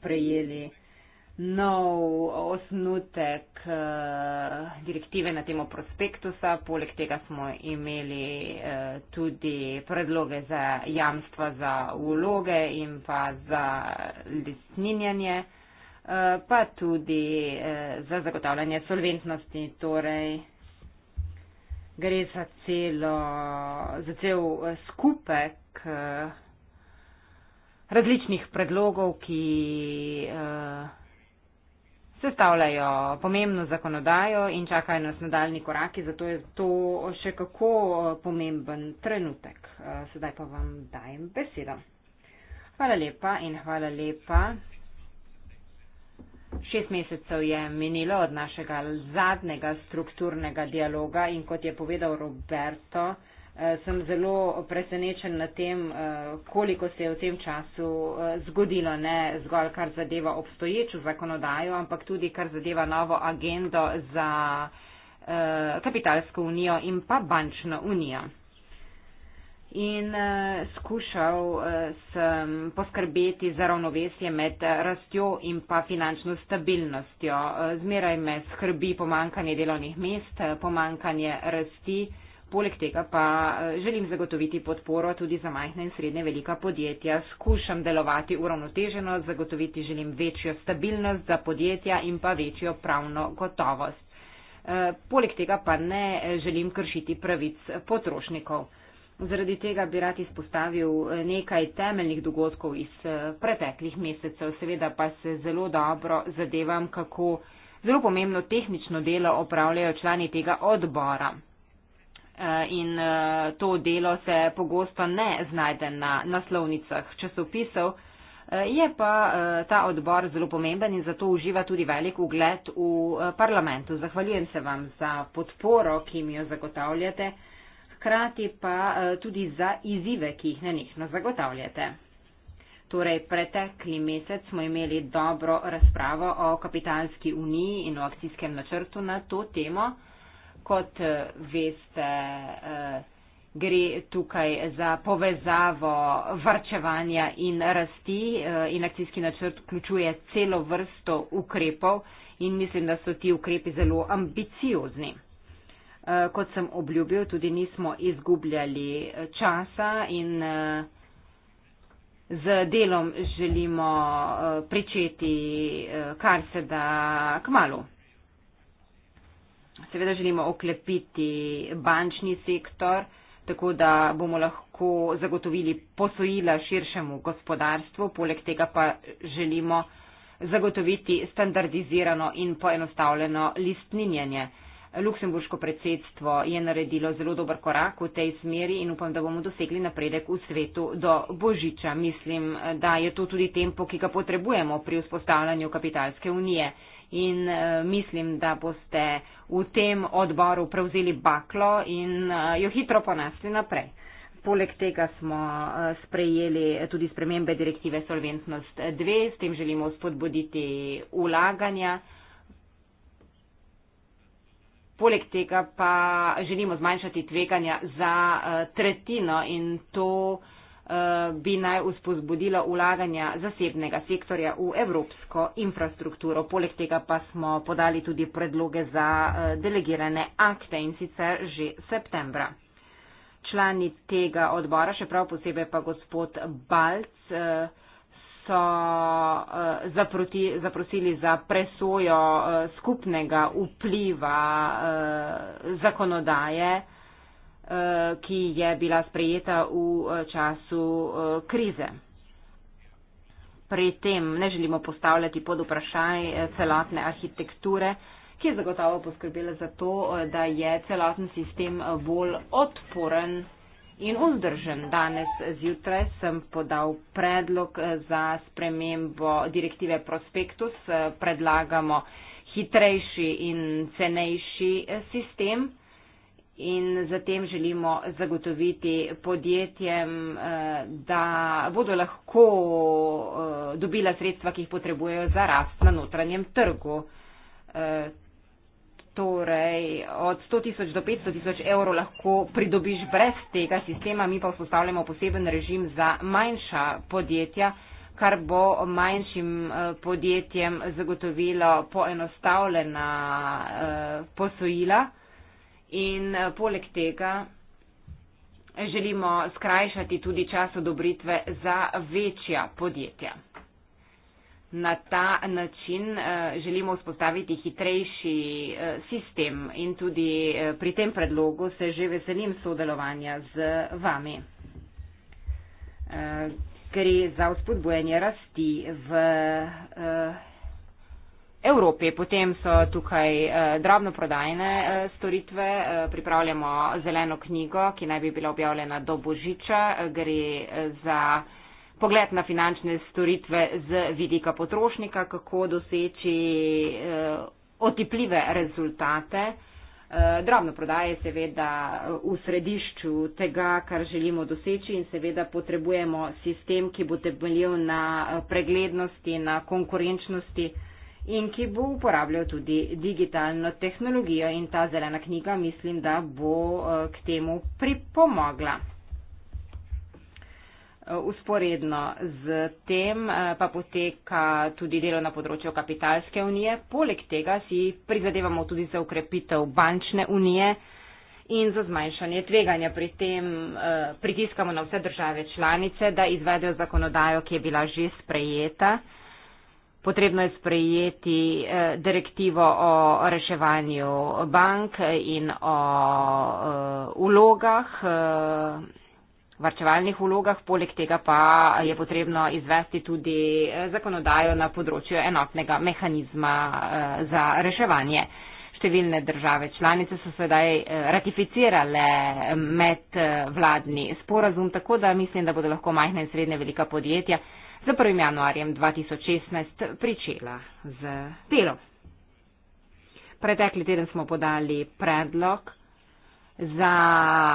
prejeli nov osnutek uh, direktive na temo prospektusa. Poleg tega smo imeli uh, tudi predloge za jamstva za vloge in pa za lisninjanje, uh, pa tudi uh, za zagotavljanje solventnosti. Torej, gre za, celo, za cel skupek. Uh, različnih predlogov, ki uh, sestavljajo pomembno zakonodajo in čakajo nas nadaljni koraki, zato je to še kako eh, pomemben trenutek. Uh, sedaj pa vam dajem besedo. Hvala lepa in hvala lepa. Šest mesecev je minilo od našega zadnjega strukturnega dialoga in kot je povedal Roberto, uh, Eh, sem zelo presenečen na tem, eh, koliko se je v tem času eh, zgodilo, ne zgolj kar zadeva obstoječo zakonodajo, ampak tudi kar zadeva novo agendo za kapitalsko unijo in pa bančno unijo. In skušal sem poskrbeti za ravnovesje med rastjo in pa finančno stabilnostjo. Zmeraj me skrbi pomankanje delovnih mest, pomankanje rasti. Poleg tega pa eh, želim zagotoviti podporo tudi za majhna in srednje velika podjetja. Skušam delovati uravnoteženo, zagotoviti želim večjo stabilnost za podjetja in pa večjo pravno gotovost. Eh, poleg tega pa ne želim kršiti pravic potrošnikov. Zaradi tega bi rad izpostavil eh, nekaj temeljnih dogodkov iz preteklih mesecev. Seveda pa se zelo dobro zadevam, kako zelo pomembno tehnično delo opravljajo člani tega odbora. Eh, in eh, to delo se pogosto ne znajde na naslovnicah časopisov. Eh, je pa ta odbor zelo pomemben in zato uživa tudi velik ugled v parlamentu. Zahvaljujem se vam za podporo, ki mi jo zagotavljate, hkrati pa tudi za izzive, ki jih nenehno zagotavljate. Torej, pretekli mesec smo imeli dobro razpravo o kapitalski uniji in o akcijskem načrtu na to temo kot eh, veste, eh, gre tukaj za povezavo varčevanja in rasti eh, in akcijski načrt vključuje celo vrsto ukrepov in mislim, da so ti ukrepi zelo ambiciozni. Kot sem obljubil, tudi nismo izgubljali časa in z delom želimo pričeti kar se da k malu. Seveda želimo oklepiti bančni sektor, tako da bomo lahko zagotovili posojila širšemu gospodarstvu, poleg tega pa želimo zagotoviti standardizirano in poenostavljeno listninjenje. Luksemburško predsedstvo je naredilo zelo dober korak v tej smeri in upam, da bomo dosegli napredek v svetu do božiča. Mislim, da je to tudi tempo, ki ga potrebujemo pri vzpostavljanju kapitalske unije in uh, mislim, da boste v tem odboru prevzeli baklo in uh, jo hitro ponesli naprej. Poleg tega smo uh, sprejeli tudi spremembe direktive Solventnost 2, s tem želimo spodbuditi ulaganja. Poleg tega pa želimo zmanjšati tveganja za uh, tretjino in to uh, Eh, bi naj uspozbudila ulaganja zasebnega sektorja v evropsko infrastrukturo. Poleg tega pa smo podali tudi predloge za eh, delegirane akte in sicer že septembra. Člani tega odbora, še prav posebej pa gospod Balc, eh, so zaprosili za presojo skupnega vpliva zakonodaje Eh, ki je bila sprejeta v eh, času eh, krize. Pri tem ne želimo postavljati pod vprašaj celotne arhitekture, ki je zagotovo poskrbela za to, da je celoten sistem bolj odporen in vzdržen. Danes zjutraj sem podal predlog za spremembo direktive Prospektus. Predlagamo hitrejši in cenejši sistem in zatem želimo zagotoviti podjetjem, eh, da bodo lahko eh, dobila sredstva, ki jih potrebujejo za rast na notranjem trgu. Eh, torej, od 100 tisoč do 500 tisoč evrov lahko pridobiš brez tega sistema, mi pa vzpostavljamo poseben režim za manjša podjetja, kar bo manjšim podjetjem zagotovilo poenostavljena posojila in eh, poleg tega želimo skrajšati tudi čas odobritve za večja podjetja. Na ta način eh, želimo vzpostaviti hitrejši eh, sistem in tudi pri tem predlogu se že veselim sodelovanja z vami. Gre za vzpodbojanje rasti v Evropi. Potem so tukaj eh, drobno prodajne eh, storitve, eh, pripravljamo zeleno knjigo, ki naj bi bila objavljena do božiča. Eh, gre eh, za pogled na finančne storitve z vidika potrošnika, kako doseči eh, otipljive rezultate. Eh, drobno prodaje je seveda eh, v središču tega, kar želimo doseči in seveda potrebujemo sistem, ki bo temeljil na preglednosti, na konkurenčnosti in ki bo uporabljal tudi digitalno tehnologijo in ta zelena knjiga mislim, da bo eh, k temu pripomogla. Eh, usporedno z tem eh, pa poteka tudi delo na področju kapitalske unije. Poleg tega si prizadevamo tudi za ukrepitev bančne unije in za zmanjšanje tveganja. Pri tem pritiskamo na vse države članice, da izvedejo zakonodajo, ki je bila že sprejeta. Potrebno je sprejeti eh, direktivo o reševanju bank in o ulogah, eh, eh, varčevalnih ulogah, poleg tega pa je potrebno izvesti tudi zakonodajo na področju enotnega mehanizma za reševanje. Številne države članice so sedaj ratificirale medvladni sporazum, tako da mislim, da bodo lahko majhna in srednja velika podjetja za 1. januarjem 2016 pričela z delom. Pretekli teden smo podali predlog za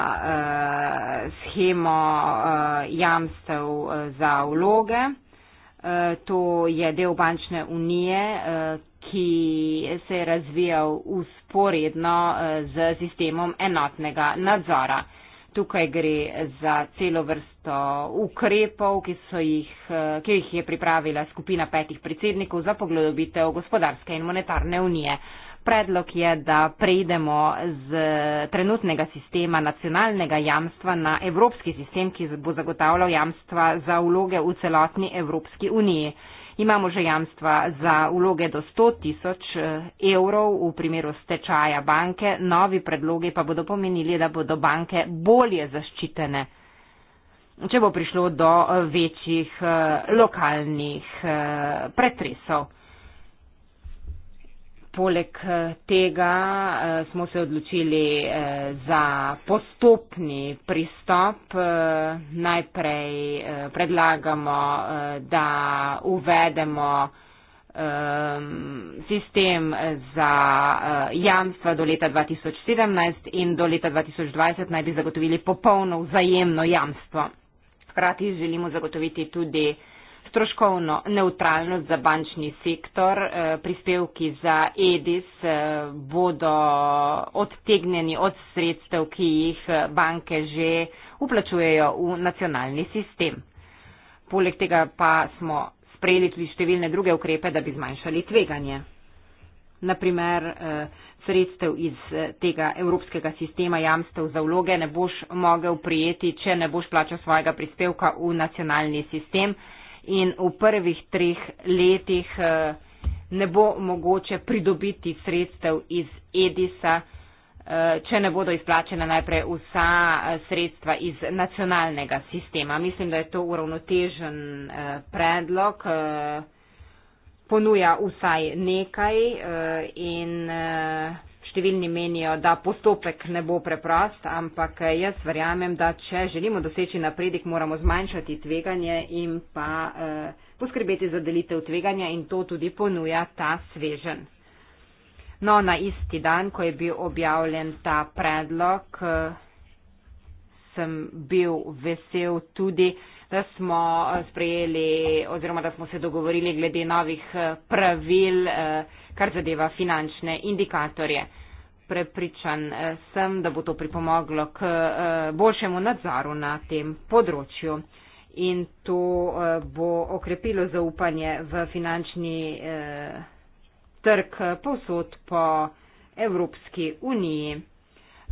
eh, schemo eh, jamstev eh, za vloge. Eh, to je del bančne unije, eh, ki se je razvijal usporedno eh, z sistemom enotnega nadzora. Tukaj gre za celo vrst vrsto ukrepov, ki, jih, eh, ki jih je pripravila skupina petih predsednikov za poglobitev gospodarske in monetarne unije. Predlog je, da prejdemo z trenutnega sistema nacionalnega jamstva na evropski sistem, ki bo zagotavljal jamstva za vloge v celotni Evropski uniji. Imamo že jamstva za vloge do 100 tisoč eh, evrov v primeru stečaja banke, novi predlogi pa bodo pomenili, da bodo banke bolje zaščitene če bo prišlo do eh, večjih eh, lokalnih eh, pretresov. Poleg tega smo se odločili za postopni pristop. Najprej predlagamo, da uvedemo ehm, sistem za jamstva do leta 2017 in do leta 2020 naj bi zagotovili popolno vzajemno jamstvo. Hkrati želimo zagotoviti tudi stroškovno neutralnost za bančni sektor. Eh, prispevki za EDIS eh, bodo odtegnjeni od sredstev, ki jih eh, banke že uplačujejo v nacionalni sistem. Poleg tega pa smo sprejeli tudi številne druge ukrepe, da bi zmanjšali tveganje. Naprimer, sredstev iz eh, tega evropskega sistema jamstev za vloge ne boš mogel prijeti, če ne boš plačal svojega prispevka v nacionalni sistem in v prvih treh letih eh, ne bo mogoče pridobiti sredstev iz Edisa, eh, če ne bodo izplačena najprej vsa sredstva iz nacionalnega sistema. Mislim, da je to uravnotežen predlog ponuja vsaj nekaj eh, in eh, številni menijo, da postopek ne bo preprost, ampak eh, jaz verjamem, da če želimo doseči napredek, moramo zmanjšati tveganje in pa poskrbeti za delitev tveganja in to tudi ponuja ta svežen. No, na isti dan, ko je bil objavljen ta predlog, sem bil vesel tudi, da smo eh, sprejeli oziroma da smo se dogovorili glede novih eh, pravil, eh, kar zadeva finančne indikatorje. Prepričan sem, da bo to pripomoglo k boljšemu nadzoru na tem področju in to bo okrepilo zaupanje v finančni trg povsod po Evropski uniji.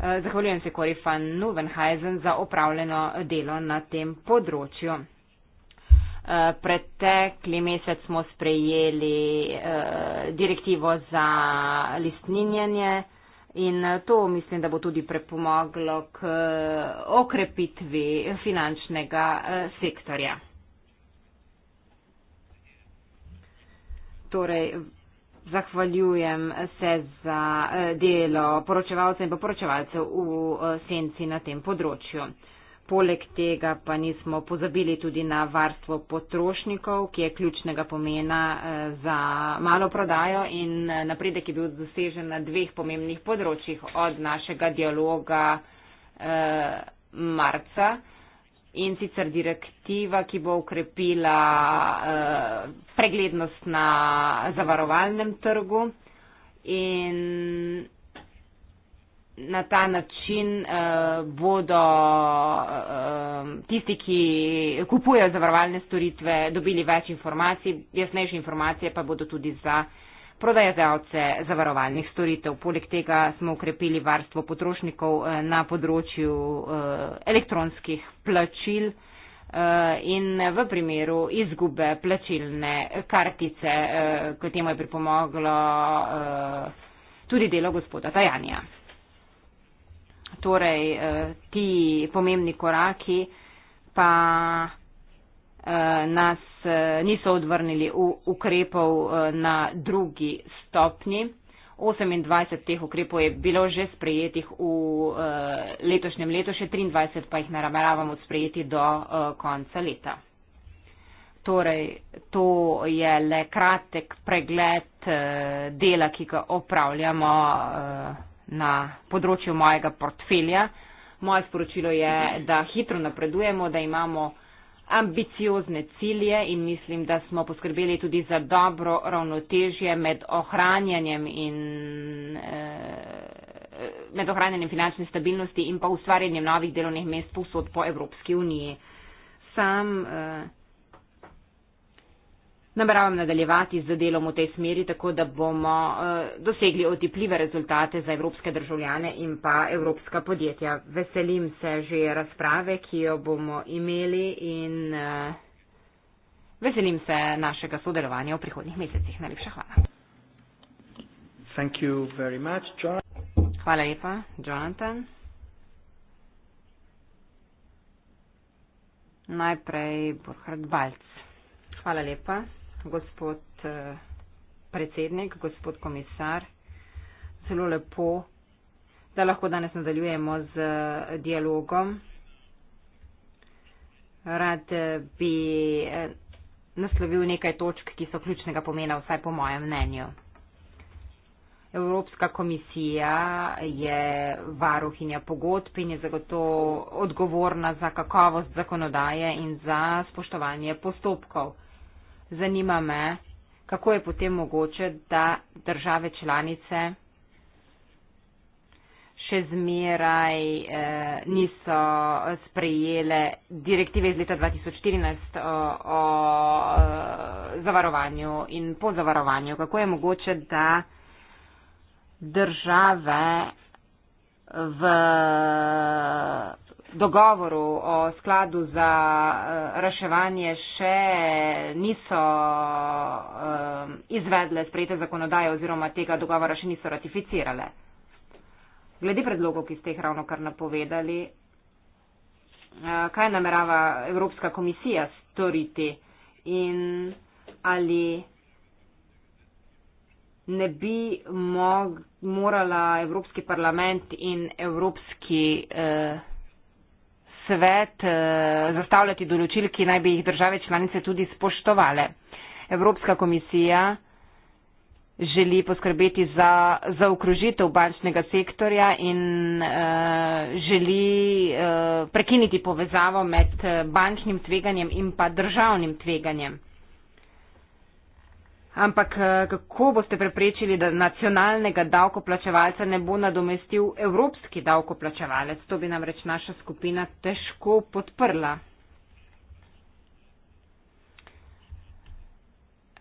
Eh, zahvaljujem se Korifan Nuvenhajzen za opravljeno delo na tem področju. Eh, pretekli mesec smo sprejeli eh, direktivo za listninjanje in to mislim, da bo tudi prepomoglo k okrepitvi finančnega sektorja. Torej, Zahvaljujem se za eh, delo poročevalcev in poročevalcev v eh, senci na tem področju. Poleg tega pa nismo pozabili tudi na varstvo potrošnikov, ki je ključnega pomena eh, za malo prodajo in napredek je bil dosežen na dveh pomembnih področjih od našega dialoga marca in sicer direktiva, ki bo ukrepila uh, eh, preglednost na zavarovalnem trgu in na ta način uh, bodo uh, tisti, ki kupujejo zavarovalne storitve, dobili več informacij, jasnejše informacije pa bodo tudi za prodajalce zavarovalnih storitev. Poleg tega smo ukrepili varstvo potrošnikov eh, na področju eh, elektronskih plačil eh, in v primeru izgube plačilne kartice, k temu je pripomoglo tudi delo gospoda Tajanja. Torej, ti pomembni koraki pa Eh, nas eh, niso odvrnili ukrepov eh, na drugi stopni. 28 teh ukrepov je bilo že sprejetih v letošnjem letu, še 23 pa jih nameravamo sprejeti do konca leta. Torej, to je le kratek pregled dela, ki ga opravljamo na področju mojega portfelja. Moje sporočilo je, da hitro napredujemo, da imamo ambiciozne cilje in mislim, da smo poskrbeli tudi za dobro ravnotežje med ohranjanjem in. Eh, med ohranjanjem finančne stabilnosti in pa ustvarjanjem novih delovnih mest povsod po Evropski uniji. Sam eh, Nameravam nadaljevati z delom v tej smeri, tako da bomo uh, dosegli otipljive rezultate za evropske državljane in pa evropska podjetja. Veselim se že razprave, ki jo bomo imeli in uh, veselim se našega sodelovanja v prihodnjih mesecih. Najlepša hvala. Much, hvala lepa, Jonathan. Najprej Burhard Balc. Hvala lepa gospod eh, predsednik, gospod komisar, zelo lepo, da lahko danes nadaljujemo z eh, dialogom. Rad eh, bi naslovil nekaj točk, ki so ključnega pomena, vsaj po mojem mnenju. Evropska komisija je varuhinja pogodb in je zagotovo odgovorna za kakovost zakonodaje in za spoštovanje postopkov. Zanima me, kako je potem mogoče, da države članice še zmeraj eh, niso sprejele direktive iz leta 2014 o, o eh, zavarovanju in pozavarovanju. Kako je mogoče, da države v dogovoru o skladu za eh, reševanje še niso eh, izvedle sprejete zakonodaje oziroma tega dogovora še niso ratificirale. Glede predlogov, ki ste jih ravno kar napovedali, eh, kaj namerava Evropska komisija storiti in ali ne bi mog, morala Evropski parlament in Evropski eh, svet eh, zastavljati določil, ki naj bi jih države članice tudi spoštovale. Evropska komisija želi poskrbeti za, za okrožitev bančnega sektorja in uh, želi uh, prekiniti povezavo med bančnim tveganjem in pa državnim tveganjem. Ampak eh, kako boste preprečili, da nacionalnega davkoplačevalca ne bo nadomestil evropski davkoplačevalec? To bi nam reč naša skupina težko podprla.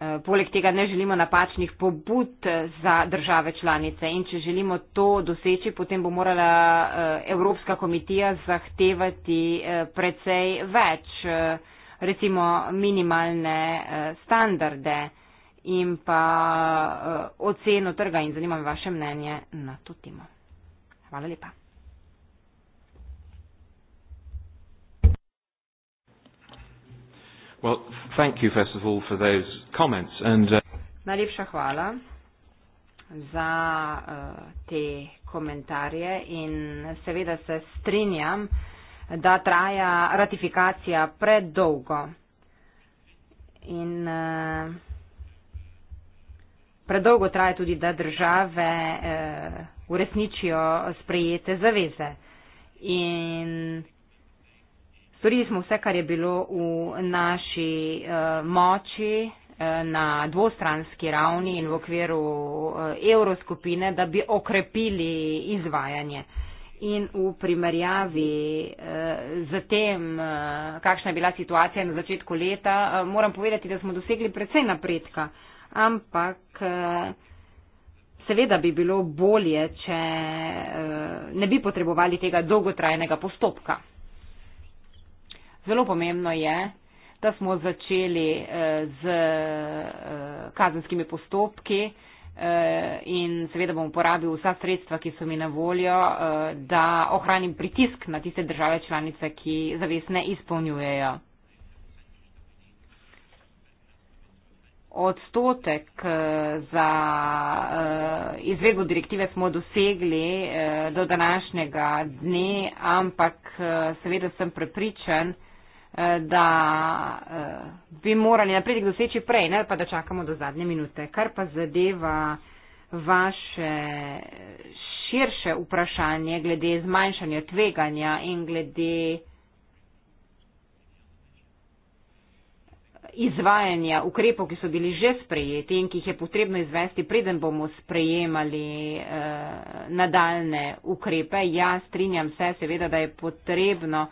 Eh, poleg tega ne želimo napačnih pobud eh, za države članice in če želimo to doseči, potem bo morala Evropska komitija zahtevati precej več, recimo minimalne standarde in pa uh, oceno trga in zanima me vaše mnenje na to temo. Hvala lepa. Well, thank you first of all for those comments and uh... Najlepša hvala za uh, te komentarje in seveda se strinjam, da traja ratifikacija predolgo. In uh, predolgo traja tudi, da države eh, uresničijo sprejete zaveze. In storili smo vse, kar je bilo v naši eh, moči eh, na dvostranski ravni in v okviru eh, evroskupine, da bi okrepili izvajanje. In v primerjavi z eh, tem, eh, kakšna je bila situacija na začetku leta, eh, moram povedati, da smo dosegli predvsej napredka ampak eh, seveda bi bilo bolje, če eh, ne bi potrebovali tega dolgotrajnega postopka. Zelo pomembno je, da smo začeli eh, z kazenskimi postopki in seveda bom uporabil vsa sredstva, ki so mi na voljo, da ohranim pritisk na tiste države članice, ki zavest ne izpolnjujejo. odstotek eh, za eh, izvedbo direktive smo dosegli eh, do današnjega dne, ampak seveda sem prepričan, da bi morali napredek doseči prej, ne pa da čakamo do zadnje minute. Kar pa zadeva vaše širše vprašanje glede zmanjšanja tveganja in glede izvajanja ukrepov, ki so bili že sprejeti in ki jih je potrebno izvesti, preden bomo sprejemali eh, nadaljne ukrepe. Ja, strinjam se, seveda, da je potrebno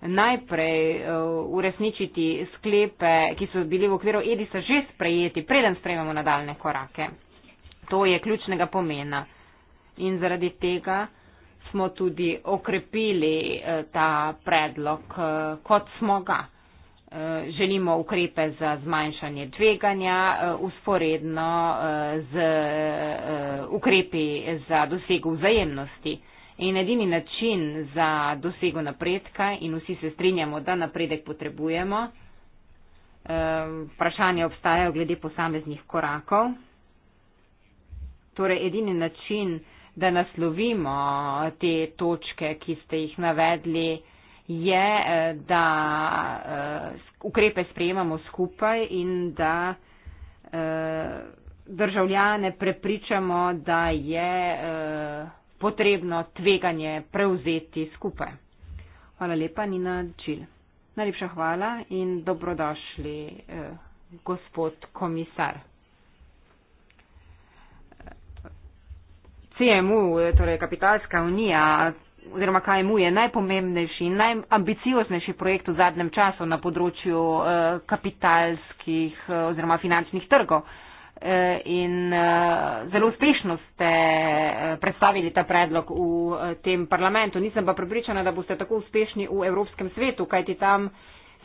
najprej eh, uresničiti sklepe, ki so bili v okviru Edisa že sprejeti, preden sprejmemo nadaljne korake. To je ključnega pomena. In zaradi tega smo tudi okrepili eh, ta predlog, eh, kot smo ga. Eh, želimo ukrepe za zmanjšanje tveganja, eh, usporedno eh, z ukrepi za dosego vzajemnosti. In edini način za dosego napredka, in vsi se strinjamo, da napredek potrebujemo, vprašanje obstajajo glede posameznih korakov. Torej, edini način, da naslovimo te točke, ki ste jih navedli, je, eh, da eh, ukrepe sprejemamo skupaj in da eh, državljane prepričamo, da je potrebno tveganje prevzeti skupaj. Hvala lepa, Nina Čil. Najlepša hvala in dobrodošli, gospod komisar. CMU, torej Kapitalska unija, oziroma kaj mu je najpomembnejši in najambicioznejši projekt v zadnjem času na področju eh, kapitalskih eh, oziroma finančnih trgov. Eh, in eh, zelo uspešno ste eh, predstavili ta predlog v eh, tem parlamentu. Nisem pa prepričana, da boste tako uspešni v Evropskem svetu, kajti tam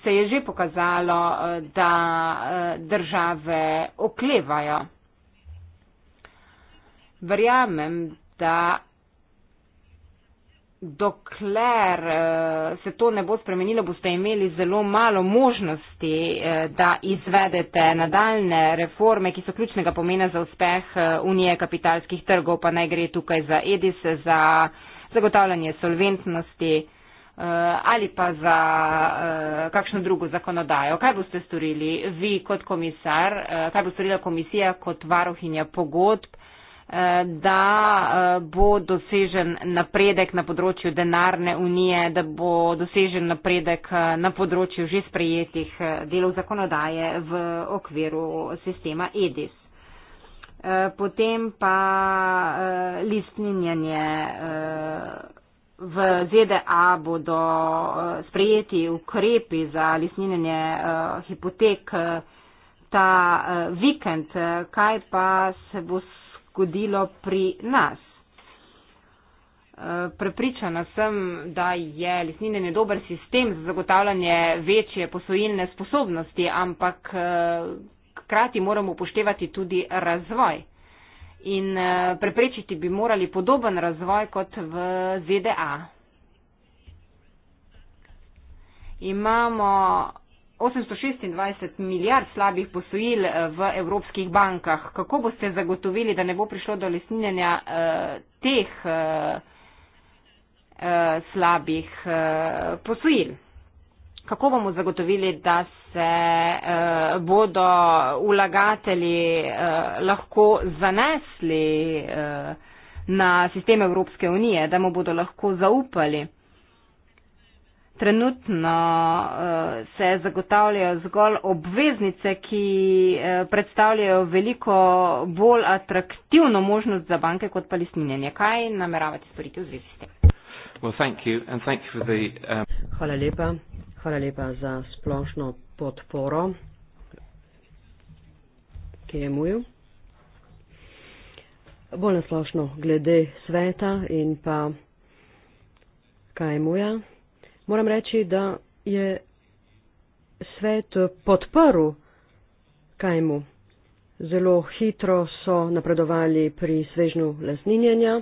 se je že pokazalo, eh, da eh, države oklevajo. Verjamem, da dokler eh, se to ne bo spremenilo, boste imeli zelo malo možnosti, eh, da izvedete nadaljne reforme, ki so ključnega pomena za uspeh eh, Unije kapitalskih trgov, pa naj gre tukaj za EDIS, za zagotavljanje solventnosti ali pa za kakšno drugo zakonodajo. Kaj boste storili vi kot komisar, kaj bo storila komisija kot varohinja pogodb? Eh, da eh, bo dosežen napredek na področju denarne unije, da bo dosežen napredek eh, na področju že sprejetih delov zakonodaje v okviru sistema EDIS. Potem pa listninjanje v ZDA bodo sprejeti ukrepi za listninjanje hipotek ta vikend. Kaj pa se bo zgodilo pri nas. Eh, prepričana sem, da je lesninjenje dober sistem za zagotavljanje večje posojilne sposobnosti, ampak eh, krati moramo upoštevati tudi razvoj. In eh, preprečiti bi morali podoben razvoj kot v ZDA. Imamo 826 milijard slabih posojil eh, v evropskih bankah. Kako boste zagotovili, da ne bo prišlo do lesninjanja eh, teh eh, eh, slabih eh, posojil? Kako bomo zagotovili, da se eh, bodo vlagateli eh, lahko zanesli eh, na sistem Evropske unije, da mu bodo lahko zaupali? trenutno uh, se zagotavljajo zgolj obveznice, ki uh, predstavljajo veliko bolj atraktivno možnost za banke kot pa listninjenje. Kaj nameravate storiti v zvezi s tem? Well, thank you, and thank you for the, um... Hvala lepa. Hvala lepa za splošno podporo KMU-ju. Bolj nasplošno glede sveta in pa KMU-ja moram reči, da je svet podprl kajmu. Zelo hitro so napredovali pri svežnju lasninjenja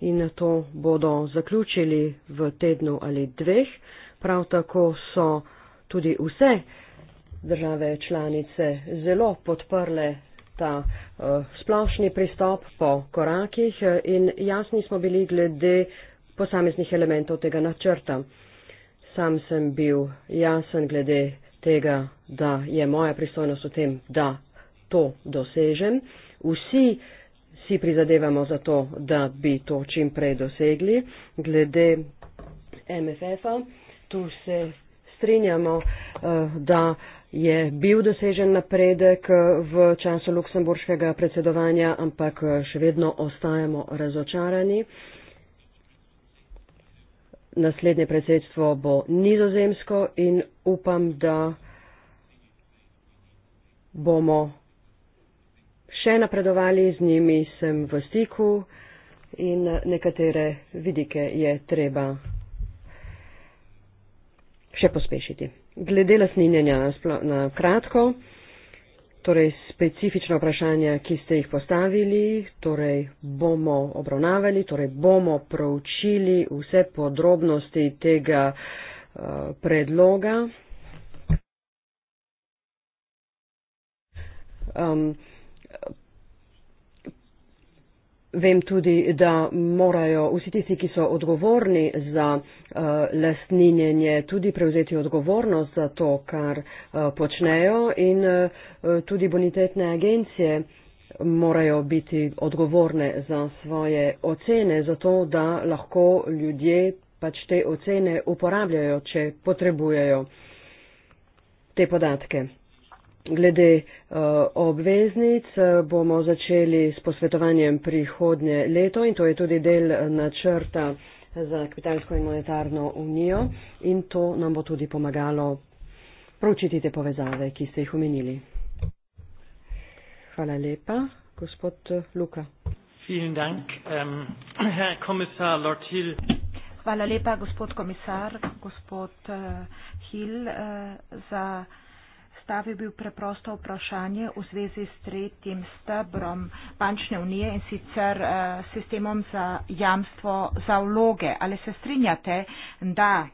in to bodo zaključili v tednu ali dveh. Prav tako so tudi vse države članice zelo podprle ta uh, splošni pristop po korakih eh, in jasni smo bili glede posameznih elementov tega načrta sam sem bil jasen glede tega, da je moja pristojnost v tem, da to dosežem. Vsi si prizadevamo za to, da bi to čim prej dosegli. Glede MFF-a, tu se strinjamo, eh, da je bil dosežen napredek eh, v času luksemburškega predsedovanja, ampak eh, še vedno ostajamo razočarani. Naslednje predsedstvo bo nizozemsko in upam, da bomo še napredovali z njimi, sem v stiku in nekatere vidike je treba še pospešiti. Glede lasninjenja na kratko. Torej, specifična vprašanja, ki ste jih postavili, torej bomo obravnavali, torej bomo proučili vse podrobnosti tega uh, predloga. Um, Vem tudi, da morajo vsi tisti, ki so odgovorni za uh, lastninjenje, tudi prevzeti odgovornost za to, kar uh, počnejo in uh, tudi bonitetne agencije morajo biti odgovorne za svoje ocene, zato da lahko ljudje pač te ocene uporabljajo, če potrebujejo te podatke. Glede eh, obveznic eh, bomo začeli s posvetovanjem prihodnje leto in to je tudi del eh, načrta za kapitalsko in monetarno unijo in to nam bo tudi pomagalo proučiti te povezave, ki ste jih omenili. Hvala lepa, gospod Luka. Ähm, Hvala lepa, gospod komisar, gospod Hill, za predstavil bil preprosto vprašanje v zvezi s tretjim stebrom bančne unije in sicer eh, sistemom za jamstvo za vloge. Ali se strinjate, da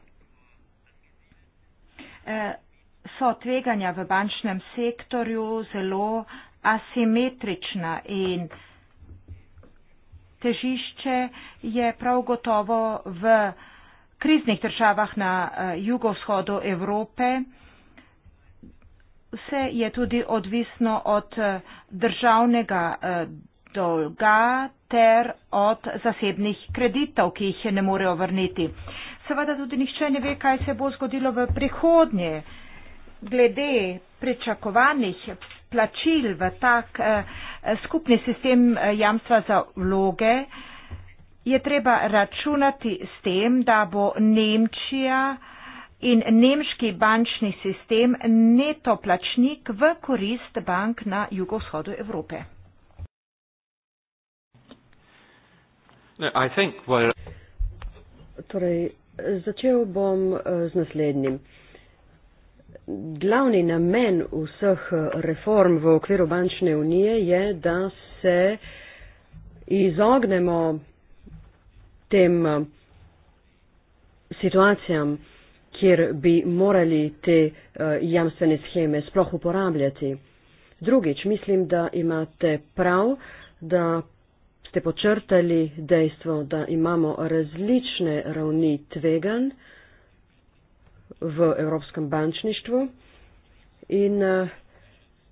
eh, so tveganja v bančnem sektorju zelo asimetrična in težišče je prav gotovo v kriznih državah na eh, jugovzhodu Evrope, vse je tudi odvisno od eh, državnega eh, dolga ter od zasebnih kreditov, ki jih ne morejo vrniti. Seveda tudi nihče ne ve, kaj se bo zgodilo v prihodnje. Glede pričakovanih plačil v tak eh, skupni sistem jamstva za vloge je treba računati s tem, da bo Nemčija in nemški bančni sistem neto plačnik v korist bank na jugovzhodu Evrope? No, torej, začel bom eh, z naslednjim. Glavni namen vseh eh, reform v okviru bančne unije je, da se izognemo tem eh, situacijam, kjer bi morali te uh, jamstvene scheme sploh uporabljati. Drugič, mislim, da imate prav, da ste počrtali dejstvo, da imamo različne ravni tvegan v Evropskem bančništvu in eh,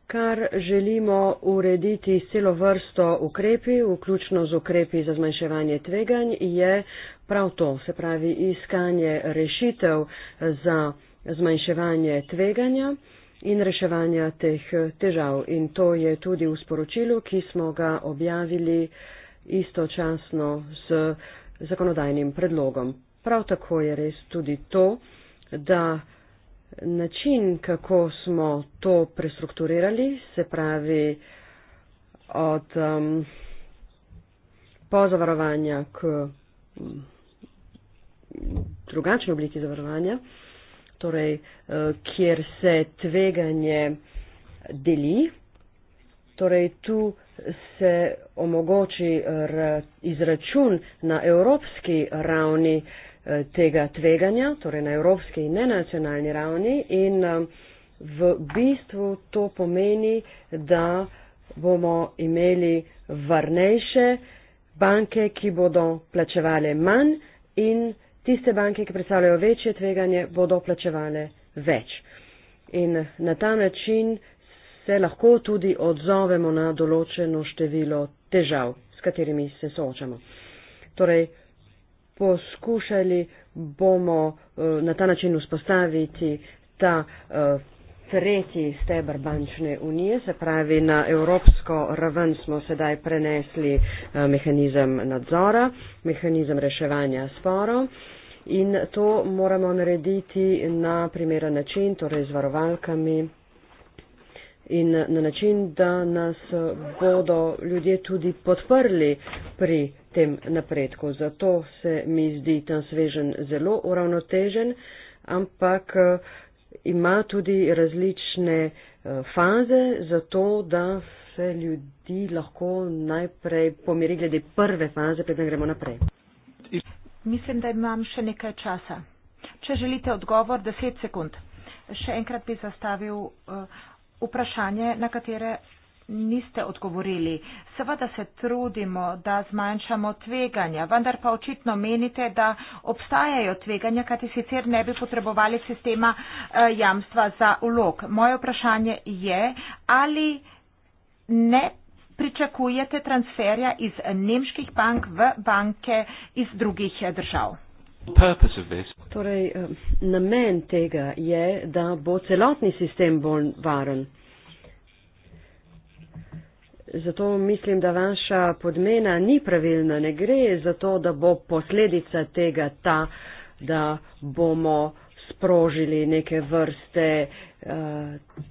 kar želimo urediti celo vrsto ukrepi, vključno z ukrepi za zmanjševanje tveganj, je prav to, se pravi iskanje rešitev za zmanjševanje tveganja in reševanja teh težav. In to je tudi v sporočilu, ki smo ga objavili istočasno z zakonodajnim predlogom. Prav tako je res tudi to, da način, kako smo to prestrukturirali, se pravi od um, pozavarovanja k um, drugačni obliki zavarovanja, torej, eh, kjer se tveganje deli, torej tu se omogoči eh, izračun na evropski ravni eh, tega tveganja, torej na evropski in nenacionalni ravni in v bistvu to pomeni, da bomo imeli varnejše banke, ki bodo plačevali manj in tiste banke, ki predstavljajo večje tveganje, bodo plačevale več. In na ta način se lahko tudi odzovemo na določeno število težav, s katerimi se soočamo. Torej, poskušali bomo eh, na ta način vzpostaviti ta eh, tretji stebr bančne unije, se pravi na evropsko raven smo sedaj prenesli eh, mehanizem nadzora, mehanizem reševanja sporov in to moramo narediti na primeren način, torej z varovalkami in na način, da nas bodo ljudje tudi podprli pri tem napredku. Zato se mi zdi ta svežen zelo uravnotežen, ampak ima tudi različne eh, faze za to, da se ljudi lahko najprej pomiri glede prve faze, preden gremo naprej. Mislim, da imam še nekaj časa. Če želite odgovor, 10 sekund. Še enkrat bi zastavil eh, vprašanje, na katere niste odgovorili. Seveda se trudimo, da zmanjšamo tveganja, vendar pa očitno menite, da obstajajo tveganja, kajti sicer ne bi potrebovali sistema eh, jamstva za ulog. Moje vprašanje je, ali ne pričakujete transferja iz nemških bank v banke iz drugih držav? Torej, eh, namen tega je, da bo celotni sistem bolj varen. Zato mislim, da vaša podmena ni pravilna. Ne gre za to, da bo posledica tega ta, da bomo sprožili neke vrste uh,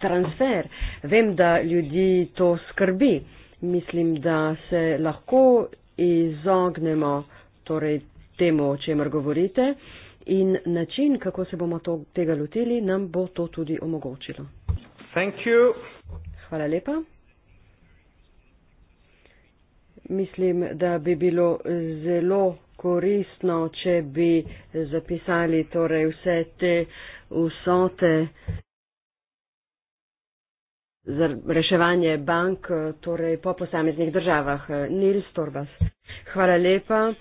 transfer. Vem, da ljudi to skrbi. Mislim, da se lahko izognemo torej, temu, o čemer govorite in način, kako se bomo to, tega lotili, nam bo to tudi omogočilo. Hvala lepa. Mislim, da bi bilo zelo koristno, če bi zapisali torej vse te vsote za reševanje bank eh, torej po posameznih državah. Eh, Nils Torbas. Hvala lepa,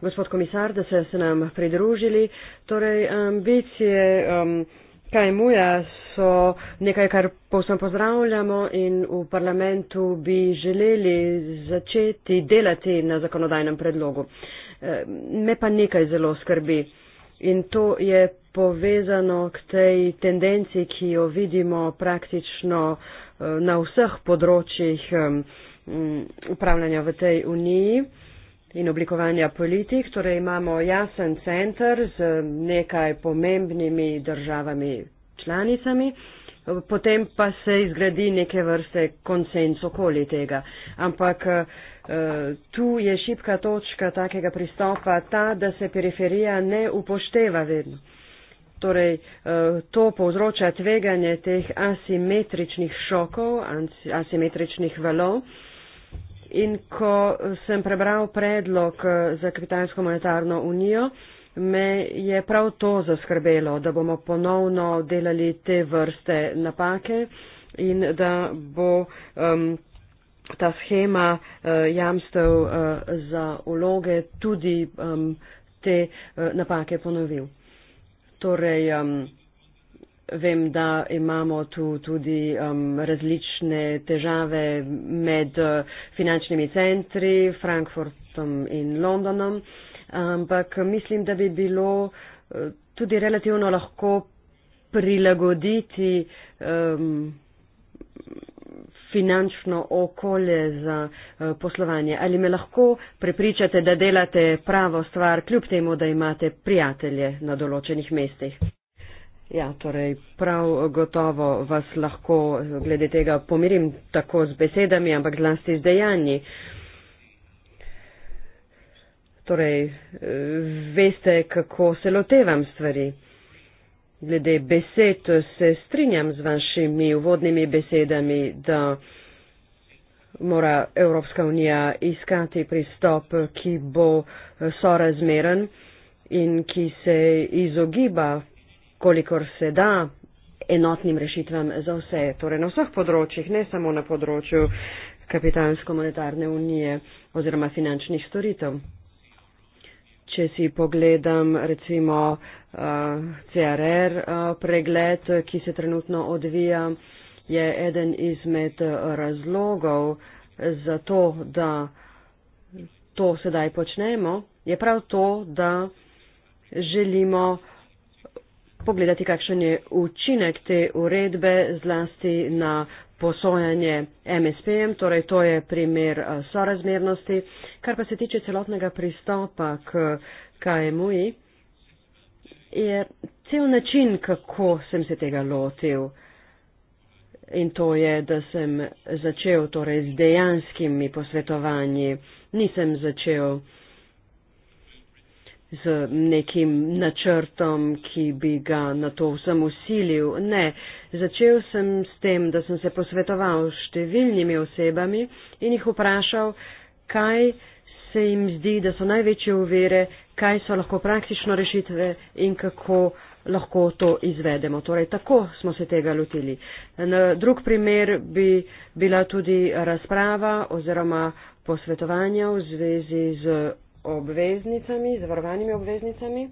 gospod komisar, da ste se nam pridružili. Torej, ambicije um, KMU-ja so nekaj, kar povsem pozdravljamo in v parlamentu bi želeli začeti delati na zakonodajnem predlogu. Eh, Me pa nekaj zelo skrbi. In to je povezano k tej tendenci, ki jo vidimo praktično eh, na vseh področjih mm, upravljanja v tej uniji in oblikovanja politik. Torej imamo jasen center z nekaj pomembnimi državami članicami, potem pa se izgradi neke vrste konsens okoli tega. Ampak eh, tu je šipka točka takega pristopa ta, da se periferija ne upošteva vedno. Torej, eh, to povzroča tveganje teh asimetričnih šokov, asimetričnih valov. In ko sem prebral predlog eh, za kapitalsko monetarno unijo, me je prav to zaskrbelo, da bomo ponovno delali te vrste napake in da bo um, ta schema uh, eh, jamstev uh, za uloge tudi um, te uh, napake ponovil. Torej, um, vem, da imamo tu tudi um, različne težave med uh, finančnimi centri, Frankfurtom in Londonom, ampak mislim, da bi bilo uh, tudi relativno lahko prilagoditi um, finančno okolje za eh, poslovanje. Ali me lahko prepričate, da delate pravo stvar, kljub temu, da imate prijatelje na določenih mestih? Ja, torej prav gotovo vas lahko eh, glede tega pomirim tako z besedami, ampak zlasti z dejanji. Torej, eh, veste, kako se lotevam stvari. Glede besed se strinjam z vašimi uvodnimi besedami, da mora Evropska unija iskati pristop, ki bo sorazmeren in ki se izogiba, kolikor se da, enotnim rešitvam za vse, torej na vseh področjih, ne samo na področju kapitalsko-monetarne unije oziroma finančnih storitev če si pogledam recimo uh, eh, CRR uh, eh, pregled, ki se trenutno odvija, je eden izmed eh, razlogov za to, da to sedaj počnemo, je prav to, da želimo pogledati, kakšen je učinek te uredbe zlasti na posojanje MSP-jem, torej to je primer eh, sorazmernosti. Kar pa se tiče celotnega pristopa k KMU-ji, je cel način, kako sem se tega lotil. In to je, da sem začel torej, z dejanskimi posvetovanji. Nisem začel z nekim načrtom, ki bi ga na to vsem usilil. Ne, začel sem s tem, da sem se posvetoval s številnimi osebami in jih vprašal, kaj se jim zdi, da so največje uvere, kaj so lahko praktično rešitve in kako lahko to izvedemo. Torej, tako smo se tega lotili. Na drug primer bi bila tudi razprava oziroma posvetovanja v zvezi z obveznicami, zavarovanimi obveznicami.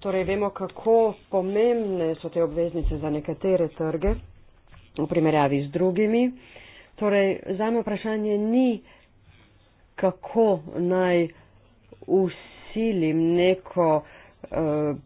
Torej vemo, kako pomembne so te obveznice za nekatere trge v primerjavi z drugimi. Torej, zame vprašanje ni, kako naj usilim neko uh,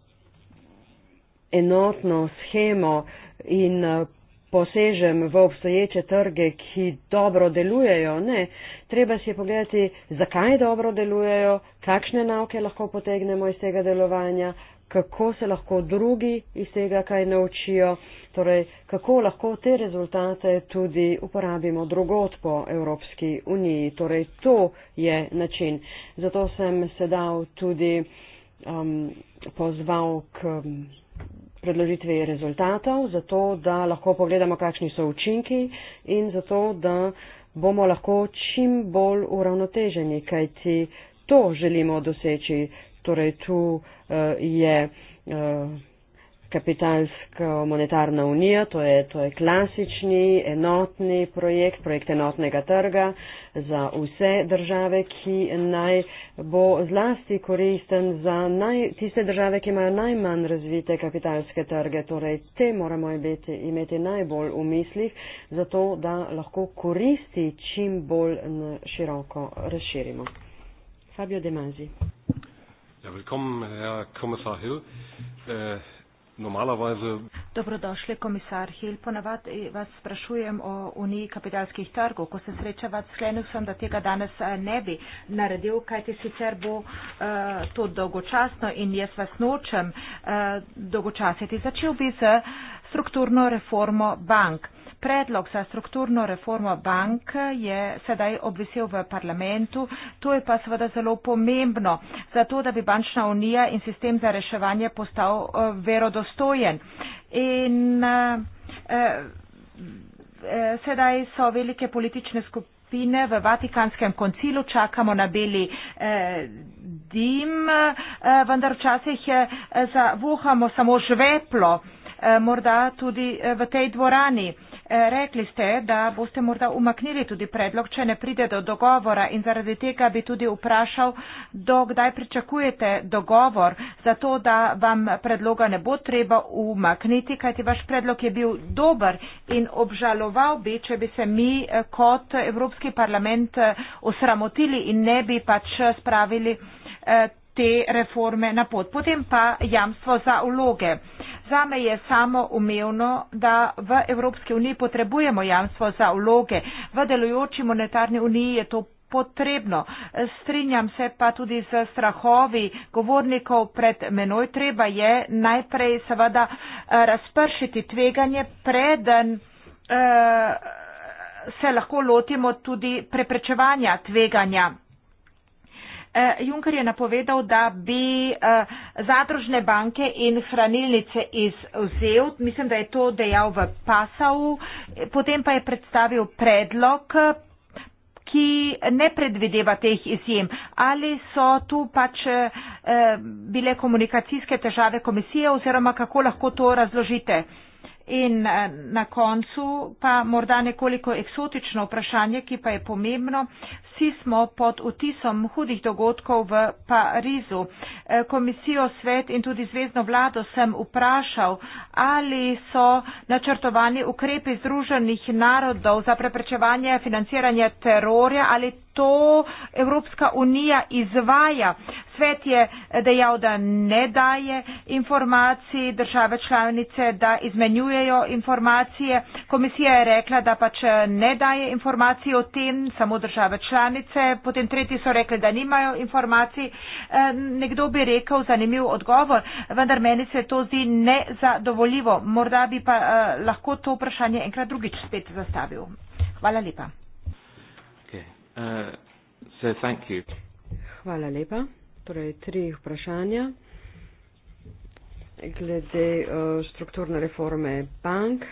enotno schemo in uh, posežem v obstoječe trge, ki dobro delujejo. Ne, treba si je pogledati, zakaj dobro delujejo, kakšne nauke lahko potegnemo iz tega delovanja, kako se lahko drugi iz tega kaj naučijo, torej kako lahko te rezultate tudi uporabimo drugot po Evropski uniji. Torej to je način. Zato sem se dal tudi um, pozval k. Um, predložitvi rezultatov, zato da lahko pogledamo, kakšni so učinki in zato da bomo lahko čim bolj uravnoteženi, kajti to želimo doseči. Torej, tu uh, je. Uh, kapitalska monetarna unija, to je, to je klasični enotni projekt, projekt enotnega trga za vse države, ki naj bo zlasti koristen za naj, tiste države, ki imajo najmanj razvite kapitalske trge. Torej, te moramo imeti, imeti najbolj v mislih, zato da lahko koristi čim bolj široko razširimo. Fabio De Masi. Ja, velkommen, herre kommissar Hill. Uh, normalerweise. Dobrodošli, komisar Hill. Ponavad vas sprašujem o Uniji kapitalskih trgov. Ko se srečava, sklenil sem, da tega danes eh, ne bi naredil, kajti sicer bo uh, to dolgočasno in jaz vas nočem uh, dolgočasiti. Začel bi z strukturno reformo bank. Predlog za strukturno reformo bank je sedaj obvisel v parlamentu. To je pa seveda zelo pomembno za to, da bi bančna unija in sistem za reševanje postal eh, verodostojen. In eh, eh, eh, sedaj so velike politične skupine v Vatikanskem koncilu, čakamo na beli eh, dim, eh, vendar včasih je eh, zavohamo samo žveplo, eh, morda tudi eh, v tej dvorani. Eh, rekli ste, da boste morda umaknili tudi predlog, če ne pride do dogovora in zaradi tega bi tudi vprašal, dokdaj pričakujete dogovor, zato da vam predloga ne bo treba umakniti, kajti vaš predlog je bil dober in obžaloval bi, če bi se mi eh, kot Evropski parlament eh, osramotili in ne bi pač spravili eh, te reforme na pot. Potem pa jamstvo za uloge. Zame je samo umevno, da v Evropski uniji potrebujemo jamstvo za vloge. V delujoči monetarni uniji je to potrebno. Strinjam se pa tudi z strahovi govornikov pred menoj. Treba je najprej seveda eh, razpršiti tveganje, preden eh, se lahko lotimo tudi preprečevanja tveganja. Eh, Juncker je napovedal, da bi eh, zadružne banke in hranilnice izvzel, mislim, da je to dejal v Pasavu, eh, potem pa je predstavil predlog, ki ne predvideva teh izjem. Ali so tu pač bile komunikacijske težave komisije oziroma kako lahko to razložite? In eh, na koncu pa morda nekoliko eksotično vprašanje, ki pa je pomembno. Vsi smo pod vtisom hudih dogodkov v Parizu. Eh, komisijo, svet in tudi zvezdno vlado sem vprašal, ali so načrtovani ukrepi združenih narodov za preprečevanje financiranja terorja ali to Evropska unija izvaja. Svet je dejal, da ne daje informacije, države članice, da izmenjujejo informacije. Komisija je rekla, da pač ne daje informacije o tem, samo države članice. Potem tretji so rekli, da nimajo informacij. E, nekdo bi rekel zanimiv odgovor, vendar meni se to zdi nezadovoljivo. Morda bi pa e, lahko to vprašanje enkrat drugič spet zastavil. Hvala lepa. Uh, so thank you. Hvala lepa. Torej, tri vprašanja glede uh, strukturne reforme bank.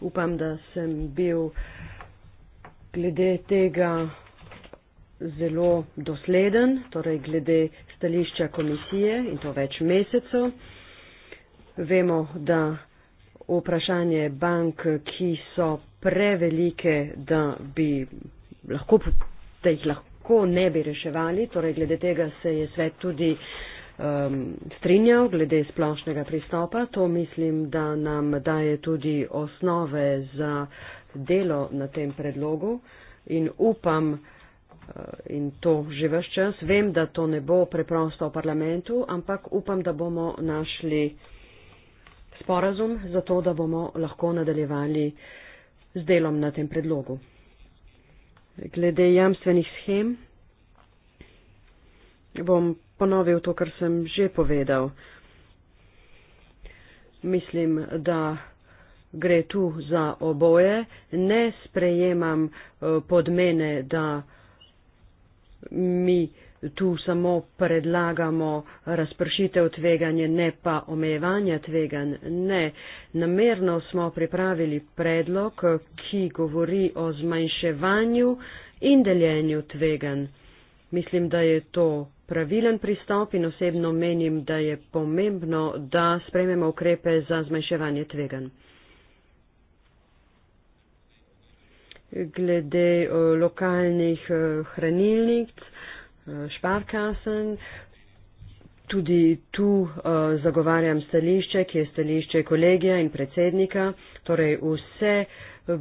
Upam, da sem bil glede tega zelo dosleden, torej glede stališča komisije in to več mesecev. Vemo, da vprašanje bank, ki so prevelike, da bi lahko, da jih lahko ne bi reševali. Torej, glede tega se je svet tudi um, strinjal, glede splošnega pristopa. To mislim, da nam daje tudi osnove za delo na tem predlogu in upam, uh, In to že vse čas. Vem, da to ne bo preprosto v parlamentu, ampak upam, da bomo našli sporazum za to, da bomo lahko nadaljevali z delom na tem predlogu glede jamstvenih schem bom ponovil to, kar sem že povedal. Mislim, da gre tu za oboje. Ne sprejemam eh, podmene, da mi tu samo predlagamo razpršitev tveganja, ne pa omejevanja tvegan. Ne, namerno smo pripravili predlog, ki govori o zmanjševanju in deljenju tvegan. Mislim, da je to pravilen pristop in osebno menim, da je pomembno, da sprememo ukrepe za zmanjševanje tvegan. Glede eh, lokalnih eh, hranilnic, Šparkasen. Tudi tu uh, zagovarjam stališče, ki je stališče kolegija in predsednika. Torej vse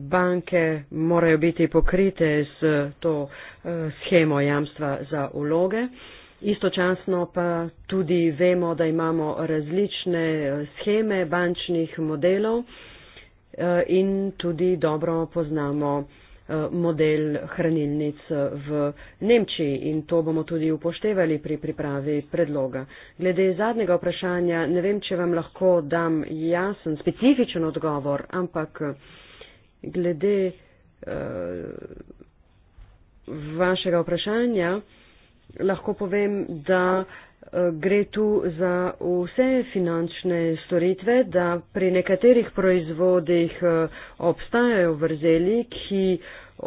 banke morajo biti pokrite z to uh, eh, schemo jamstva za uloge. Istočasno pa tudi vemo, da imamo različne eh, scheme bančnih modelov uh, in tudi dobro poznamo uh, Eh, model hranilnic eh, v Nemčiji in to bomo tudi upoštevali pri pripravi predloga. Glede zadnjega vprašanja ne vem, če vam lahko dam jasen, specifičen odgovor, ampak eh, glede uh, vašega vprašanja lahko povem, da uh, Eh, gre tu za vse finančne storitve, da pri nekaterih proizvodih eh, obstajajo vrzeli, ki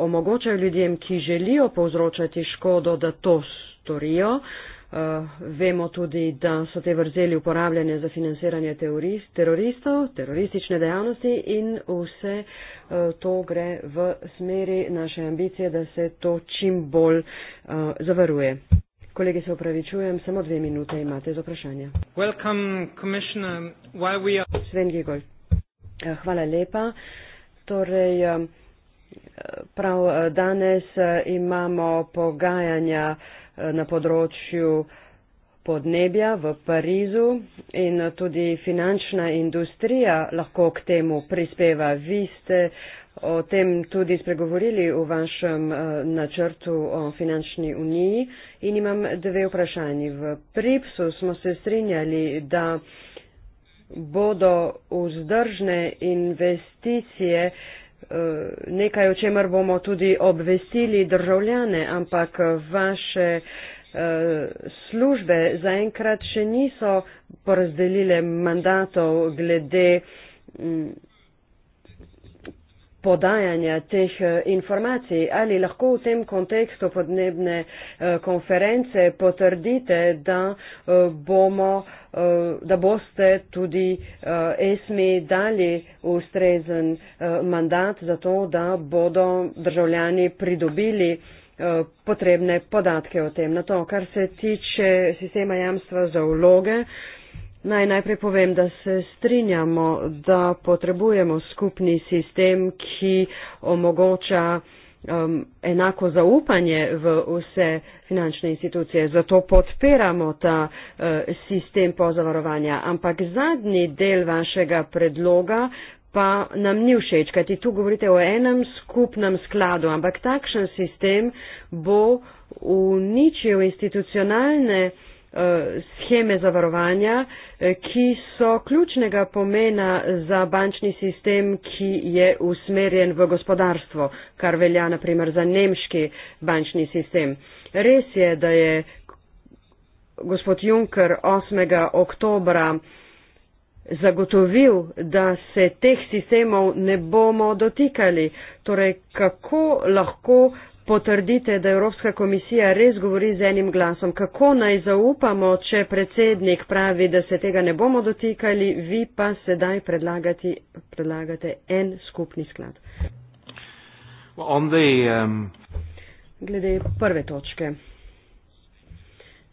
omogočajo ljudem, ki želijo povzročati škodo, da to storijo. Eh, vemo tudi, da so te vrzeli uporabljene za financiranje teroristov, teroristične dejavnosti in vse to gre v smeri naše ambicije, da se to čim bolj zavaruje. Kolegi se opravičujem, samo dve minute imate za vprašanje. Sven Gigol. Eh, hvala lepa. Torej, eh, prav eh, danes imamo pogajanja na področju podnebja v Parizu in tudi finančna industrija lahko k temu prispeva. Vi ste o tem tudi spregovorili v vašem eh, načrtu o finančni uniji in imam dve vprašanji. V Pripsu smo se strinjali, da bodo vzdržne investicije eh, nekaj, o čemer bomo tudi obvestili državljane, ampak vaše eh, službe zaenkrat še niso porazdelile mandatov glede mm, podajanja teh eh, informacij. Ali lahko v tem kontekstu podnebne eh, konference potrdite, da eh, bomo, da boste tudi ESMI dali ustrezen mandat za to, da bodo državljani pridobili potrebne podatke o tem. Na to, kar se tiče sistema jamstva za vloge, Naj najprej povem, da se strinjamo, da potrebujemo skupni sistem, ki omogoča um, enako zaupanje v vse finančne institucije. Zato podpiramo ta uh, sistem pozavarovanja. Ampak zadnji del vašega predloga pa nam ni všeč, kajti tu govorite o enem skupnem skladu, ampak takšen sistem bo uničil institucionalne. Eh, scheme zavarovanja, eh, ki so ključnega pomena za bančni sistem, ki je usmerjen v gospodarstvo, kar velja naprimer za nemški bančni sistem. Res je, da je gospod Juncker 8. oktobra zagotovil, da se teh sistemov ne bomo dotikali. Torej, kako lahko uh, potrdite, da Evropska komisija res govori z enim glasom. Kako naj zaupamo, če predsednik pravi, da se tega ne bomo dotikali, vi pa sedaj predlagate en skupni sklad? The, um... Glede prve točke.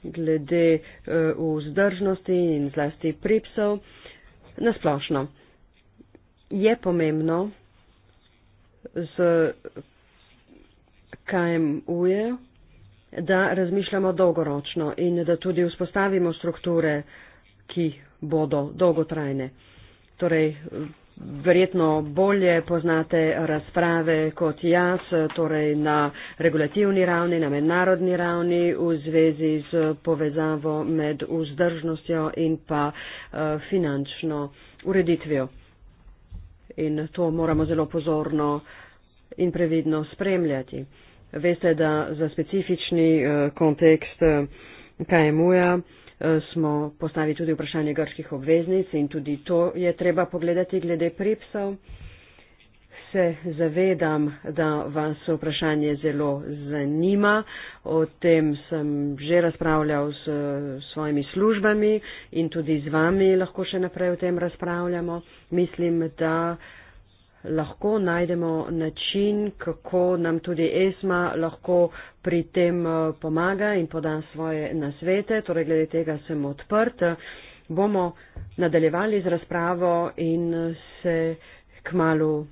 Glede eh, vzdržnosti uh, in zlasti pripsov, nasplošno. Je pomembno z KMU-je, da razmišljamo dolgoročno in da tudi vzpostavimo strukture, ki bodo dolgotrajne. Torej, verjetno bolje poznate razprave kot jaz, torej na regulativni ravni, na mednarodni ravni v zvezi z povezavo med vzdržnostjo in pa eh, finančno ureditvijo. In to moramo zelo pozorno in previdno spremljati. Veste, da za specifični eh, kontekst eh, KMU-ja eh, smo postavili tudi vprašanje grških obveznic in tudi to je treba pogledati glede pripsov. Se zavedam, da vas vprašanje zelo zanima. O tem sem že razpravljal s svojimi službami in tudi z vami lahko še naprej o tem razpravljamo. Mislim, da lahko najdemo način, kako nam tudi ESMA lahko pri tem eh, pomaga in poda svoje nasvete. Torej, glede tega sem odprt. Bomo nadaljevali z razpravo in se k malu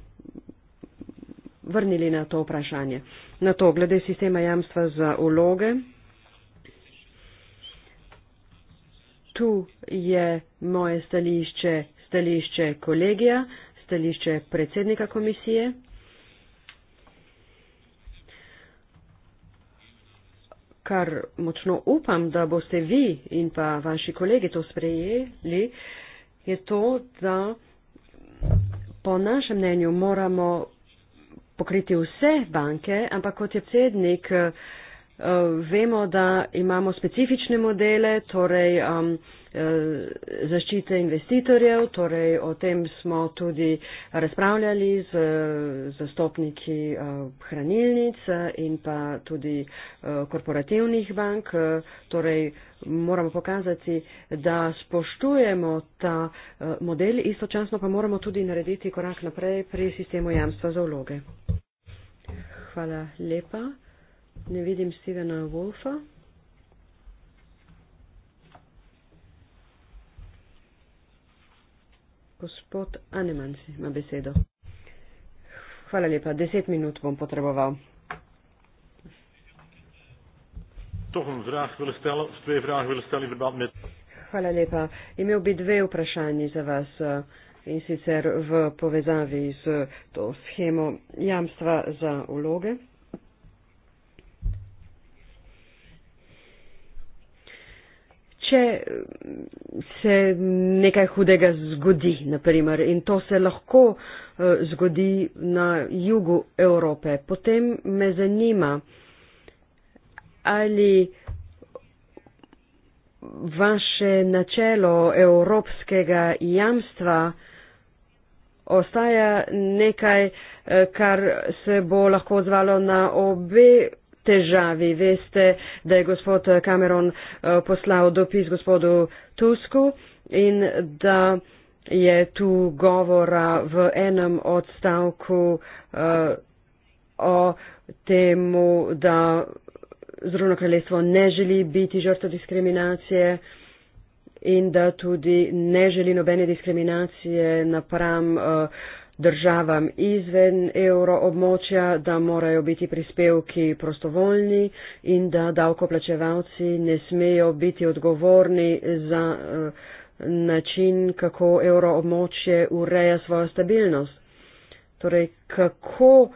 vrnili na to vprašanje. Na to, glede sistema jamstva za uloge. Tu je moje stališče, stališče kolegija stališče predsednika komisije. Kar močno upam, da boste vi in pa vaši kolegi to sprejeli, je to, da po našem mnenju moramo pokriti vse banke, ampak kot je predsednik. Eh, vemo, da imamo specifične modele, torej um, eh, zaščite investitorjev, torej o tem smo tudi razpravljali z zastopniki eh, hranilnic in pa tudi korporativnih bank. Torej moramo pokazati, da spoštujemo ta model, istočasno pa moramo tudi narediti korak naprej pri sistemu jamstva za vloge. Hvala lepa ne vidim Stevena Wolfa. Gospod Aneman ima besedo. Hvala lepa, deset minut bom potreboval. Hvala lepa. Imel bi dve vprašanji za vas eh, in sicer v povezavi z to schemo jamstva za vloge. če se nekaj hudega zgodi, naprimer, in to se lahko eh, zgodi na jugu Evrope, potem me zanima, ali vaše načelo evropskega jamstva ostaja nekaj, eh, kar se bo lahko odzvalo na obe težavi. Veste, da je gospod Cameron eh, poslal dopis gospodu Tusku in da je tu govora v enem odstavku eh, o temu, da Združeno kraljestvo ne želi biti žrtev diskriminacije in da tudi ne želi nobene diskriminacije napram uh, državam izven euroobmočja, da morajo biti prispevki prostovoljni in da davkoplačevalci ne smejo biti odgovorni za eh, način, kako euroobmočje ureja svojo stabilnost. Torej, kako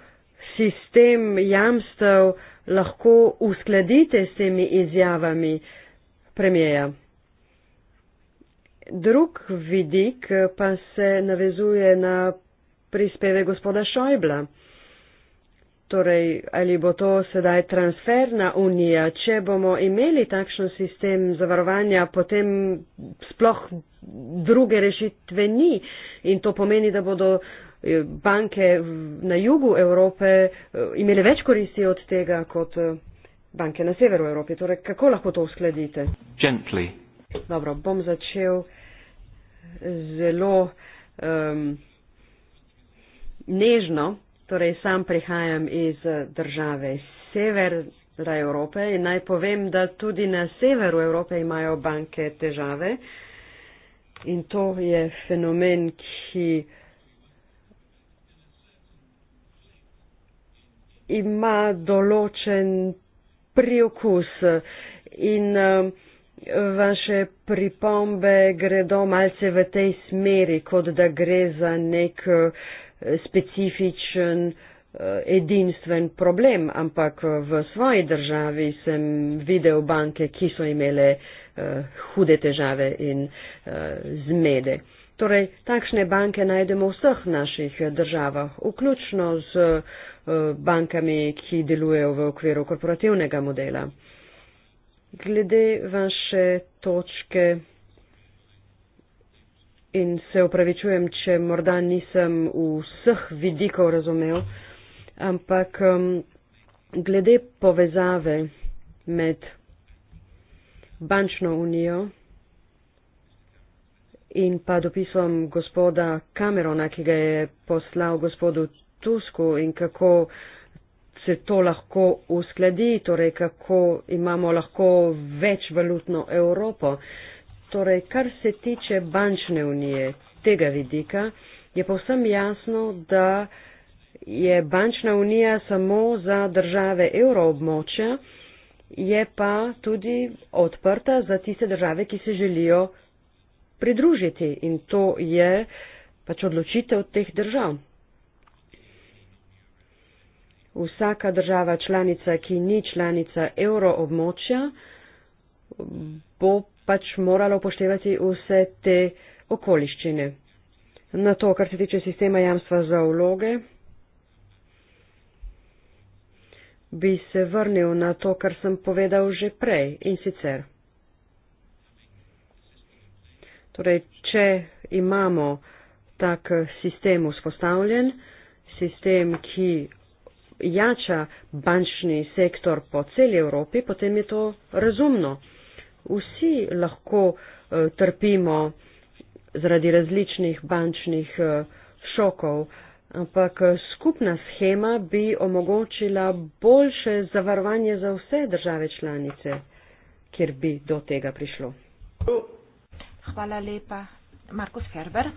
sistem jamstev lahko uskladite s temi izjavami premijeja? Drug vidik pa se navezuje na prispeve gospoda Šojbla. Torej, ali bo to sedaj transferna unija, če bomo imeli takšen sistem zavarovanja, potem sploh druge rešitve ni. In to pomeni, da bodo eh, banke na jugu Evrope eh, imele več koristi od tega kot eh, banke na severu Evrope. Torej, kako lahko to uskladite? Gently. Dobro, bom začel zelo. Um, nežno, torej sam prihajam iz eh, države severa Evrope in naj povem, da tudi na severu Evrope imajo banke težave in to je fenomen, ki ima določen priokus in eh, vaše pripombe gredo malce v tej smeri, kot da gre za nek uh, specifičen, eh, edinstven problem, ampak eh, v svoji državi sem videl banke, ki so imele eh, hude težave in zmede. Torej, takšne banke najdemo v vseh naših državah, vključno z bankami, ki delujejo v okviru korporativnega modela. Glede vaše točke in se opravičujem, če morda nisem vseh vidikov razumel, ampak um, glede povezave med bančno unijo in pa dopisom gospoda Camerona, ki ga je poslal gospodu Tusku in kako se to lahko uskladi, torej kako imamo lahko večvalutno Evropo. Um, Torej, kar se tiče bančne unije tega vidika, je povsem jasno, da je bančna unija samo za države evroobmočja, je pa tudi odprta za tiste države, ki se želijo pridružiti in to je pač odločitev teh držav. Vsaka država članica, ki ni članica evroobmočja, bo pač morala upoštevati vse te okoliščine. Na to, kar se tiče sistema jamstva za vloge, bi se vrnil na to, kar sem povedal že prej in sicer. Torej, če imamo tak sistem vzpostavljen, sistem, ki jača bančni sektor po celi Evropi, potem je to razumno vsi lahko uh, trpimo zaradi različnih bančnih uh, šokov, ampak eh, skupna schema bi omogočila boljše zavarovanje za vse države članice, kjer bi do tega prišlo. Hvala lepa, Markus Ferber.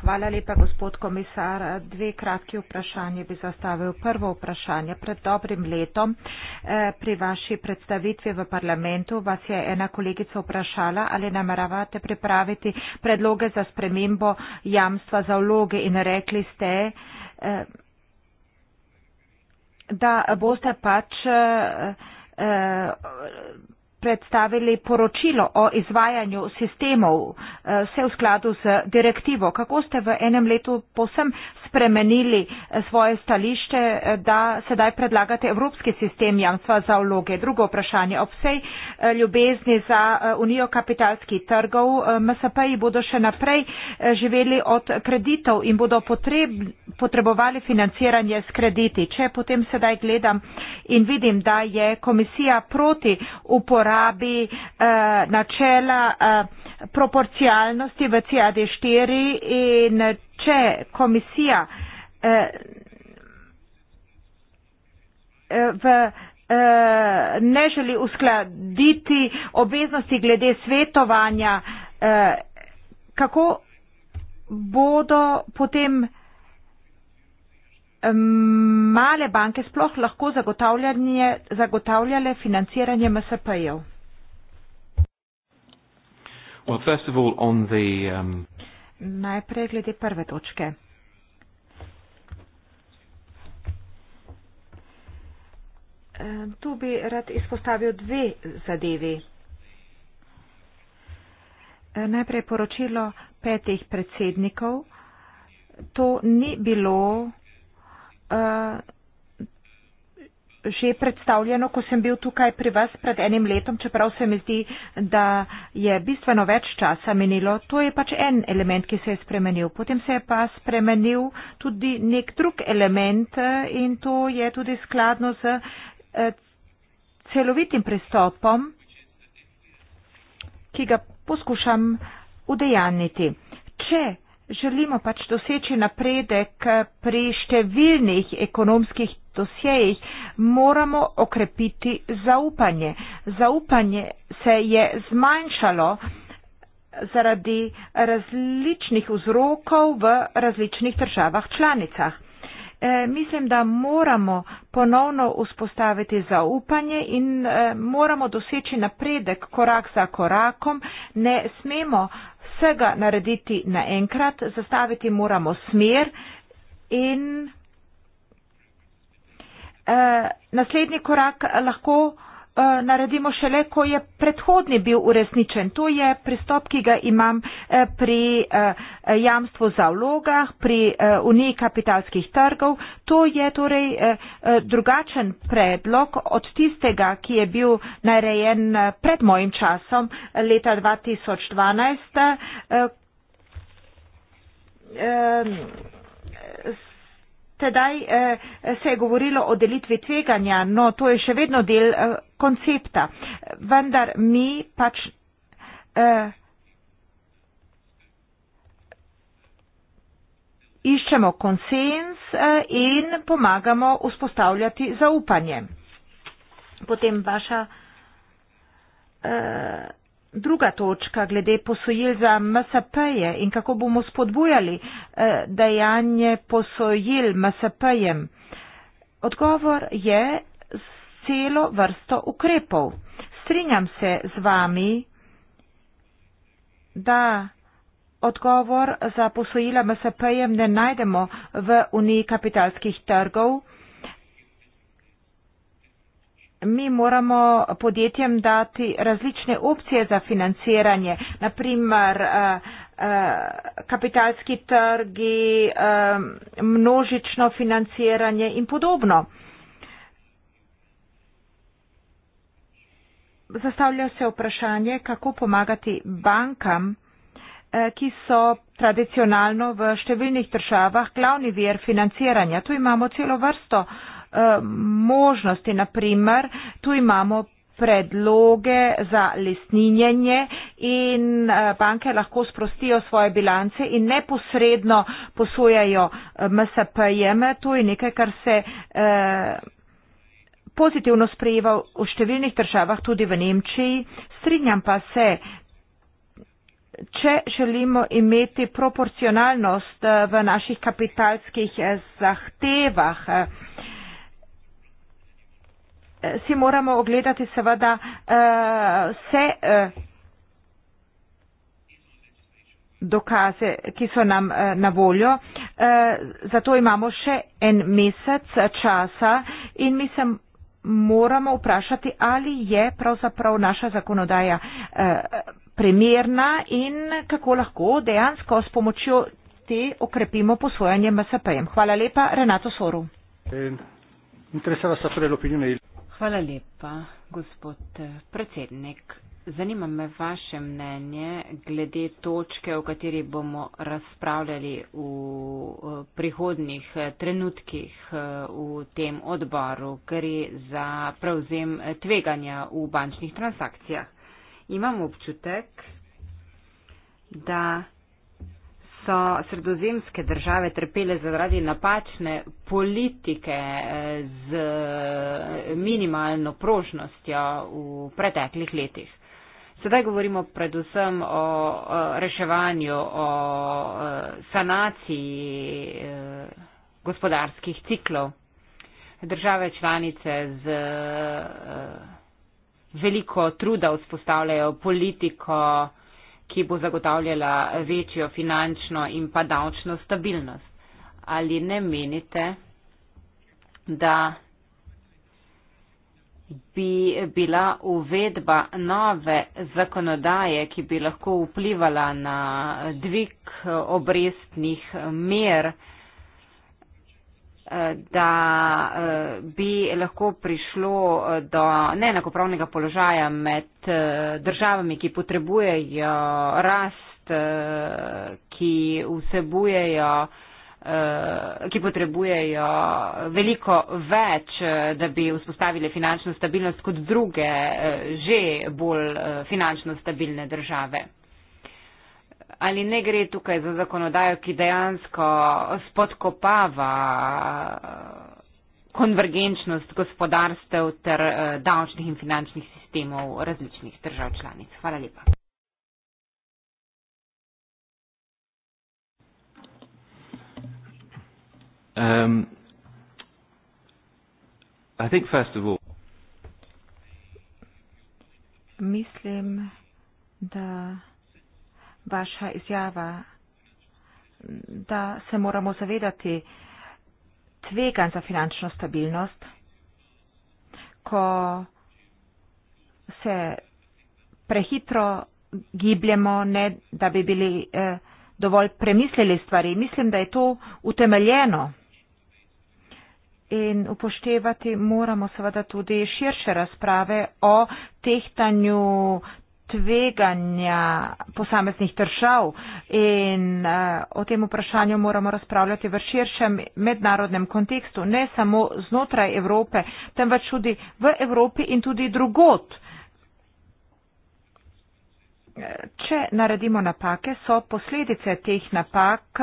Hvala lepa, gospod komisar. Dve kratki vprašanje bi zastavil. Prvo vprašanje. Pred dobrim letom eh, pri vaši predstavitvi v parlamentu vas je ena kolegica vprašala, ali nameravate pripraviti predloge za spremembo jamstva za vloge in rekli ste, eh, da boste pač eh, predstavili poročilo o izvajanju sistemov, eh, vse v skladu z direktivo. Kako ste v enem letu posem spremenili eh, svoje stališče, eh, da sedaj predlagate evropski sistem jamstva za vloge? Drugo vprašanje. Ob vsej ljubezni za Unijo kapitalskih trgov, MSP-ji bodo še naprej živeli od kreditov in bodo potreb, potrebovali financiranje s krediti. Če potem sedaj gledam in vidim, da je komisija proti uporabljanju uporabi eh, načela eh, proporcionalnosti v CAD4 in če komisija eh, eh, v, eh, ne želi uskladiti obveznosti glede svetovanja, eh, kako bodo potem eh, male banke sploh lahko zagotavljale financiranje MSP-jev? Well, first of all, on the, um, Najprej glede prve točke. Tu bi rad izpostavil dve zadevi. Najprej poročilo petih predsednikov. To ni bilo Eh, že predstavljeno, ko sem bil tukaj pri vas pred enim letom, čeprav se mi zdi, da je bistveno več časa menilo. To je pač en element, ki se je spremenil. Potem se je pa spremenil tudi nek drug element eh, in to je tudi skladno z eh, celovitim pristopom, ki ga poskušam udejanjiti. Če želimo pač doseči napredek pri številnih ekonomskih dosjejih, moramo okrepiti zaupanje. Zaupanje se je zmanjšalo zaradi različnih vzrokov v različnih državah članicah. E, mislim, da moramo ponovno vzpostaviti zaupanje in e, moramo doseči napredek korak za korakom. Ne smemo vsega narediti naenkrat, zastaviti moramo smer in eh, naslednji korak eh, lahko. Eh, naredimo šele, ko je predhodni bil uresničen. To je pristop, ki ga imam eh, pri eh, jamstvu za vlogah, pri uniji kapitalskih trgov. To je torej drugačen predlog od tistega, ki je bil narejen pred mojim časom leta 2012 tedaj eh, se je govorilo o delitvi tveganja, no to je še vedno del eh, koncepta. Vendar mi pač. Eh, iščemo konsens in pomagamo vzpostavljati zaupanje. Potem vaša. Uh... Druga točka glede posojil za MSP-je in kako bomo spodbujali eh, dejanje posojil MSP-jem. Odgovor je celo vrsto ukrepov. Strinjam se z vami, da odgovor za posojila MSP-jem ne najdemo v Uniji kapitalskih trgov mi moramo podjetjem dati različne opcije za financiranje, naprimer eh, eh, kapitalski trgi, eh, množično financiranje in podobno. Zastavlja se vprašanje, kako pomagati bankam, ki so tradicionalno v številnih državah glavni vir financiranja. Tu imamo celo vrsto uh, Eh, možnosti. Naprimer, tu imamo predloge za lesninjenje in eh, banke lahko sprostijo svoje bilance in neposredno posujajo eh, MSP-jeme. To je nekaj, kar se pozitivno sprejeva v številnih državah, tudi v Nemčiji. Strinjam pa se, če želimo imeti proporcionalnost v naših kapitalskih zahtevah, Eh, si moramo ogledati seveda eh, vse eh, dokaze, ki so nam na voljo. Zato imamo še en mesec časa in mi se moramo vprašati, ali je pravzaprav naša zakonodaja primerna in kako lahko dejansko s pomočjo te okrepimo posvojanje MSP-jem. Hvala lepa, Renato Soru. Hvala lepa, gospod predsednik. Zanima me vaše mnenje glede točke, o kateri bomo razpravljali v prihodnih trenutkih v tem odboru, ker je za prevzem tveganja v bančnih transakcijah. Imam občutek, da so sredozemske države trpele zaradi napačne politike eh, z eh, minimalno prožnostjo v preteklih letih. Sedaj govorimo predvsem o reševanju, o eh, sanaciji gospodarskih ciklov. Države članice z veliko truda vzpostavljajo politiko, ki bo zagotavljala večjo finančno in pa davčno stabilnost. Ali ne menite, da bi bila uvedba nove zakonodaje, ki bi lahko vplivala na dvig obrestnih mer, da eh, bi lahko prišlo eh, do neenakopravnega položaja med eh, državami, ki potrebujejo rast, ki vsebujejo ki potrebujejo veliko več, da bi vzpostavili finančno stabilnost kot druge že bolj finančno stabilne države ali ne gre tukaj za zakonodajo, ki dejansko spodkopava eh, konvergenčnost gospodarstev ter eh, davčnih in finančnih sistemov različnih držav članic. Hvala lepa. Um, all... Mislim, da vaša izjava, da se moramo zavedati tvegan za finančno stabilnost, ko se prehitro gibljemo, ne da bi bili eh, dovolj premislili stvari. Mislim, da je to utemeljeno. In upoštevati moramo seveda tudi širše razprave o tehtanju tveganja posameznih držav in eh, o tem vprašanju moramo razpravljati v širšem mednarodnem kontekstu, ne samo znotraj Evrope, temveč tudi v Evropi in tudi drugot. Če naredimo napake, so posledice teh napak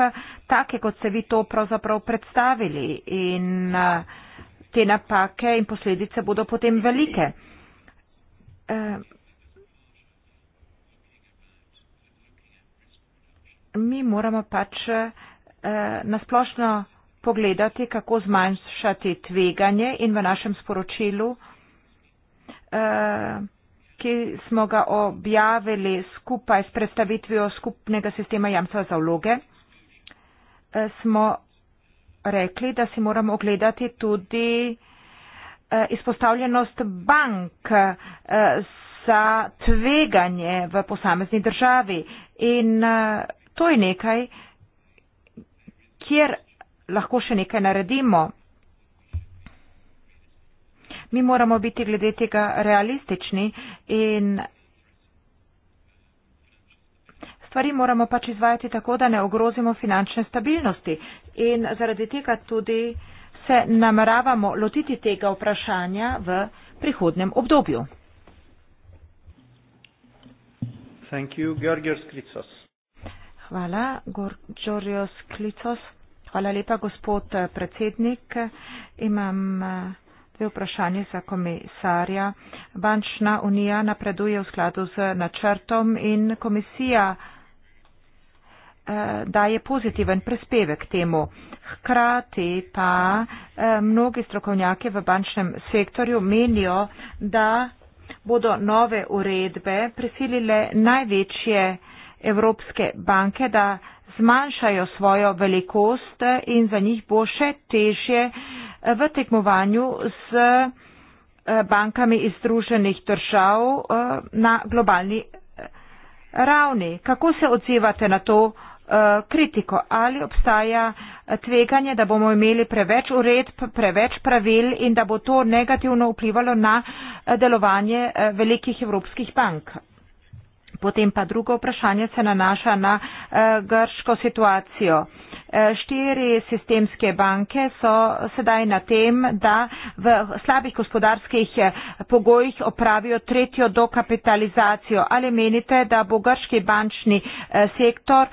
take, kot se vi to pravzaprav predstavili in eh, te napake in posledice bodo potem velike. Eh, mi moramo pač eh, nasplošno pogledati, kako zmanjšati tveganje in v našem sporočilu, eh, ki smo ga objavili skupaj s predstavitvijo skupnega sistema jamstva za vloge, eh, smo rekli, da si moramo ogledati tudi eh, izpostavljenost bank eh, za tveganje v posamezni državi. In, eh, To je nekaj, kjer lahko še nekaj naredimo. Mi moramo biti glede tega realistični in stvari moramo pač izvajati tako, da ne ogrozimo finančne stabilnosti. In zaradi tega tudi se nameravamo lotiti tega vprašanja v prihodnem obdobju. Thank you, Georgios Kritsos. Hvala, Gorgorios Klicos. Hvala lepa, gospod eh, predsednik. Imam eh, dve vprašanje za komisarja. Bančna unija napreduje v skladu z načrtom in komisija eh, daje pozitiven prispevek temu. Hkrati pa mnogi strokovnjaki v bančnem sektorju menijo, da bodo nove uredbe prisilile največje Evropske banke, da zmanjšajo svojo velikost in za njih bo še težje eh, v tekmovanju z eh, bankami iz druženih držav eh, na globalni ravni. Kako se odzivate na to kritiko? Ali obstaja tveganje, da bomo imeli preveč uredb, preveč pravil in da bo to negativno vplivalo na delovanje velikih evropskih bank? Potem pa drugo vprašanje se nanaša na eh, grško situacijo. Eh, štiri sistemske banke so sedaj na tem, da v slabih gospodarskih eh, pogojih opravijo tretjo dokapitalizacijo. Ali menite, da bo grški bančni sektor,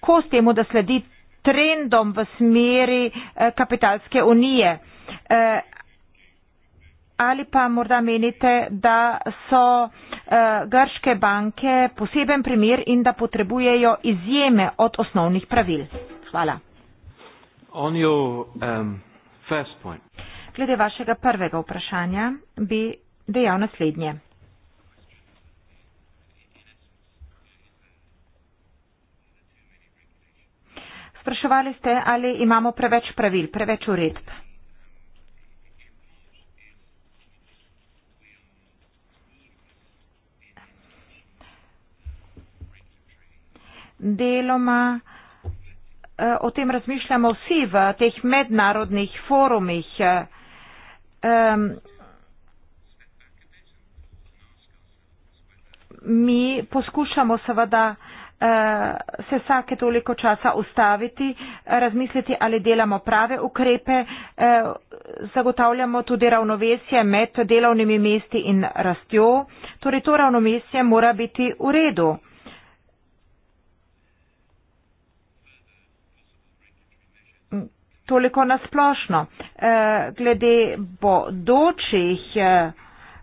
ko s temu, da sledi trendom v smeri kapitalske unije? Ali pa morda menite, da so. Eh, grške banke poseben primer in da potrebujejo izjeme od osnovnih pravil. Hvala. Um, Glede vašega prvega vprašanja bi dejal naslednje. Spraševali ste, ali imamo preveč pravil, preveč uredb. deloma eh, o tem razmišljamo vsi v teh mednarodnih forumih. Eh, mi poskušamo seveda eh, se vsake toliko časa ustaviti, razmisliti, ali delamo prave ukrepe, zagotavljamo tudi ravnovesje med delovnimi mesti in rastjo, torej to ravnovesje mora biti v redu. toliko nasplošno. Eh, glede bodočih eh,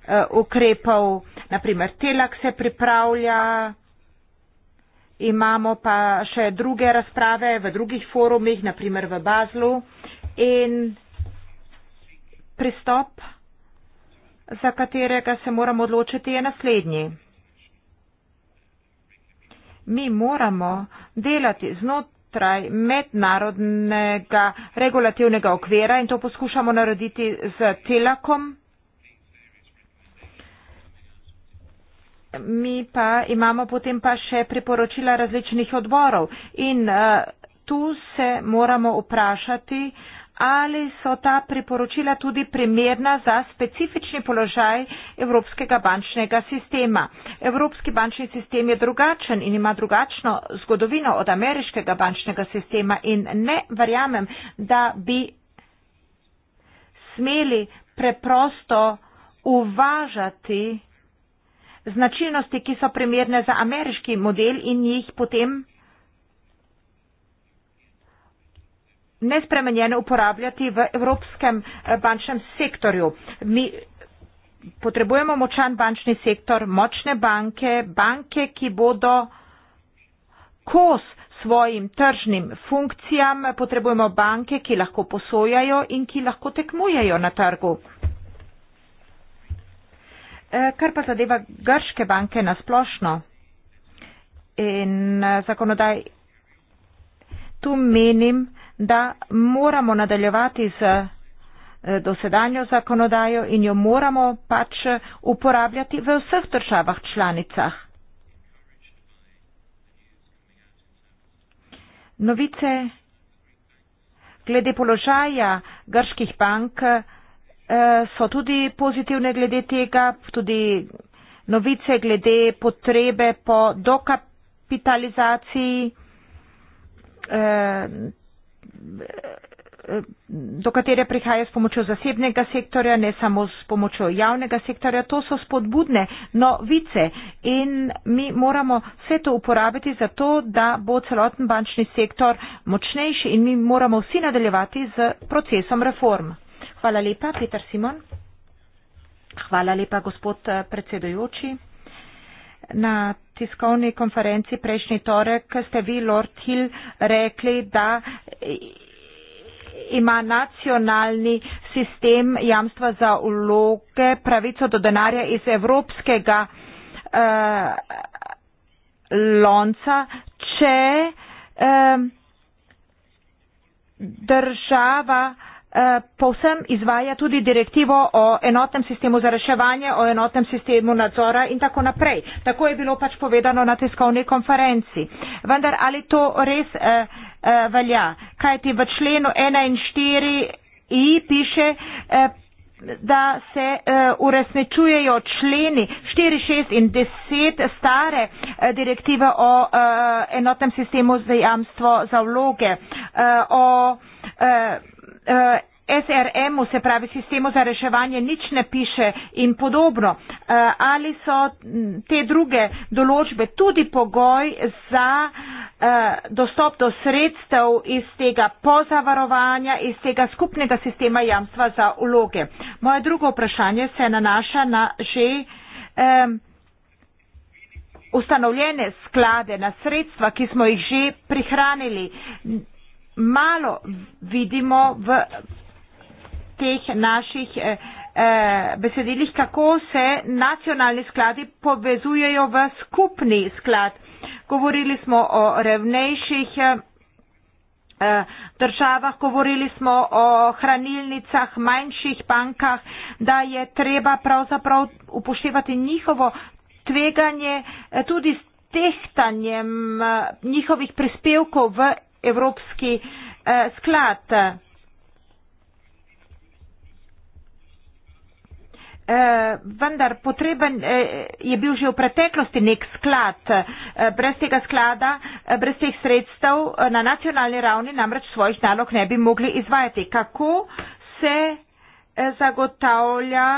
eh, ukrepov, naprimer Telak se pripravlja, imamo pa še druge razprave v drugih forumih, naprimer v Bazlu in pristop, za katerega se moramo odločiti, je naslednji. Mi moramo delati znot znotraj mednarodnega regulativnega okvira in to poskušamo narediti z Telekom. Mi pa imamo potem pa še priporočila različnih odborov in uh, tu se moramo vprašati, uh, ali so ta priporočila tudi primerna za specifični položaj Evropskega bančnega sistema. Evropski bančni sistem je drugačen in ima drugačno zgodovino od ameriškega bančnega sistema in ne verjamem, da bi smeli preprosto uvažati značilnosti, ki so primerne za ameriški model in jih potem nespremenjeno uporabljati v evropskem eh, bančnem sektorju. Mi potrebujemo močan bančni sektor, močne banke, banke, ki bodo kos svojim tržnim funkcijam, potrebujemo banke, ki lahko posojajo in ki lahko tekmujejo na trgu. Eh, kar pa zadeva grške banke na splošno in eh, zakonodaj, tu menim, da moramo nadaljevati z eh, dosedanjo zakonodajo in jo moramo pač uporabljati v vseh državah članicah. Novice glede položaja grških bank eh, so tudi pozitivne glede tega, tudi novice glede potrebe po dokapitalizaciji. Eh, do katere prihaja s pomočjo zasebnega sektorja, ne samo s pomočjo javnega sektorja. To so spodbudne novice in mi moramo vse to uporabiti za to, da bo celoten bančni sektor močnejši in mi moramo vsi nadaljevati z procesom reform. Hvala lepa, Peter Simon. Hvala lepa, gospod eh, predsedujoči na tiskovni konferenci prejšnji torek ste vi, Lord Hill, rekli, da ima nacionalni sistem jamstva za uloge pravico do denarja iz evropskega eh, lonca, če eh, država Eh, povsem izvaja tudi direktivo o enotnem sistemu za reševanje, o enotnem sistemu nadzora in tako naprej. Tako je bilo pač povedano na tiskovni konferenci. Vendar ali to res eh, eh, velja? Kaj ti v členu 1 in 4i piše. Eh, da se uh, uresničujejo členi 4, 6 in 10 stare uh, direktive o uh, enotnem sistemu za jamstvo za vloge, uh, o uh, uh, eh, SRM-u, se pravi sistemu za reševanje, nič ne piše in podobno. Uh, ali so mm, te druge določbe tudi pogoj za uh, dostop do sredstev iz tega pozavarovanja, iz tega skupnega sistema jamstva za uloge? Moje drugo vprašanje se nanaša na že. Um, ustanovljene sklade na sredstva, ki smo jih že prihranili malo vidimo v teh naših eh, eh, besedilih, kako se nacionalni skladi povezujejo v skupni sklad. Govorili smo o revnejših eh, eh, državah, govorili smo o hranilnicah, manjših bankah, da je treba pravzaprav upoštevati njihovo tveganje eh, tudi s tehtanjem eh, njihovih prispevkov v evropski eh, sklad. Eh, vendar potreben eh, je bil že v preteklosti nek sklad. Eh, brez tega sklada, eh, brez teh sredstev eh, na nacionalni ravni namreč svojih nalog ne bi mogli izvajati. Kako se eh, zagotavlja,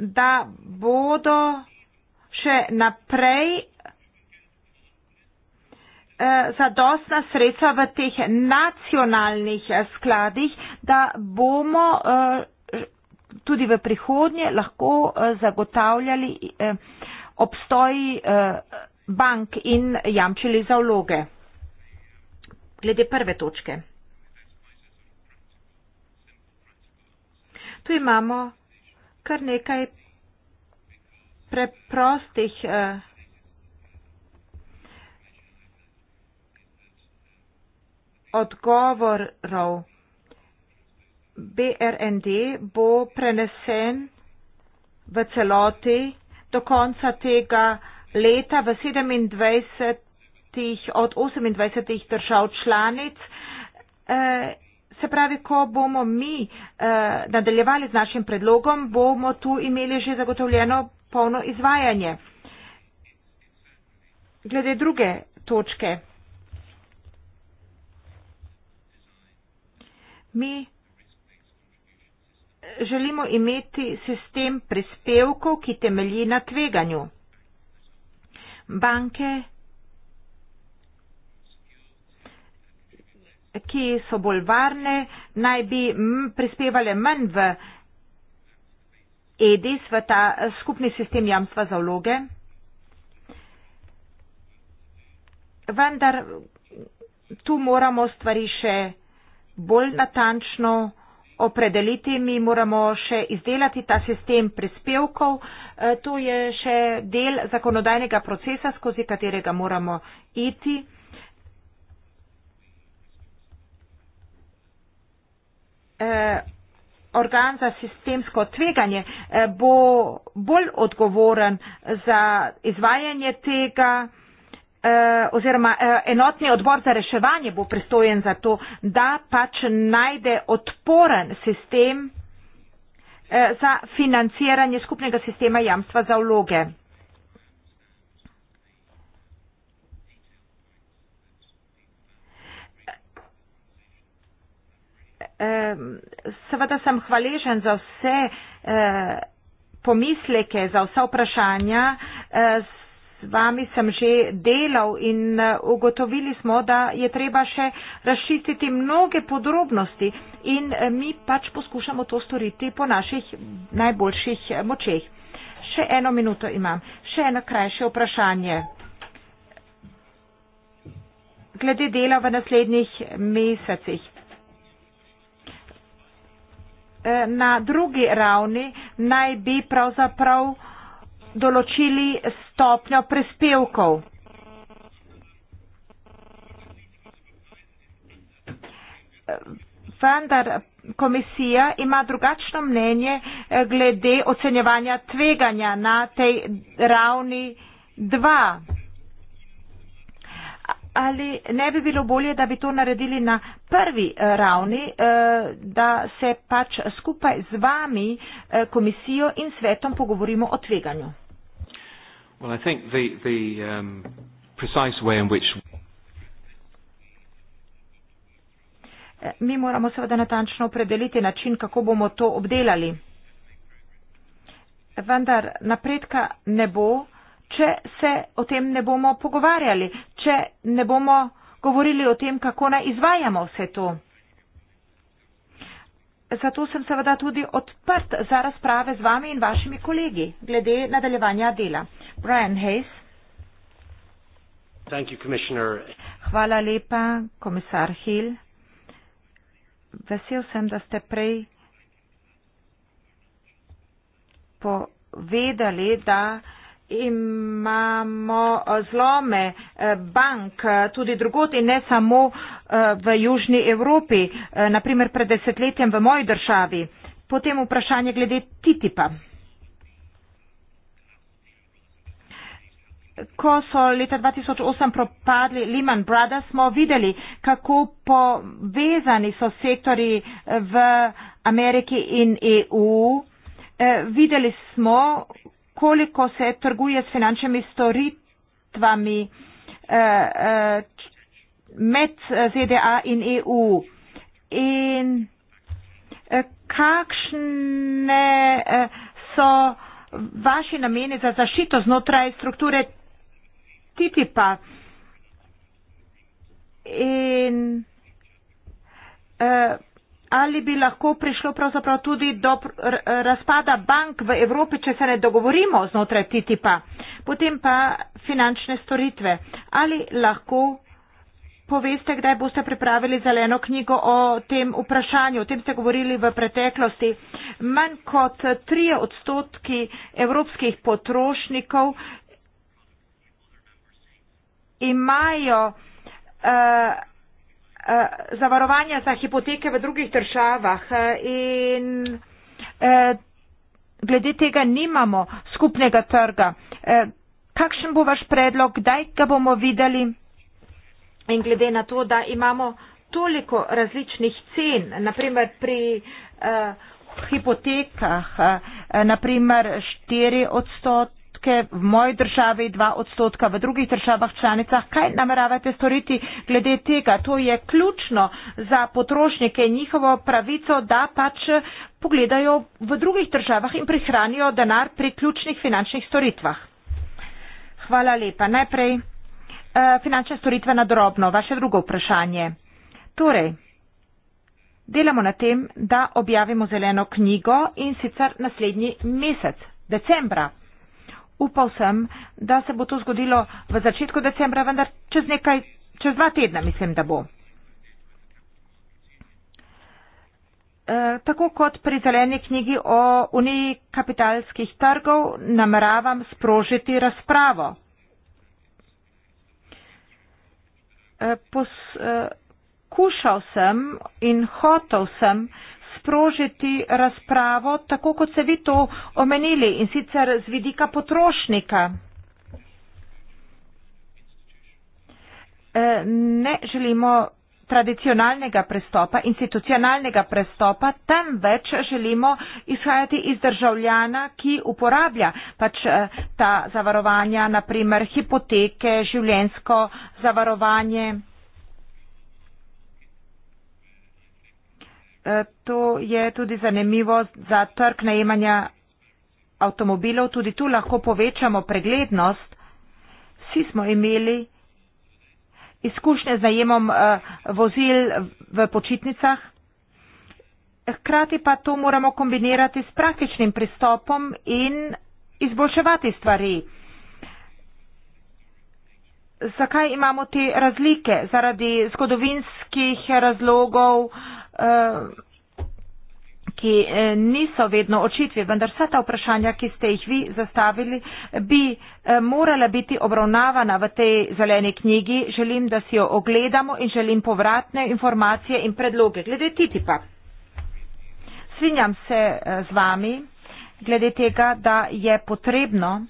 da bodo še naprej Eh, zadostna sredstva v teh nacionalnih eh, skladih, da bomo eh, tudi v prihodnje lahko zagotavljali obstoj bank in jamčili za vloge. Glede prve točke. Tu imamo kar nekaj preprostih. Uh, odgovorov. BRND bo prenesen v celoti do konca tega leta v 27 od 28 držav članic. Eh, se pravi, ko bomo mi eh, nadaljevali z našim predlogom, bomo tu imeli že zagotovljeno polno izvajanje. Glede druge točke. Mi želimo imeti sistem prispevkov, ki temelji na tveganju. Banke, ki so bolj varne, naj bi prispevale manj v EDIS, v ta skupni sistem jamstva za vloge. Vendar tu moramo stvari še bolj natančno opredeliti, mi moramo še izdelati ta sistem prispevkov. E, to je še del zakonodajnega procesa, skozi katerega moramo iti. E, organ za sistemsko tveganje e, bo bolj odgovoren za izvajanje tega eh, oziroma eh, enotni odbor za reševanje bo pristojen za to, da pač najde odporen sistem eh, za financiranje skupnega sistema jamstva za vloge. Seveda sem hvaležen za vse eh, pomisleke, za vsa vprašanja, eh, vami sem že delal in eh, ugotovili smo, da je treba še razčistiti mnoge podrobnosti in eh, mi pač poskušamo to storiti po naših najboljših eh, močeh. Še eno minuto imam. Še eno krajše vprašanje. Glede dela v naslednjih mesecih. Na drugi ravni naj bi pravzaprav določili stopnjo prispevkov. Vendar komisija ima drugačno mnenje eh, glede ocenjevanja tveganja na tej ravni 2 ali ne bi bilo bolje, da bi to naredili na prvi eh, ravni, eh, da se pač skupaj z vami, eh, komisijo in svetom pogovorimo o tveganju? Well, um, Mi moramo seveda natančno opredeliti način, kako bomo to obdelali. Vendar napredka ne bo, če se o tem ne bomo pogovarjali če ne bomo govorili o tem, kako naj izvajamo vse to. Zato sem seveda tudi odprt za razprave z vami in vašimi kolegi glede nadaljevanja dela. Brian Hayes. Thank you, Hvala lepa, komisar Hill. Vesel sem, da ste prej povedali, da imamo eh, zlome eh, bank eh, tudi drugot in ne samo v Južni Evropi, naprimer pred desetletjem v moji državi. Potem vprašanje glede TTIP-a. Ko so leta 2008 propadli Lehman Brothers, smo videli, kako povezani so sektori v Ameriki in EU. Videli smo, koliko se trguje s finančnimi storitvami eh, eh med ZDA in EU in eh, kakšne eh, so vaši namene za zaščito znotraj strukture TTIP-a. In eh, ali bi lahko prišlo pravzaprav tudi do razpada bank v Evropi, če se ne dogovorimo znotraj TTIP-a. Potem pa finančne storitve. Ali lahko poveste, kdaj boste pripravili zeleno knjigo o tem vprašanju? O tem ste govorili v preteklosti. Manj kot 3 odstotki evropskih potrošnikov imajo uh, Eh, zavarovanja za hipoteke v drugih državah eh, in eh, glede tega nimamo skupnega trga. Kakšen bo vaš predlog, kdaj ga bomo videli in glede na to, da imamo toliko različnih cen, naprimer pri uh, hipotekah, uh, naprimer 4 odstot, odstotke v moji državi, dva odstotka v drugih državah članicah. Kaj nameravate storiti glede tega? To je ključno za potrošnike in njihovo pravico, da pač pogledajo v drugih državah in prihranijo denar pri ključnih finančnih storitvah. Hvala lepa. Najprej eh, finančne storitve na drobno. Vaše drugo vprašanje. Torej, delamo na tem, da objavimo zeleno knjigo in sicer naslednji mesec, decembra, upal sem, da se bo to zgodilo v začetku decembra, vendar čez nekaj, čez dva tedna mislim, da bo. E, tako kot pri zeleni knjigi o Uniji kapitalskih trgov nameravam sprožiti razpravo. E, pos, e, kušal sem in hotel sem sprožiti razpravo, tako kot se vi to omenili in sicer z vidika potrošnika. Eh, ne želimo tradicionalnega prestopa, institucionalnega prestopa, temveč želimo izhajati iz državljana, ki uporablja pač eh, ta zavarovanja, naprimer hipoteke, življensko zavarovanje. Eh, to je tudi zanimivo za trg najemanja avtomobilov. Tudi tu lahko povečamo preglednost. Vsi smo imeli izkušnje z najemom eh, vozil v počitnicah. Hkrati pa to moramo kombinirati s praktičnim pristopom in izboljševati stvari. Zakaj imamo te razlike? Zaradi zgodovinskih razlogov, uh, Eh, ki eh, niso vedno očitvi, vendar vsa ta vprašanja, ki ste jih vi zastavili, bi eh, morala biti obravnavana v tej zeleni knjigi. Želim, da si jo ogledamo in želim povratne informacije in predloge. Glede TTIP-a. Svinjam se z vami glede tega, da je potrebno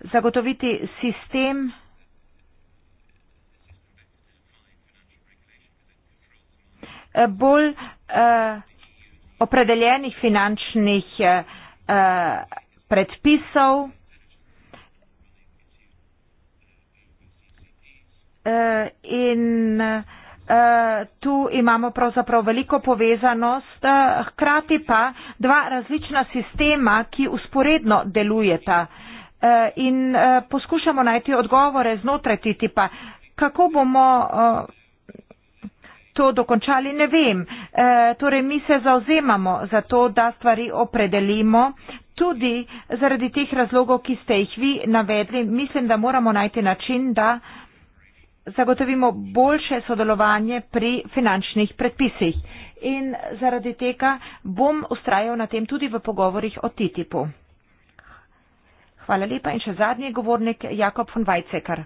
zagotoviti sistem, bolj eh, opredeljenih finančnih eh, predpisov. Eh, in eh, tu imamo pravzaprav veliko povezanost, eh, hkrati pa dva različna sistema, ki usporedno delujeta. Eh, in eh, poskušamo najti odgovore znotraj TTIP-a, kako bomo eh, to dokončali, ne vem. E, torej, mi se zauzemamo za to, da stvari opredelimo. Tudi zaradi teh razlogov, ki ste jih vi navedli, mislim, da moramo najti način, da zagotovimo boljše sodelovanje pri finančnih predpisih. In zaradi tega bom ustrajal na tem tudi v pogovorih o TTIP-u. Hvala lepa in še zadnji govornik, Jakob von Weizsäcker.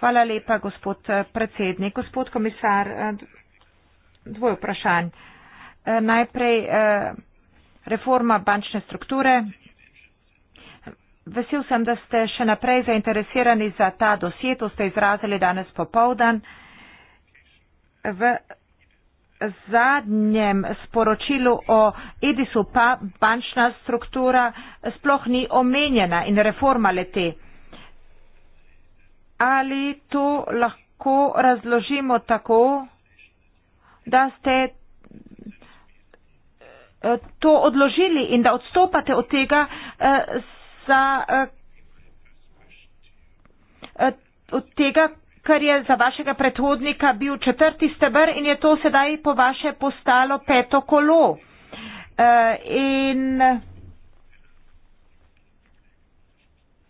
Hvala lepa, gospod eh, predsednik, gospod komisar. Eh, dvoje vprašanj. Eh, najprej eh, reforma bančne strukture. Vesel sem, da ste še naprej zainteresirani za ta dosje, to ste izrazili danes popovdan. V zadnjem sporočilu o Edisu pa bančna struktura sploh ni omenjena in reforma lete. Ali to lahko razložimo tako, da ste eh, to odložili in da odstopate od tega, eh, za, eh, od tega kar je za vašega predhodnika bil četrti stebr in je to sedaj po vaše postalo peto kolo. In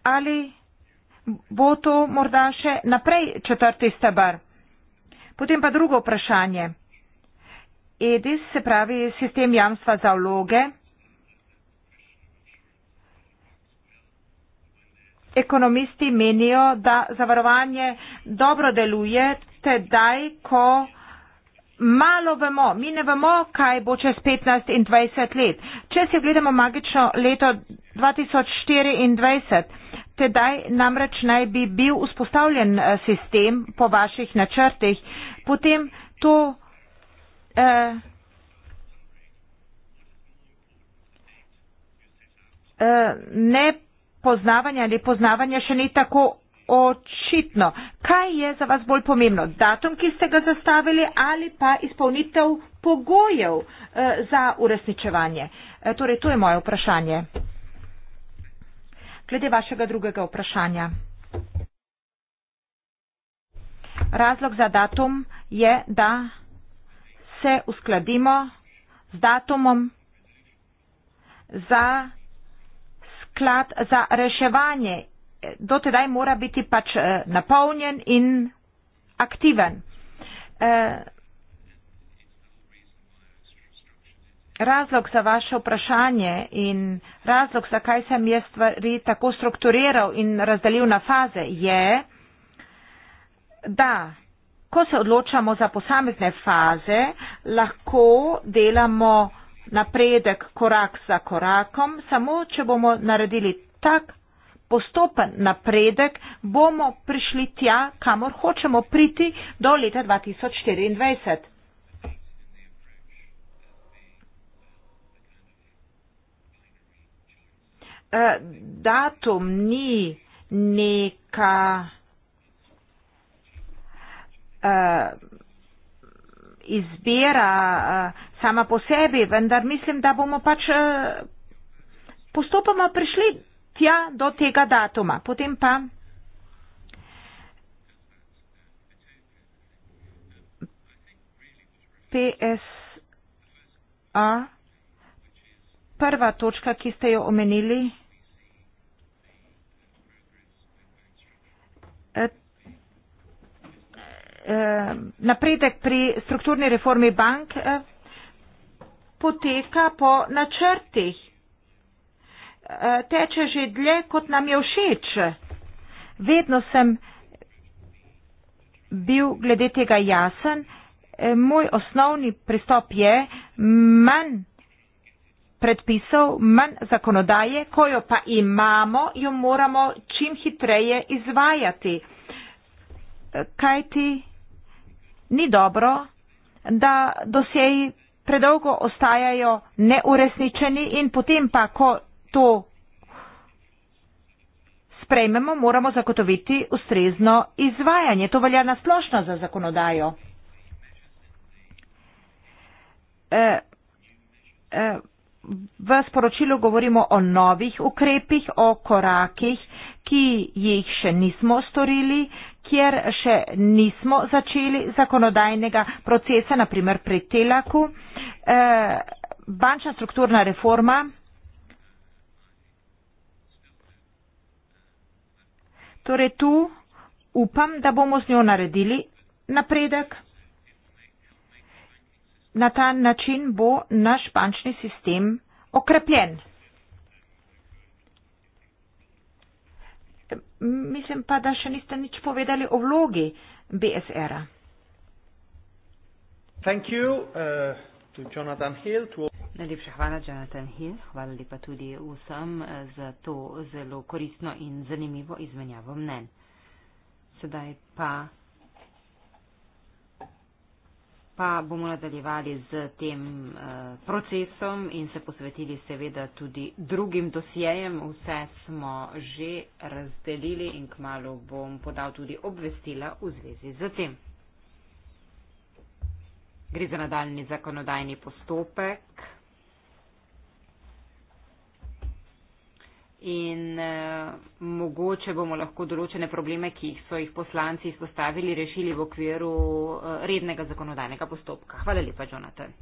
ali bo to morda še naprej četrti stebr? Potem pa drugo vprašanje. EDIS, se pravi sistem jamstva za vloge, ekonomisti menijo, da zavarovanje dobro deluje tedaj, ko malo vemo, mi ne vemo, kaj bo čez 15 in 20 let. Če si gledamo magično leto 2024, tedaj namreč naj bi bil vzpostavljen eh, sistem po vaših načrtih, potem to Eh, eh, nepoznavanja ali poznavanja še ni tako očitno. Kaj je za vas bolj pomembno? Datum, ki ste ga zastavili ali pa izpolnitev pogojev eh, za uresničevanje? Torej, to je moje vprašanje. Glede vašega drugega vprašanja. Razlog za datum je, da se uskladimo z datumom za sklad za reševanje. Do tedaj mora biti pač eh, napolnjen in aktiven. Eh, razlog za vaše vprašanje in razlog, zakaj sem jaz stvari tako strukturiral in razdelil na faze, je, da ko se odločamo za posamezne faze, lahko delamo napredek korak za korakom, samo če bomo naredili tak postopen napredek, bomo prišli tja, kamor hočemo priti do leta 2024. Eh, datum ni neka uh, izbira uh, sama po sebi, vendar mislim, da bomo pač uh, postopoma prišli tja do tega datuma. Potem pa. PSA, prva točka, ki ste jo omenili, Eh, napredek pri strukturni reformi bank eh, poteka po načrtih. Eh, teče že dlje, kot nam je všeč. Vedno sem bil glede tega jasen. Moj osnovni pristop je manj predpisov, manj zakonodaje, ko jo pa imamo, jo moramo čim hitreje izvajati. Kaj ti? ni dobro, da doseji predolgo ostajajo neuresničeni in potem pa, ko to sprejmemo, moramo zagotoviti ustrezno izvajanje. To velja nasplošno za zakonodajo. E, e, v sporočilu govorimo o novih ukrepih, o korakih, ki jih še nismo storili, kjer še nismo začeli zakonodajnega procesa, naprimer pri Telaku. E, bančna strukturna reforma Torej tu upam, da bomo z njo naredili napredek. Na ta način bo naš bančni sistem okrepljen. mislim pa, da še niste nič povedali o vlogi BSR-a. Uh, Najlepša hvala, Jonathan Hill. Hvala lepa tudi vsem uh, za to zelo koristno in zanimivo izmenjavo mnen. Sedaj pa pa bomo nadaljevali z tem eh, procesom in se posvetili seveda tudi drugim dosjejem. Vse smo že razdelili in kmalo bom podal tudi obvestila v zvezi z tem. Gre za nadaljni zakonodajni postopek. in uh, mogoče bomo lahko določene probleme, ki so jih poslanci izpostavili, rešili v okviru uh, rednega zakonodajnega postopka. Hvala lepa, Jonathan.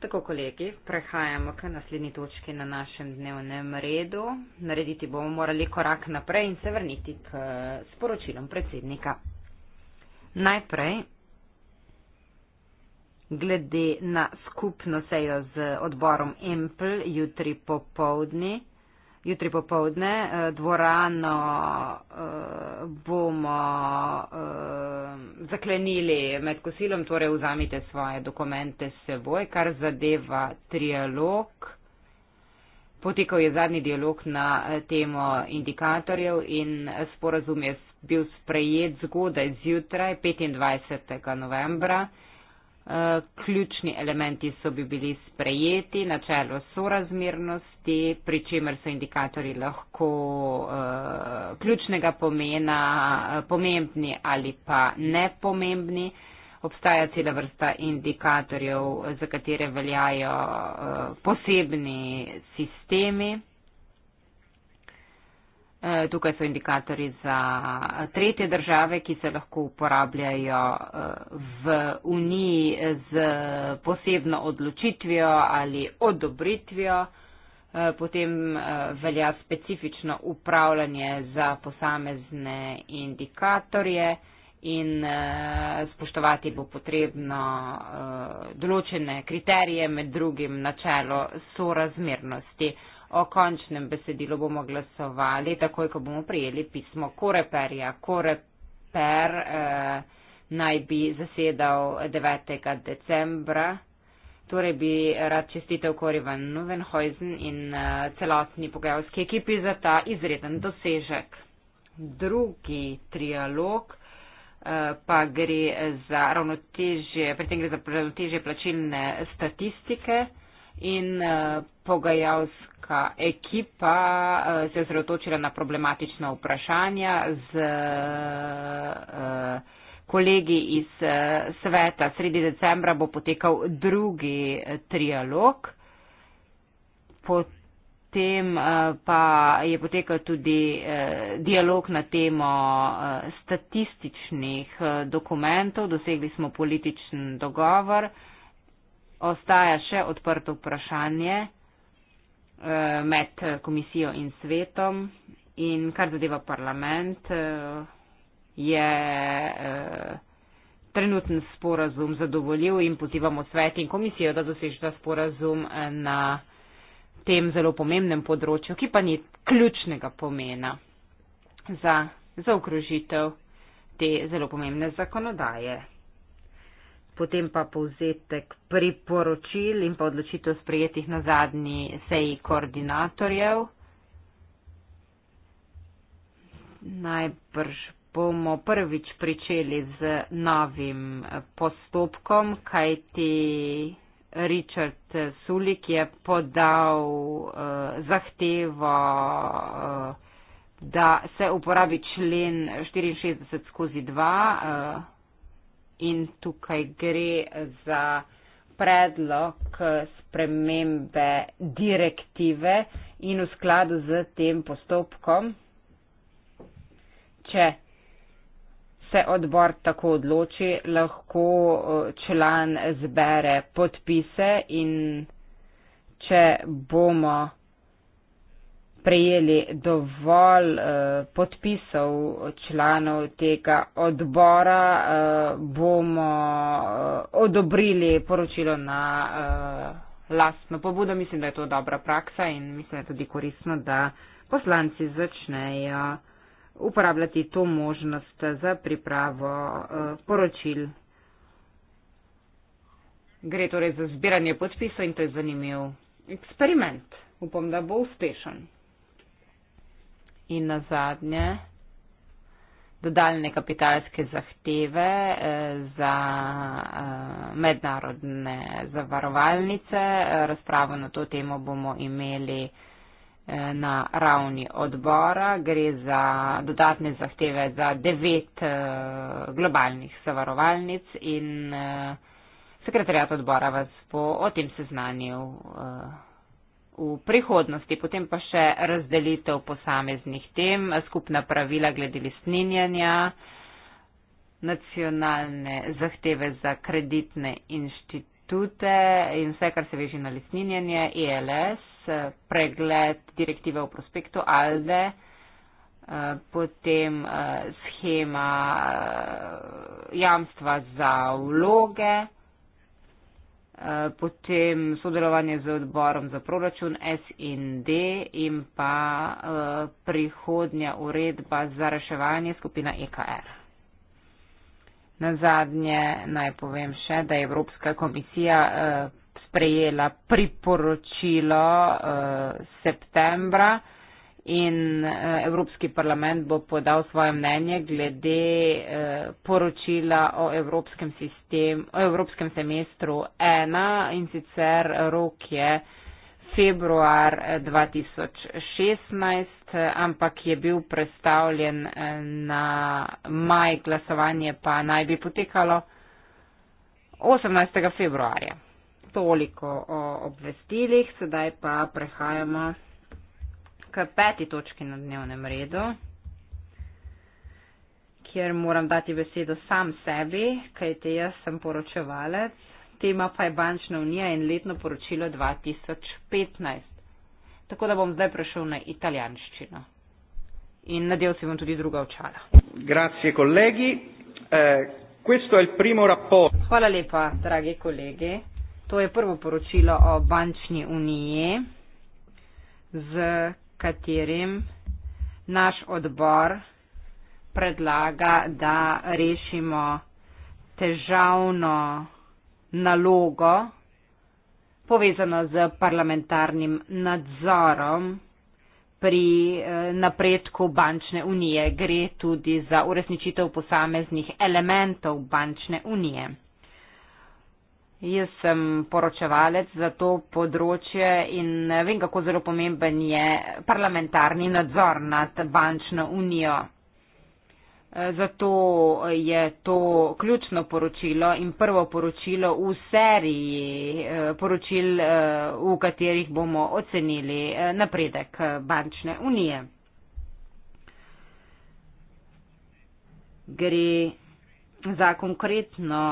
Tako kolegi, prehajamo k naslednji točki na našem dnevnem redu. Narediti bomo morali korak naprej in se vrniti k sporočilom predsednika. Najprej, glede na skupno sejo z odborom Empl jutri popovdni jutri popovdne eh, dvorano eh, bomo eh, zaklenili med kosilom, torej vzamite svoje dokumente s seboj, kar zadeva trialog. Potekal je zadnji dialog na temo indikatorjev in sporazum je bil sprejet zgodaj zjutraj 25. novembra Eh, ključni elementi so bi bili sprejeti, načelo sorazmernosti, pri čemer so indikatori lahko eh, ključnega pomena, eh, pomembni ali pa nepomembni. Obstaja cela vrsta indikatorjev, za katere veljajo posebni sistemi. Eh, tukaj so indikatori za eh, tretje države, ki se lahko uporabljajo eh, v Uniji z posebno odločitvijo ali odobritvijo. Potem velja specifično upravljanje za posamezne indikatorje in spoštovati bo potrebno določene kriterije, med drugim načelo sorazmernosti. O končnem besedilu bomo glasovali, takoj, ko bomo prijeli pismo Koreperja. Koreper eh, naj bi zasedal 9. decembra. Torej bi rad čestitev Korivan Nuvenhoizen in eh, celotni pogajalski ekipi za ta izreden dosežek. Drugi trialog eh, pa gre za ravnotežje, pri tem gre za ravnotežje plačilne statistike in eh, pogajalska ekipa eh, se zrotočila na problematična vprašanja z eh, kolegi iz sveta. Sredi decembra bo potekal drugi trialog. Potem pa je potekal tudi dialog na temo statističnih dokumentov. Dosegli smo političen dogovor ostaja še odprto vprašanje eh, med komisijo in svetom in kar zadeva parlament, eh, je eh, trenuten sporazum zadovoljiv in pozivamo svet in komisijo, da dosežeta sporazum na tem zelo pomembnem področju, ki pa ni ključnega pomena za zaokrožitev te zelo pomembne zakonodaje potem pa povzetek priporočil in pa odločitev sprejetih na zadnji seji koordinatorjev. Najbrž bomo prvič pričeli z novim eh, postopkom, kajti Richard Sulik je podal uh, zahtevo, uh, da se uporabi člen 64 skozi 2. Uh, in tukaj gre za predlog spremembe direktive in v skladu z tem postopkom, če se odbor tako odloči, lahko član zbere podpise in če bomo prejeli dovolj uh, podpisov članov tega odbora, uh, bomo uh, odobrili poročilo na uh, lastno pobudo. Mislim, da je to dobra praksa in mislim, da je tudi korisno, da poslanci začnejo uporabljati to možnost za pripravo uh, poročil. Gre torej za zbiranje podpisov in to je zanimiv eksperiment. Upam, da bo uspešen in na zadnje dodaljne kapitalske zahteve eh, za eh, mednarodne zavarovalnice. Razpravo na to temo bomo imeli eh, na ravni odbora. Gre za dodatne zahteve za devet globalnih zavarovalnic in sekretarjat odbora vas bo o tem seznanil v prihodnosti. Potem pa še razdelitev posameznih tem, skupna pravila glede listninjanja, nacionalne zahteve za kreditne inštitute in vse, kar se veže na listninjanje, ILS, e pregled direktive v prospektu ALDE, eh, potem eh, schema eh, jamstva za vloge. Eh, potem sodelovanje z odborom za proračun SND in pa eh, prihodnja uredba za reševanje skupina EKR. Na zadnje naj povem še, da je Evropska komisija eh, sprejela priporočilo septembra in eh, Evropski parlament bo podal svoje mnenje glede eh, poročila o Evropskem, sistem, o Evropskem semestru 1 in sicer rok je februar 2016, eh, ampak je bil predstavljen na maj, glasovanje pa naj bi potekalo 18. februarja. Toliko o obvestilih, sedaj pa prehajamo k peti točki na dnevnem redu, kjer moram dati besedo sam sebi, kajte jaz sem poročevalec, tema pa je Bančna unija in letno poročilo 2015. Tako da bom zdaj prešel na italijanščino. In nadel si bom tudi druga očala. Grazie, kolegi. Eh, questo è il primo rapporto. Hvala lepa, dragi kolegi. To je prvo poročilo o bančni uniji z katerim naš odbor predlaga, da rešimo težavno nalogo povezano z parlamentarnim nadzorom pri eh, napredku bančne unije. Gre tudi za uresničitev posameznih elementov bančne unije. Jaz sem poročevalec za to področje in vem, kako zelo pomemben je parlamentarni nadzor nad bančno unijo. Zato je to ključno poročilo in prvo poročilo v seriji eh, poročil, eh, v katerih bomo ocenili eh, napredek bančne unije. Gre za konkretno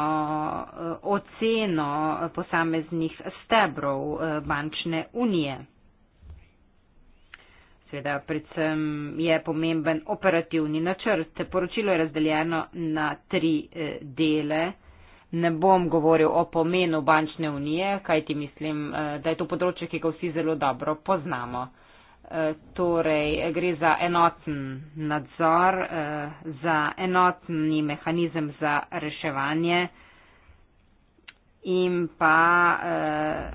eh, oceno posameznih stebrov eh, bančne unije. Seveda, predvsem je pomemben operativni načrt. Poročilo je razdeljeno na tri eh, dele. Ne bom govoril o pomenu bančne unije, kajti mislim, da je to področje, ki ga vsi zelo dobro poznamo. Eh, torej, gre za enoten nadzor, eh, za enotni mehanizem za reševanje in pa eh,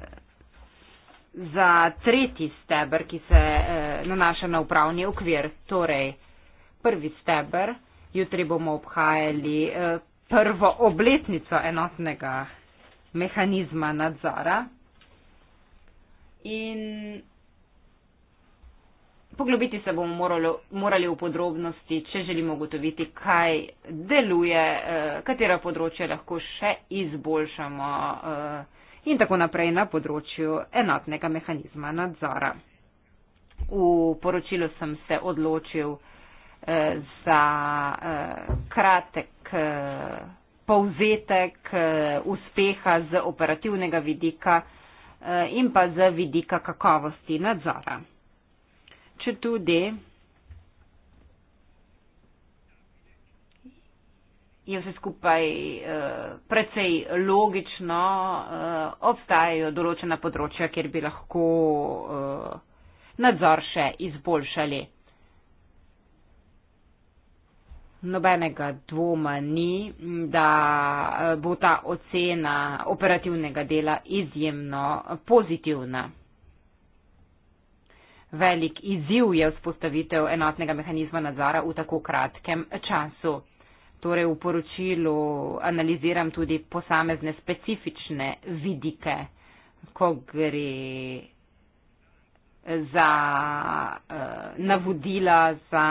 za tretji steber, ki se nanaša na upravni okvir. Torej, prvi steber, jutri bomo obhajali prvo obletnico enotnega mehanizma nadzora. In Poglobiti se bomo morali, morali v podrobnosti, če želimo ugotoviti, kaj deluje, eh, katera področja lahko še izboljšamo eh, in tako naprej na področju enotnega mehanizma nadzora. V poročilu sem se odločil eh, za kratek povzetek uspeha z operativnega vidika in pa z vidika kakovosti nadzora če tudi je vse skupaj eh, precej logično, eh, obstajajo določena področja, kjer bi lahko eh, nadzor še izboljšali. Nobenega dvoma ni, da eh, bo ta ocena operativnega dela izjemno pozitivna. Velik izziv je vzpostavitev enotnega mehanizma nadzora v tako kratkem času. Torej v poročilu analiziram tudi posamezne specifične vidike, ko gre za eh, navodila, za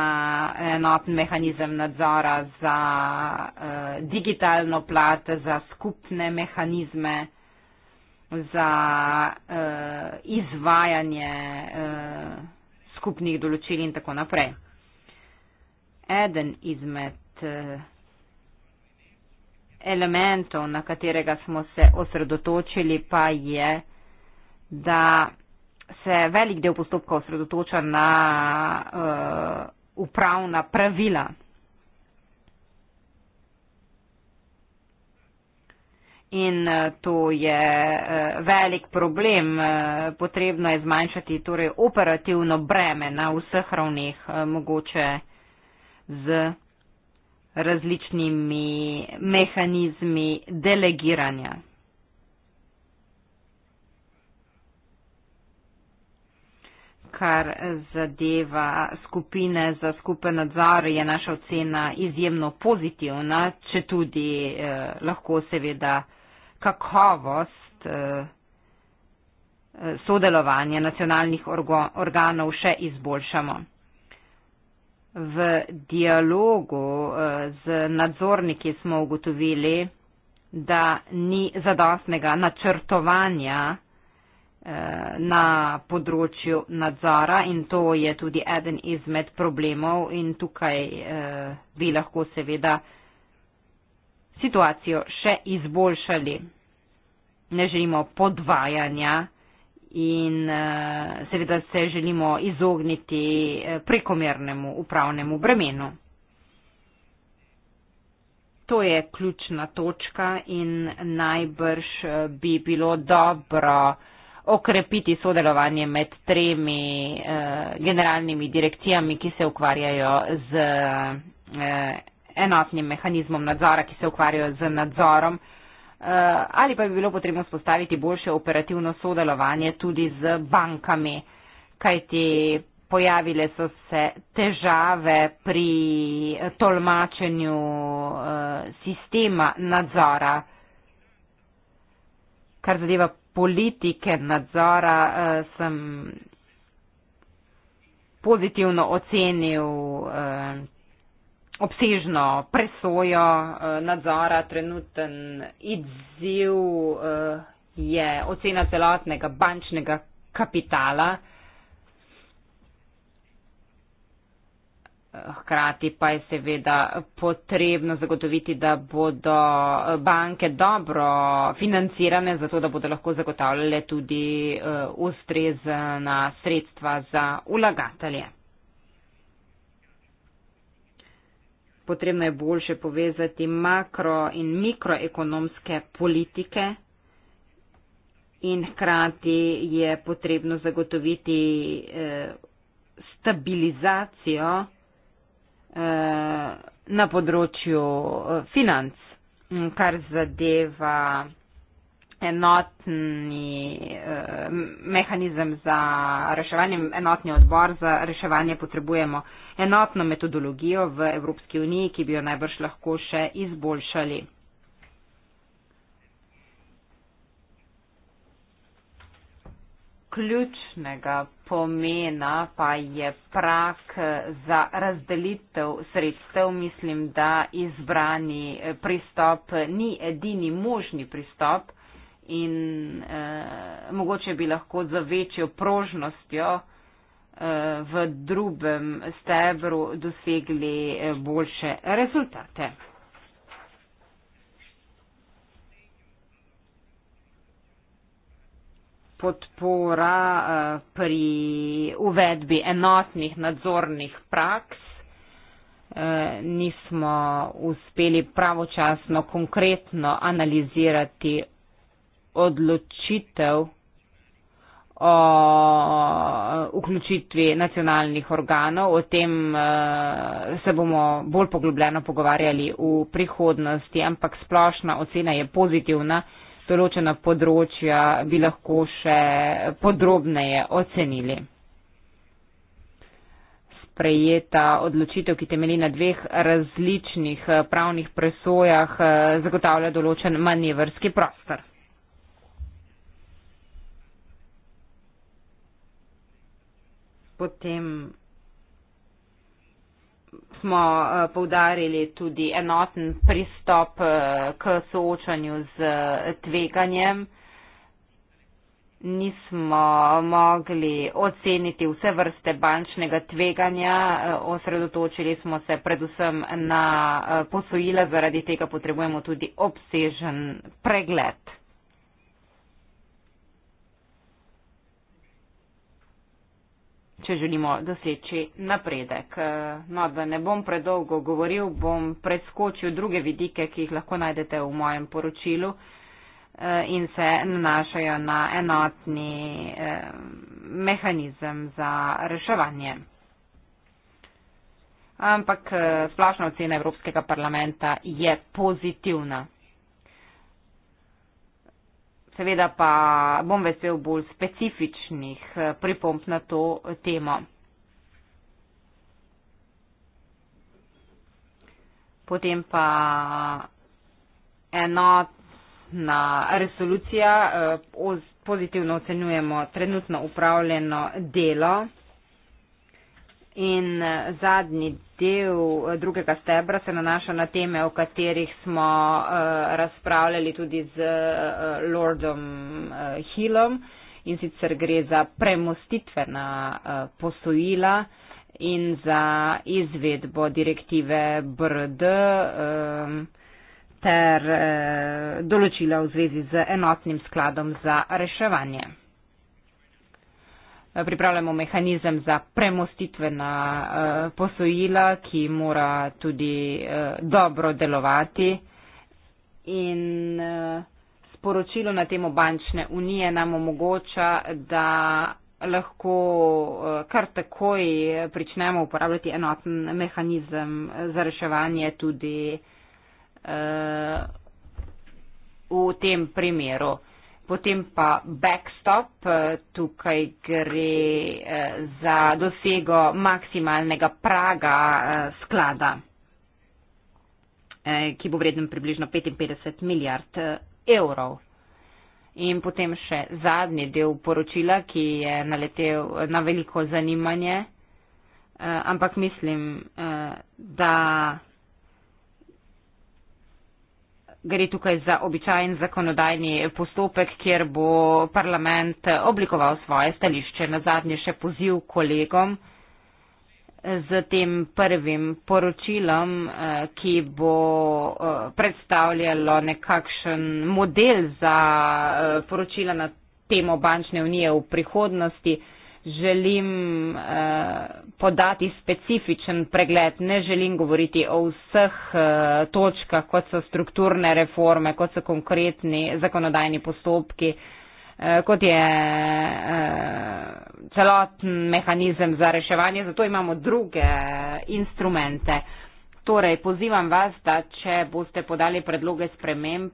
enotni mehanizem nadzora, za eh, digitalno plat, za skupne mehanizme za uh, izvajanje uh, skupnih določil in tako naprej. Eden izmed uh, elementov, na katerega smo se osredotočili, pa je, da se velik del postopka osredotoča na uh, upravna pravila. in eh, to je eh, velik problem. Eh, potrebno je zmanjšati torej, operativno breme na vseh ravneh, mogoče z različnimi mehanizmi delegiranja. kar zadeva skupine za skupen nadzor, je naša ocena izjemno pozitivna, če tudi eh, lahko seveda eh, kakovost eh, eh, sodelovanja nacionalnih organov še izboljšamo. V dialogu eh, z nadzorniki smo ugotovili, da ni zadostnega načrtovanja na področju nadzora in to je tudi eden izmed problemov in tukaj bi lahko seveda situacijo še izboljšali. Ne želimo podvajanja in eh, seveda se želimo izogniti eh, prekomernemu upravnemu bremenu. To je ključna točka in najbrž eh, bi bilo dobro okrepiti sodelovanje med tremi generalnimi direkcijami, ki se ukvarjajo z enotnim mehanizmom nadzora, ki se ukvarjajo z nadzorom, eh, ali pa bi bilo potrebno spostaviti boljše operativno sodelovanje tudi z bankami, kajti pojavile so se težave pri tolmačenju eh, sistema nadzora, kar zadeva politike nadzora, eh, sem pozitivno ocenil obsežno presojo eh, nadzora, trenuten izziv eh, je ocena celotnega bančnega kapitala. Eh, hkrati pa je seveda potrebno zagotoviti, da bodo banke dobro financirane, zato da bodo lahko zagotavljale tudi ustrezna sredstva za ulagatelje. potrebno je bolje povezati makro in mikroekonomske politike in hkrati je potrebno zagotoviti eh, stabilizacijo eh, na področju eh, financ, kar zadeva enotni uh, mehanizem za reševanje, enotni odbor za reševanje potrebujemo enotno metodologijo v Evropski uniji, ki bi jo najbrž lahko še izboljšali. Ključnega pomena pa je prak za razdelitev sredstev. Mislim, da izbrani eh, pristop ni edini možni pristop in eh, mogoče bi lahko z večjo prožnostjo eh, v drugem stebru dosegli eh, boljše rezultate. Podpora eh, pri uvedbi enotnih nadzornih praks. Eh, nismo uspeli pravočasno konkretno analizirati odločitev o uh, vključitvi nacionalnih organov. O tem uh, se bomo bolj poglobljeno pogovarjali v prihodnosti, ampak splošna ocena je pozitivna. Določena področja bi lahko še podrobneje ocenili. Prejeta odločitev, ki temelji na dveh različnih eh, pravnih presojah, eh, zagotavlja določen manevrski prostor. potem smo eh, poudarili tudi enoten pristop eh, k soočanju z eh, tveganjem. Nismo mogli oceniti vse vrste bančnega tveganja, osredotočili smo se predvsem na posojila, zaradi tega potrebujemo tudi obsežen pregled. če želimo doseči napredek. Eh, no, da ne bom predolgo govoril, bom preskočil druge vidike, ki jih lahko najdete v mojem poročilu eh, in se nanašajo na enotni eh, mehanizem za reševanje. Ampak splošna ocena Evropskega parlamenta je pozitivna seveda pa bom vesel bolj specifičnih eh, pripomp na to temo. Potem pa enotna resolucija, eh, pozitivno ocenjujemo trenutno upravljeno delo. In eh, zadnji del eh, drugega stebra se nanaša na teme, o katerih smo eh, razpravljali tudi z eh, Lordom Hillom in sicer gre za premostitvena posojila in za izvedbo direktive BRD ter določila v zvezi z enotnim skladom za reševanje pripravljamo mehanizem za premostitvena eh, posojila, ki mora tudi eh, dobro delovati. In eh, sporočilo na temo bančne unije nam omogoča, da lahko kar takoj pričnemo uporabljati enoten mehanizem za reševanje tudi v tem primeru. Potem pa backstop, eh, tukaj gre eh, za dosego maksimalnega praga eh, sklada, ki bo vreden približno 55 milijard evrov. In potem še zadnji del poročila, ki je naletel na veliko zanimanje, ampak mislim, da gre tukaj za običajen zakonodajni postopek, kjer bo parlament oblikoval svoje stališče. Na zadnje še poziv kolegom z tem prvim poročilom, eh, ki bo eh, predstavljalo nekakšen model za eh, poročila na temo bančne unije v prihodnosti želim eh, podati specifičen pregled, ne želim govoriti o vseh eh, točkah, kot so strukturne reforme, kot so konkretni zakonodajni postopki, eh, kot je celoten mehanizem za reševanje, zato imamo druge instrumente. Torej, pozivam vas, da če boste podali predloge sprememb,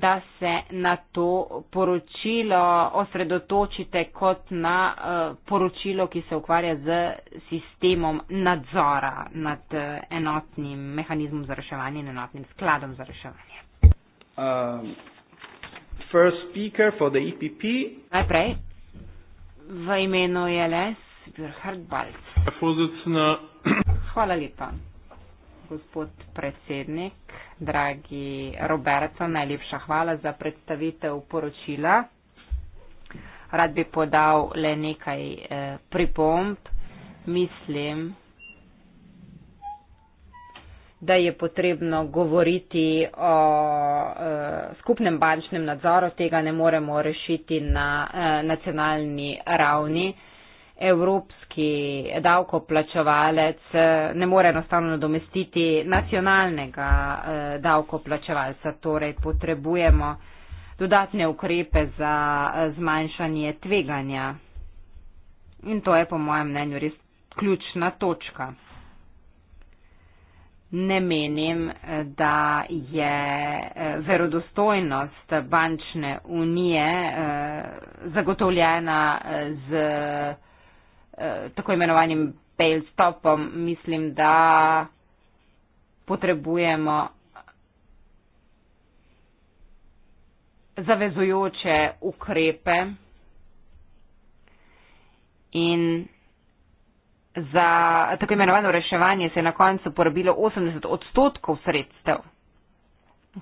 da se na to poročilo osredotočite kot na eh, poročilo, ki se ukvarja z sistemom nadzora nad eh, enotnim mehanizmom za reševanje in enotnim skladom za reševanje. Um. First speaker for the EPP. Najprej v imenu JLS, e Birhard Balc. Hvala lepa gospod predsednik. Dragi Roberto, najlepša hvala za predstavitev poročila. Rad bi podal le nekaj eh, pripomb. Mislim, da je potrebno govoriti o eh, skupnem bančnem nadzoru. Tega ne moremo rešiti na eh, nacionalni ravni evropski davkoplačevalec eh, ne more enostavno nadomestiti nacionalnega eh, davkoplačevalca. Torej potrebujemo dodatne ukrepe za eh, zmanjšanje tveganja. In to je po mojem mnenju res ključna točka. Ne menim, da je verodostojnost bančne unije zagotovljena z Eh, tako imenovanim bail stopom, mislim, da potrebujemo zavezujoče ukrepe in za tako imenovano reševanje se je na koncu porabilo 80 odstotkov sredstev.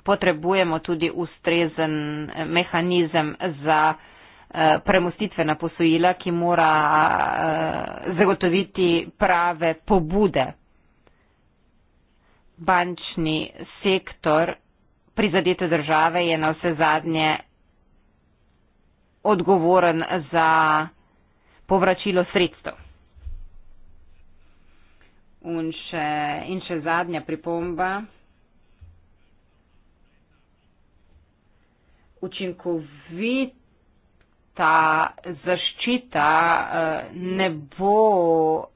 Potrebujemo tudi ustrezen mehanizem za uh, Eh, premostitvena posojila, ki mora eh, zagotoviti prave pobude. Bančni sektor prizadete države je na vse zadnje odgovoren za povračilo sredstev. In še, in še zadnja pripomba. Učinkovit ta zaščita eh, ne bo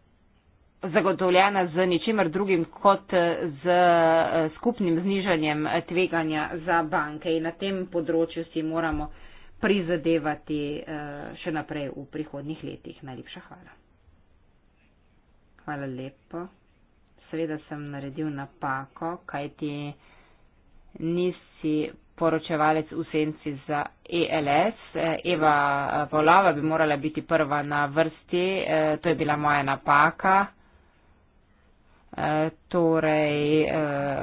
zagotovljena z ničimer drugim kot z eh, skupnim znižanjem tveganja za banke. In na tem področju si moramo prizadevati eh, še naprej v prihodnih letih. Najlepša hvala. Hvala lepo. Seveda sem naredil napako, kajti nisi poročevalec v senci za ELS. Eva eh, Volava bi morala biti prva na vrsti, eh, to je bila moja napaka. Eh, torej,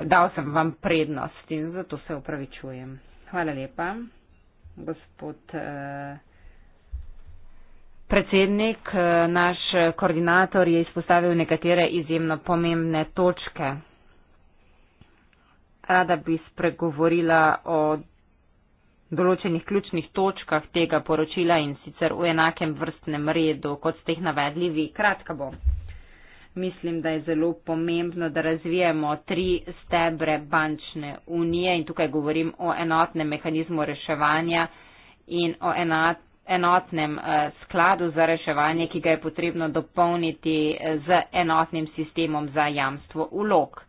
dal sem vam prednost in zato se upravičujem. Hvala lepa, gospod predsednik. Naš koordinator je izpostavil nekatere izjemno pomembne točke rada bi spregovorila o določenih ključnih točkah tega poročila in sicer v enakem vrstnem redu, kot ste jih navedli vi. Kratka bom. Mislim, da je zelo pomembno, da razvijemo tri stebre bančne unije in tukaj govorim o enotnem mehanizmu reševanja in o enotnem eh, skladu za reševanje, ki ga je potrebno dopolniti eh, z enotnim sistemom za jamstvo vlog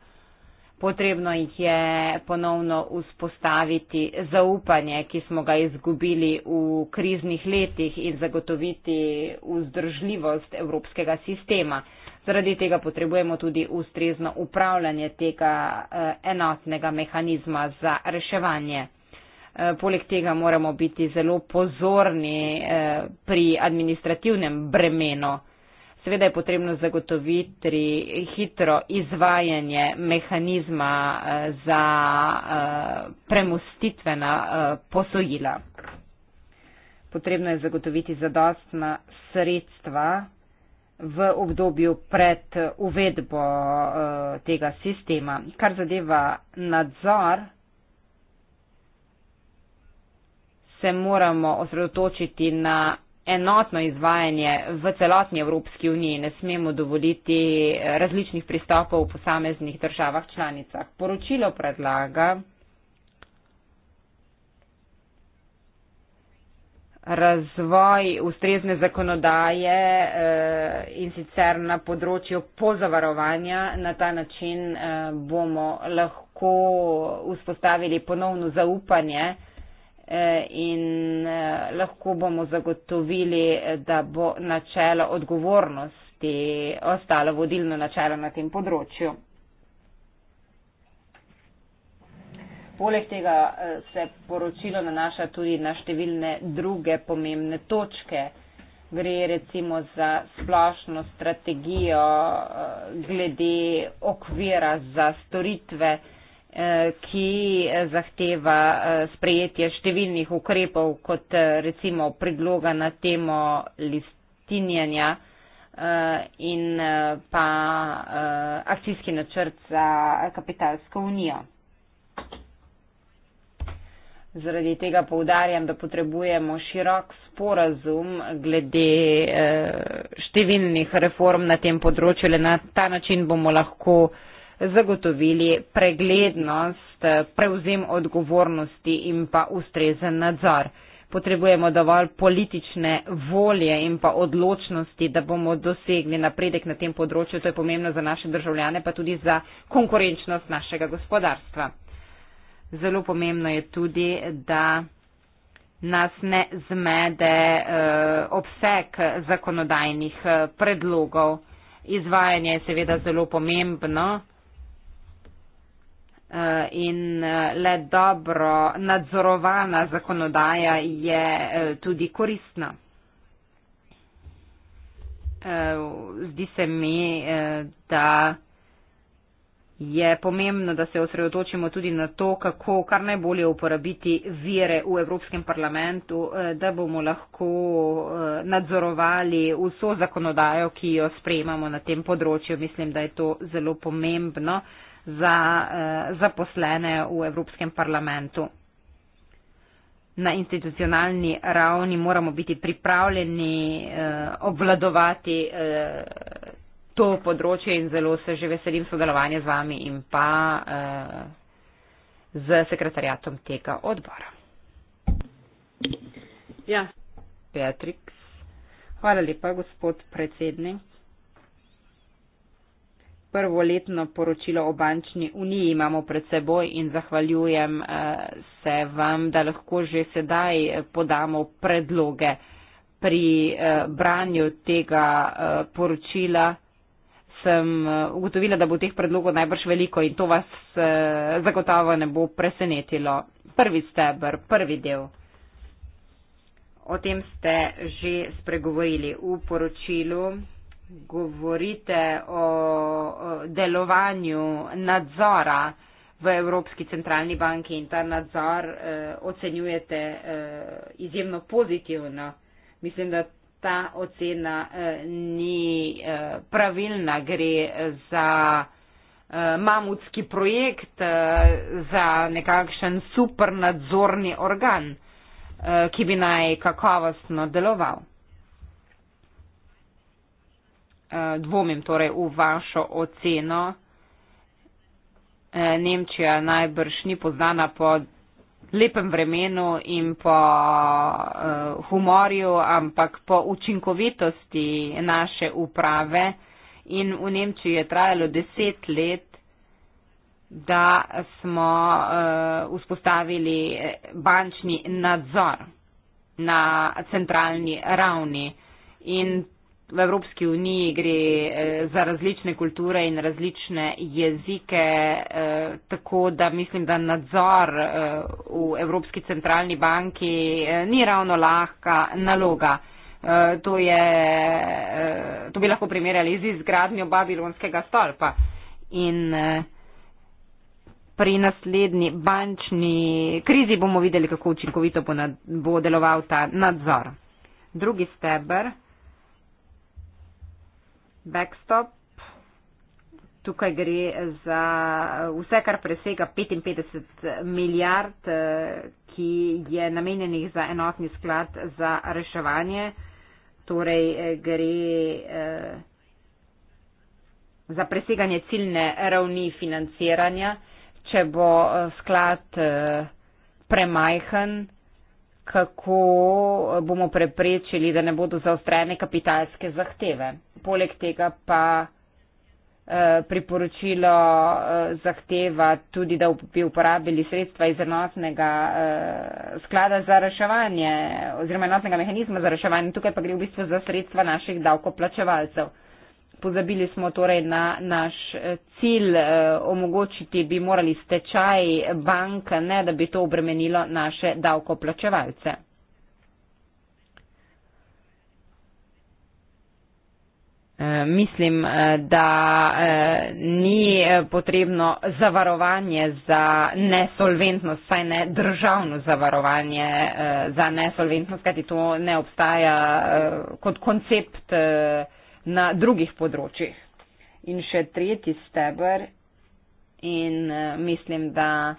potrebno jih je ponovno vzpostaviti zaupanje, ki smo ga izgubili v kriznih letih in zagotoviti vzdržljivost evropskega sistema. Zaradi tega potrebujemo tudi ustrezno upravljanje tega eh, enotnega mehanizma za reševanje. Eh, poleg tega moramo biti zelo pozorni eh, pri administrativnem bremenu. Seveda je potrebno zagotoviti hitro izvajanje mehanizma eh, za eh, premustitvena eh, posojila. Potrebno je zagotoviti zadostna sredstva v obdobju pred uvedbo tega sistema. Kar zadeva nadzor, se moramo osredotočiti na enotno izvajanje v celotni Evropski uniji. Ne smemo dovoliti eh, različnih pristopov v posameznih državah članicah. Poročilo predlaga razvoj ustrezne zakonodaje eh, in sicer na področju pozavarovanja. Na ta način eh, bomo lahko vzpostavili ponovno zaupanje Eh, in eh, lahko bomo zagotovili, da bo načelo odgovornosti ostalo vodilno načelo na tem področju. Poleg tega eh, se poročilo nanaša tudi na številne druge pomembne točke. Gre recimo za splošno strategijo glede okvira za storitve, Eh, ki eh, zahteva eh, sprejetje številnih ukrepov, kot recimo predloga na temo listinjanja in pa akcijski načrt za kapitalsko unijo. Zaradi tega povdarjam, da potrebujemo širok sporazum glede številnih reform na tem področju. Na ta način bomo lahko zagotovili preglednost, prevzem odgovornosti in pa ustrezen nadzor. Potrebujemo dovolj politične volje in pa odločnosti, da bomo dosegli napredek na tem področju. To je pomembno za naše državljane, pa tudi za konkurenčnost našega gospodarstva. Zelo pomembno je tudi, da nas ne zmede eh, obseg zakonodajnih eh, predlogov. Izvajanje je seveda zelo pomembno. Eh, in eh, le dobro nadzorovana zakonodaja je eh, tudi koristna. Zdi se mi, da je pomembno, da se osredotočimo tudi na to, kako kar najbolje uporabiti vire v Evropskem parlamentu, da bomo lahko nadzorovali vso zakonodajo, ki jo sprejemamo na tem področju. Mislim, da je to zelo pomembno za eh, zaposlene v Evropskem parlamentu. Na institucionalni ravni moramo biti pripravljeni eh, obvladovati eh, to področje in zelo se že veselim sodelovanja z vami in pa eh, z sekretarjatom tega odbora. Ja. Beatrix. Hvala lepa, gospod predsednik prvo letno poročilo o bančni uniji imamo pred seboj in zahvaljujem eh, se vam, da lahko že sedaj podamo predloge pri eh, branju tega eh, poročila. Sem ugotovila, da bo teh predlogov najbrž veliko in to vas zagotovo ne bo presenetilo. Prvi stebr, prvi del. O tem ste že spregovorili v poročilu govorite o delovanju nadzora v Evropski centralni banki in ta nadzor eh, ocenjujete eh, izjemno pozitivno. Mislim, da ta ocena eh, ni eh, pravilna, gre za eh, mamutski projekt, eh, za nekakšen supernadzorni organ, eh, ki bi naj kakovostno deloval. Eh, dvomim torej v vašo oceno. Eh, Nemčija najbrž ni poznana po lepem vremenu in po eh, humorju, ampak po učinkovitosti naše uprave. In v Nemčiji je trajalo deset let, da smo vzpostavili bančni nadzor na centralni ravni. In v Evropski uniji gre eh, za različne kulture in različne jezike, eh, tako da mislim, da nadzor eh, v Evropski centralni banki ni ravno lahka naloga. To, je, to bi lahko primerjali z izgradnjo babilonskega stolpa. In pri naslednji bančni krizi bomo videli, kako učinkovito bo, nad, bo deloval ta nadzor. Drugi stebr backstop. Tukaj gre za vse, kar presega 55 milijard, eh, ki je namenjenih za enotni sklad za reševanje. Torej eh, gre eh, za preseganje ciljne ravni financiranja. Če bo sklad premajhen, kako bomo preprečili, da ne bodo zaostrene kapitalske zahteve? poleg tega pa eh, priporočilo eh, zahteva tudi, da bi uporabili sredstva iz enotnega eh, sklada za reševanje oziroma enotnega mehanizma za reševanje. Tukaj pa gre v bistvu za sredstva naših davkoplačevalcev. Pozabili smo torej na naš cilj omogočiti bi morali stečaj bank, ne da bi to obremenilo naše davkoplačevalce. Eh, mislim, eh, da eh, ni potrebno zavarovanje za nesolventnost, saj ne državno zavarovanje za nesolventnost, kajti to ne obstaja kot koncept na drugih področjih. In še tretji stebr in mislim, da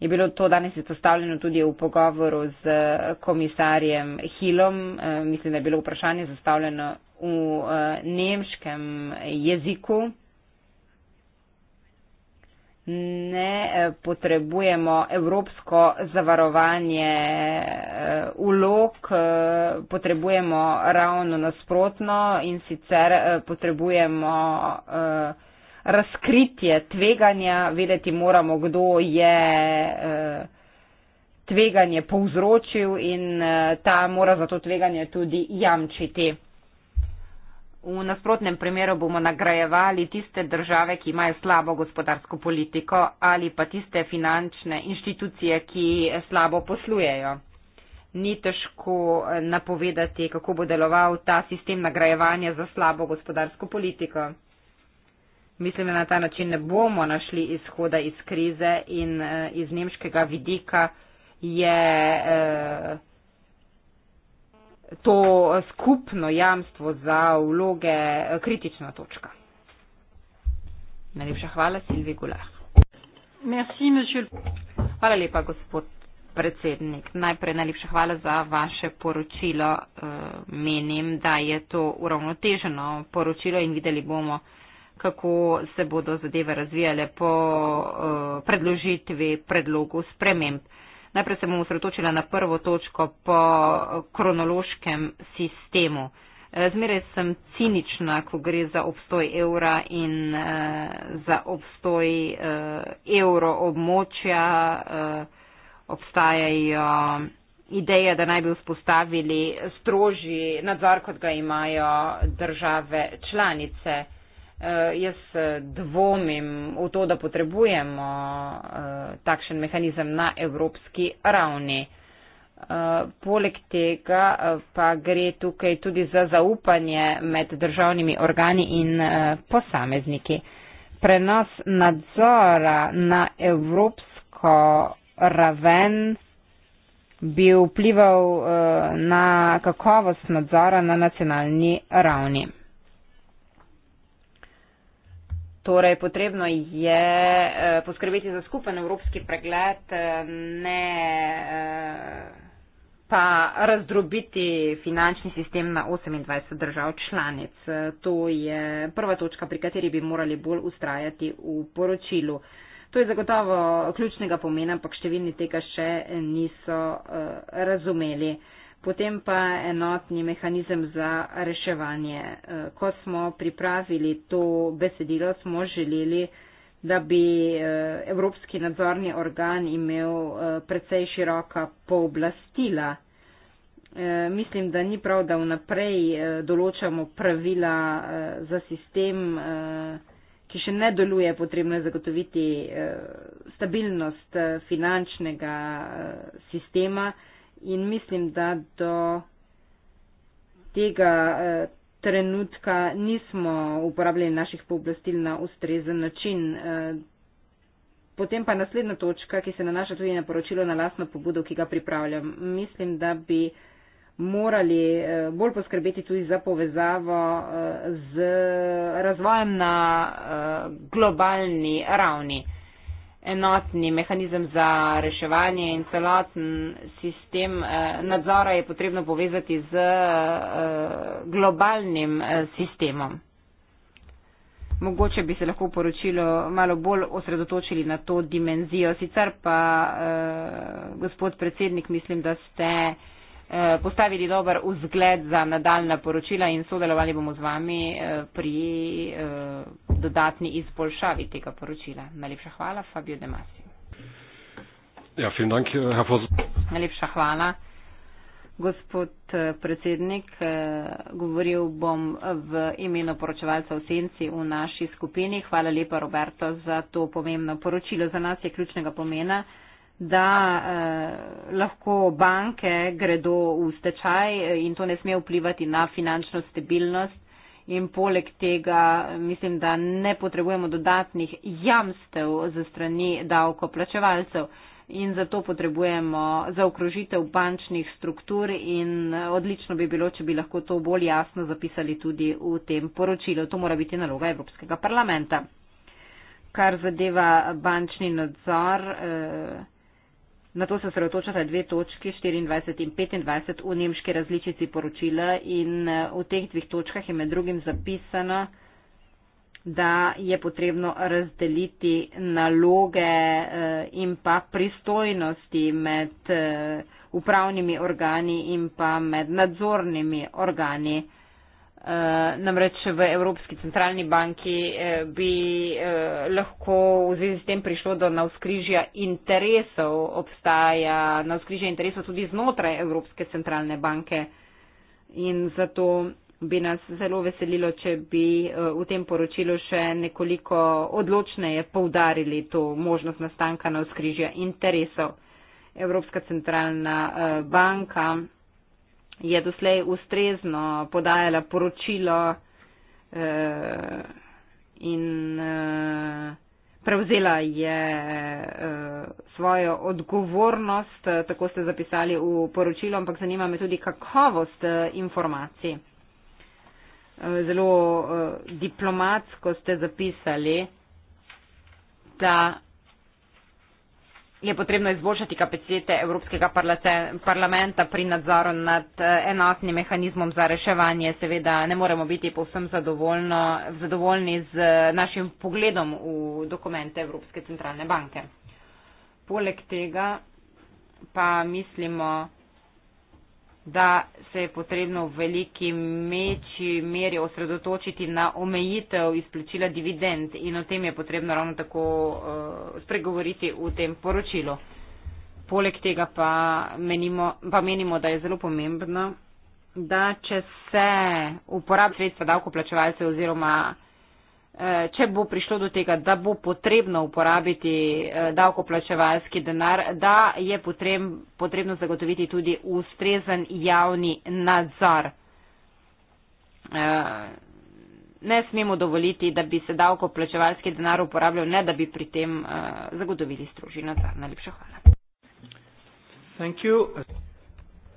je bilo to danes izpostavljeno tudi v pogovoru z komisarjem Hilom. Mislim, da je bilo vprašanje zastavljeno v eh, nemškem jeziku. Ne eh, potrebujemo evropsko zavarovanje ulog, eh, potrebujemo ravno nasprotno in sicer potrebujemo razkritje tveganja, vedeti moramo, kdo je tveganje povzročil in ta mora za to tveganje tudi jamčiti. V nasprotnem primeru bomo nagrajevali tiste države, ki imajo slabo gospodarsko politiko ali pa tiste finančne inštitucije, ki slabo poslujejo. Ni težko eh, napovedati, kako bo deloval ta sistem nagrajevanja za slabo gospodarsko politiko. Mislim, da na ta način ne bomo našli izhoda iz krize in eh, iz nemškega vidika je. Eh, to skupno jamstvo za vloge eh, kritična točka. Najlepša hvala, Silvi Gula. Merci, monsieur. Hvala lepa, gospod predsednik. Najprej najlepša hvala za vaše poročilo. Eh, menim, da je to uravnoteženo poročilo in videli bomo, kako se bodo zadeve razvijale po eh, predložitvi predlogu sprememb. Najprej se bom osredotočila na prvo točko po eh, kronološkem sistemu. Eh, zmeraj sem cinična, ko gre za obstoj evra in eh, za obstoj eh, evro območja. Eh, obstajajo ideje, da naj bi vzpostavili strožji nadzor, kot ga imajo države članice. Eh, Eh, jaz eh, dvomim v to, da potrebujemo eh, takšen mehanizem na evropski ravni. Poleg tega pa gre tukaj tudi za zaupanje med državnimi organi in posamezniki. Prenos nadzora na evropsko raven bi vplival na kakovost nadzora na nacionalni ravni. Torej, potrebno je eh, poskrbeti za skupen evropski pregled, eh, ne eh, pa razdrobiti finančni sistem na 28 držav članic. To je prva točka, pri kateri bi morali bolj ustrajati v poročilu. To je zagotovo ključnega pomena, ampak številni tega še niso razumeli potem pa enotni mehanizem za reševanje. Eh, Ko smo pripravili to besedilo, smo želeli, da bi eh, Evropski nadzorni organ imel eh, precej široka pooblastila. Mislim, da ni prav, da vnaprej določamo pravila za sistem, ki še ne deluje, potrebno je zagotoviti stabilnost finančnega sistema. In mislim, da do tega eh, trenutka nismo uporabljali naših pooblastil na ustrezen način. Eh, potem pa naslednja točka, ki se nanaša tudi na poročilo na lastno pobudo, ki ga pripravljam. Mislim, da bi morali eh, bolj poskrbeti tudi za povezavo z razvojem na globalni ravni enotni mehanizem za reševanje in celoten sistem eh, nadzora je potrebno povezati z eh, globalnim eh, sistemom. Mogoče bi se lahko poročilo malo bolj osredotočili na to dimenzijo. Sicer pa, gospod predsednik, mislim, da ste. Eh, postavili dober vzgled za nadaljna poročila in sodelovali bomo z vami eh, pri eh, dodatni izboljšavi tega poročila. Najlepša hvala, Fabio De Masi. Ja, dank, Najlepša hvala. Gospod predsednik, govoril bom v imenu poročevalca v senci v naši skupini. Hvala lepa, Roberto, za to pomembno poročilo. Za nas je ključnega pomena da eh, lahko banke gredo v stečaj eh, in to ne sme vplivati na finančno stabilnost. In poleg tega mislim, da ne potrebujemo dodatnih jamstev za strani davkoplačevalcev in zato potrebujemo zaokrožitev bančnih struktur in eh, odlično bi bilo, če bi lahko to bolj jasno zapisali tudi v tem poročilu. To mora biti naloga Evropskega parlamenta. Kar zadeva bančni nadzor. Eh, Na to se sredotočata dve točki, 24 in 25, v nemški različici poročila in eh, v teh dveh točkah je med drugim zapisano, da je potrebno razdeliti naloge eh, in pa pristojnosti med eh, upravnimi organi in pa med nadzornimi organi. Uh, namreč v Evropski centralni banki eh, bi eh, lahko v zvezi s tem prišlo do navskrižja interesov, obstaja navskrižja interesov tudi znotraj Evropske centralne banke in zato bi nas zelo veselilo, če bi eh, v tem poročilu še nekoliko odločneje poudarili to možnost nastanka navskrižja interesov. Evropska centralna eh, banka je doslej ustrezno podajala poročilo eh, in eh, prevzela je eh, svojo odgovornost, eh, tako ste zapisali v poročilo, ampak zanima me tudi kakovost eh, informacij. Eh, zelo eh, diplomatsko ste zapisali, da je potrebno izboljšati kapacitete Evropskega parlamenta pri nadzoru nad eh, enostnim mehanizmom za reševanje. Seveda ne moremo biti povsem zadovoljni z eh, našim pogledom v dokumente Evropske centralne banke. Poleg tega pa mislimo, da se je potrebno v veliki meči meri osredotočiti na omejitev izplačila dividend in o tem je potrebno ravno tako uh, spregovoriti v tem poročilu. Poleg tega pa menimo, pa menimo, da je zelo pomembno, da če se uporab sredstva davkoplačevalcev oziroma Eh, če bo prišlo do tega, da bo potrebno uporabiti eh, davkoplačevalski denar, da je potreb, potrebno zagotoviti tudi ustrezen javni nadzor. Eh, ne smemo dovoliti, da bi se davkoplačevalski denar uporabljal, ne da bi pri tem zagotovili stroži nadzor. Najlepša hvala.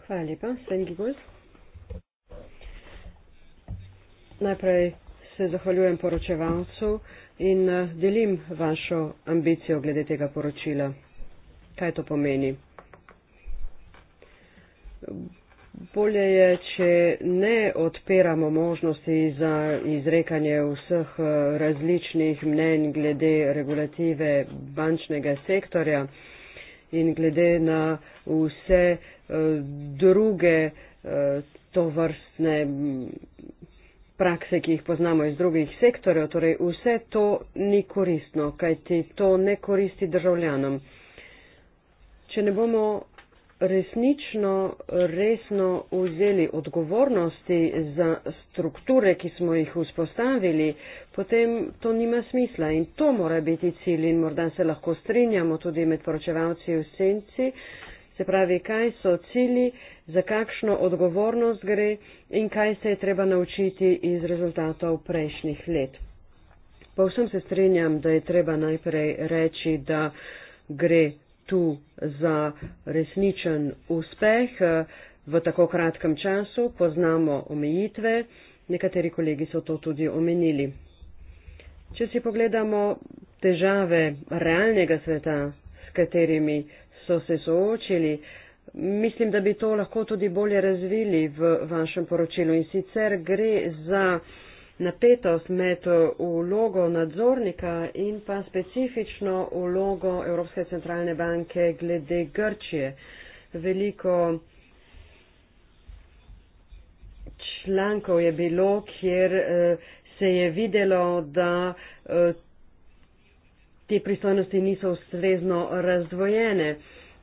Hvala lepa. Najprej se zahvaljujem poročevalcu in eh, delim vašo ambicijo glede tega poročila. Kaj to pomeni? Bolje je, če ne odpiramo možnosti za izrekanje vseh eh, različnih mnen glede regulative bančnega sektorja in glede na vse eh, druge to vrstne prakse, ki jih poznamo iz drugih sektorjev, torej vse to ni koristno, kajti to ne koristi državljanom. Če ne bomo resnično, resno vzeli odgovornosti za strukture, ki smo jih vzpostavili, potem to nima smisla in to mora biti cilj in morda se lahko strinjamo tudi med poročevalci v senci, uh, se pravi, kaj so cili, za kakšno odgovornost gre in kaj se je treba naučiti iz rezultatov prejšnjih let. Povsem se strinjam, da je treba najprej reči, da gre tu za resničen uspeh v tako kratkem času, poznamo omejitve, nekateri kolegi so to tudi omenili. Če si pogledamo težave realnega sveta, s katerimi so se soočili. Mislim, da bi to lahko tudi bolje razvili v vašem poročilu in sicer gre za napetost med eh, vlogo nadzornika in pa specifično vlogo Evropske centralne banke glede Grčije. Veliko člankov je bilo, kjer eh, se je videlo, da eh, te pristojnosti niso ustrezno razdvojene.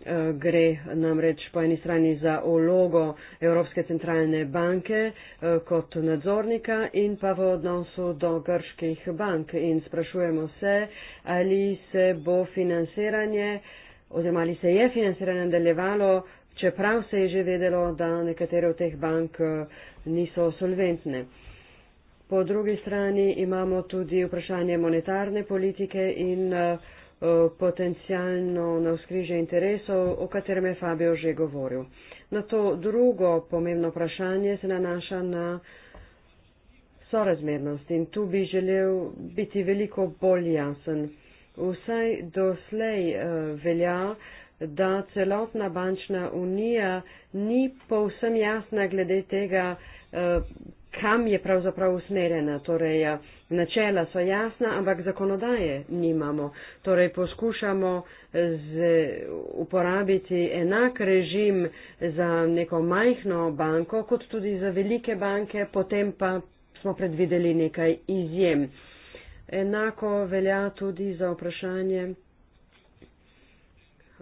Eh, gre namreč po eni strani za ulogo Evropske centralne banke eh, kot nadzornika in pa v odnosu do grških bank. In sprašujemo se, ali se bo financiranje oziroma ali se je financiranje nadaljevalo, čeprav se je že vedelo, da nekatere od teh bank eh, niso solventne. Po drugi strani imamo tudi vprašanje monetarne politike in eh, potencijalno na vzkrižje interesov, o katerem je Fabio že govoril. Na to drugo pomembno vprašanje se nanaša na sorazmernost in tu bi želel biti veliko bolj jasen. Vsaj doslej eh, velja, da celotna bančna unija ni povsem jasna glede tega, eh, kam je pravzaprav usmerjena. Torej, ja, načela so jasna, ampak zakonodaje nimamo. Torej, poskušamo z, uporabiti enak režim za neko majhno banko, kot tudi za velike banke, potem pa smo predvideli nekaj izjem. Enako velja tudi za vprašanje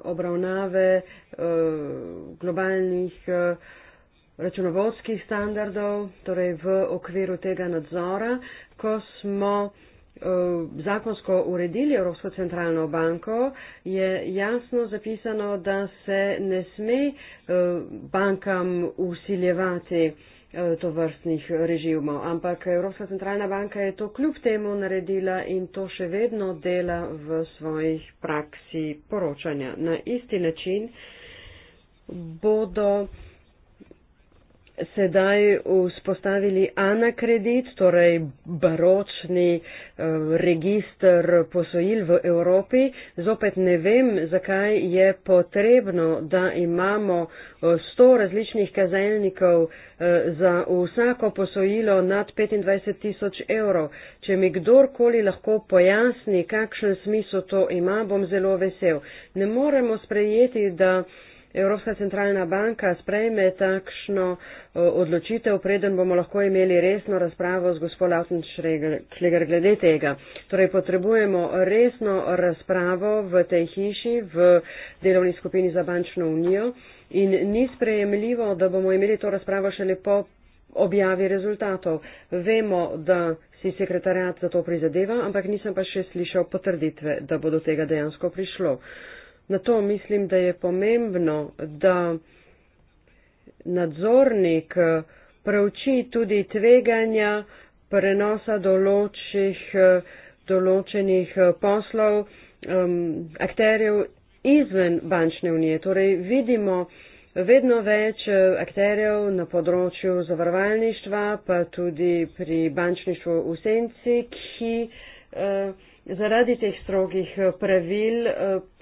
obravnave uh, globalnih uh, računovodskih standardov, torej v okviru tega nadzora, ko smo eh, zakonsko uredili Evropsko centralno banko, je jasno zapisano, da se ne sme eh, bankam usiljevati eh, to vrstnih režimov, ampak Evropska centralna banka je to kljub temu naredila in to še vedno dela v svojih praksi poročanja. Na isti način bodo sedaj vzpostavili anakredit, torej baročni eh, registr posojil v Evropi. Zopet ne vem, zakaj je potrebno, da imamo 100 eh, različnih kazalnikov eh, za vsako posojilo nad 25 tisoč evrov. Če mi kdorkoli lahko pojasni, kakšen smisel to ima, bom zelo vesel. Ne moremo sprejeti, da Evropska centralna banka sprejme takšno eh, odločitev, preden bomo lahko imeli resno razpravo z gospod Lautenschläger glede tega. Torej potrebujemo resno razpravo v tej hiši, v delovni skupini za bančno unijo in ni sprejemljivo, da bomo imeli to razpravo šele po objavi rezultatov. Vemo, da si sekretarjat za to prizadeva, ampak nisem pa še slišal potrditve, da bo do tega dejansko prišlo. Uh, Na to mislim, da je pomembno, da nadzornik preuči tudi tveganja prenosa določih, določenih eh, poslov um, akterjev izven bančne unije. Torej vidimo vedno več eh, akterjev na področju zavarovalništva, pa tudi pri bančništvu v senci, ki. Uh, zaradi teh strogih eh, pravil eh,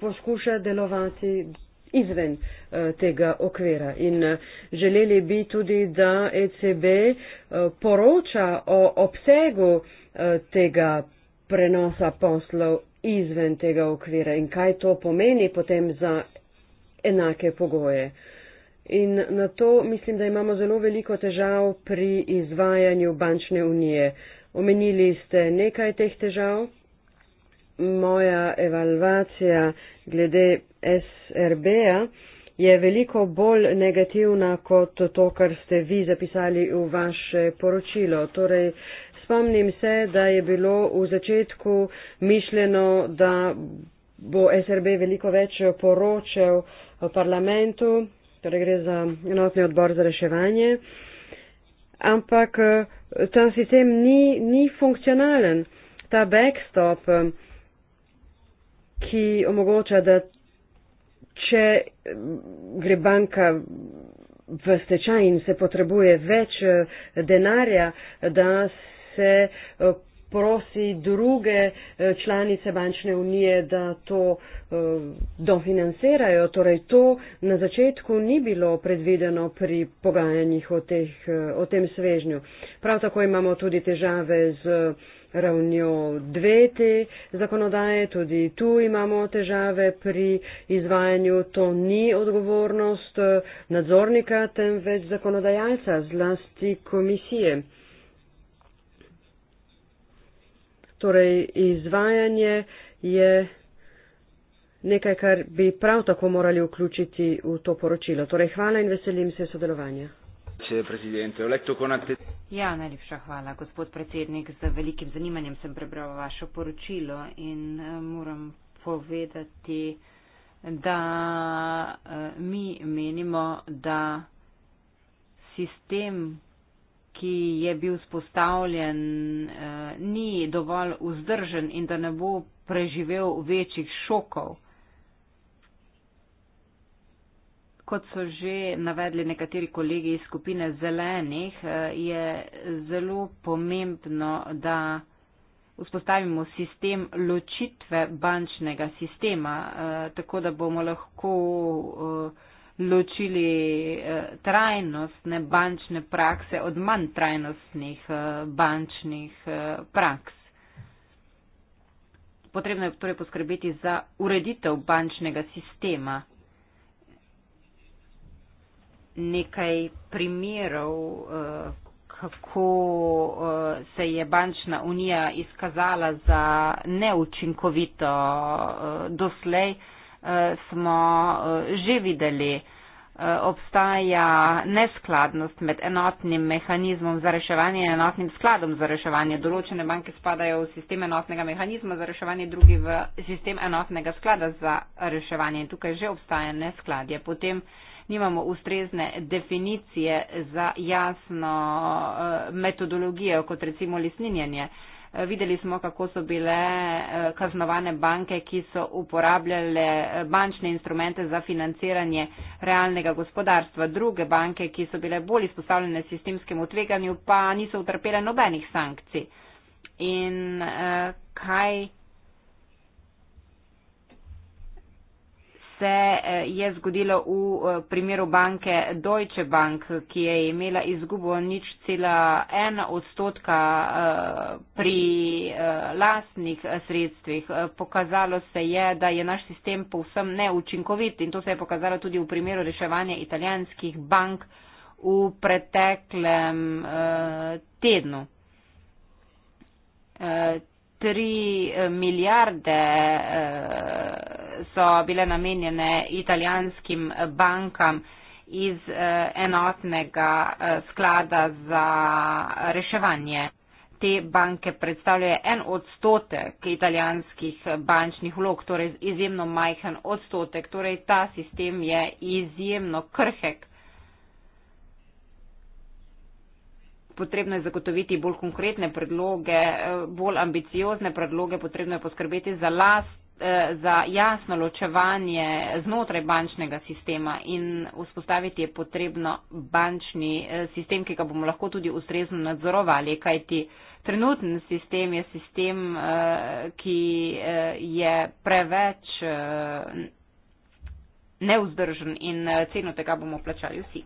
poskuša delovati izven eh, tega okvira. In želeli bi tudi, da ECB poroča o obsegu tega prenosa poslov izven tega okvira in kaj to pomeni potem za enake pogoje. In na to mislim, da imamo zelo veliko težav pri izvajanju bančne unije. Omenili ste nekaj teh težav, moja evalvacija glede SRB-ja je veliko bolj negativna kot to, kar ste vi zapisali v vaše poročilo. Torej, spomnim se, da je bilo v začetku mišljeno, da bo SRB veliko več poročal v parlamentu, torej gre za enotni odbor za reševanje, ampak eh, ta sistem ni, ni funkcionalen. Ta backstop eh, ki omogoča, da če gre banka v stečaj in se potrebuje več eh, denarja, da se eh, prosi druge eh, članice bančne unije, da to dofinancirajo. Torej, to na začetku ni bilo predvideno pri pogajanjih o, teh, o tem svežnju. Prav tako imamo tudi težave z ravnjo dve te zakonodaje, tudi tu imamo težave pri izvajanju. To ni odgovornost eh, nadzornika, temveč zakonodajalca, zlasti komisije. Torej, izvajanje je nekaj, kar bi prav tako morali vključiti v to poročilo. Torej, hvala in veselim se sodelovanja. Če, Ja, najlepša hvala, gospod predsednik. Z velikim zanimanjem sem prebral vašo poročilo in eh, moram povedati, da eh, mi menimo, da sistem, ki je bil spostavljen, eh, ni dovolj vzdržen in da ne bo preživel večjih šokov. Kot so že navedli nekateri kolegi iz skupine zelenih, eh, je zelo pomembno, da vzpostavimo sistem ločitve bančnega sistema, eh, tako da bomo lahko eh, ločili trajnostne bančne prakse od manj trajnostnih bančnih praks. Potrebno je torej poskrbeti za ureditev bančnega sistema nekaj primerov, eh, kako eh, se je bančna unija izkazala za neučinkovito eh, doslej, smo že videli. Obstaja neskladnost med enotnim mehanizmom za reševanje in enotnim skladom za reševanje. Določene banke spadajo v sistem enotnega mehanizma za reševanje, drugi v sistem enotnega sklada za reševanje. In tukaj že obstaja neskladje. Potem uh, nimamo ustrezne definicije za jasno eh, metodologijo, kot recimo lisninjenje. Eh, videli smo, kako so bile eh, kaznovane banke, ki so uporabljale bančne instrumente za financiranje realnega gospodarstva. Druge banke, ki so bile bolj izpostavljene sistemskemu tveganju, pa niso utrpele nobenih sankcij. In kaj se eh, je zgodilo v eh, primeru banke Deutsche Bank, ki je imela izgubo nič cela ena odstotka eh, pri lastnih sredstvih. Pokazalo se je, da je naš sistem povsem neučinkovit in to se je pokazalo tudi v primeru reševanja italijanskih bank v preteklem tednu tri eh, milijarde eh, so bile namenjene italijanskim bankam iz eh, enotnega sklada za reševanje. Te banke predstavljajo en odstotek italijanskih bančnih vlog, torej izjemno majhen odstotek, torej ta sistem je izjemno krhek. potrebno je zagotoviti bolj konkretne predloge, eh, bolj ambiciozne predloge, potrebno je poskrbeti za last eh, za jasno ločevanje znotraj bančnega sistema in vzpostaviti je potrebno bančni eh, sistem, ki ga bomo lahko tudi ustrezno nadzorovali, kajti trenuten sistem je sistem, ki je preveč neuzdržen in ceno tega bomo plačali vsi.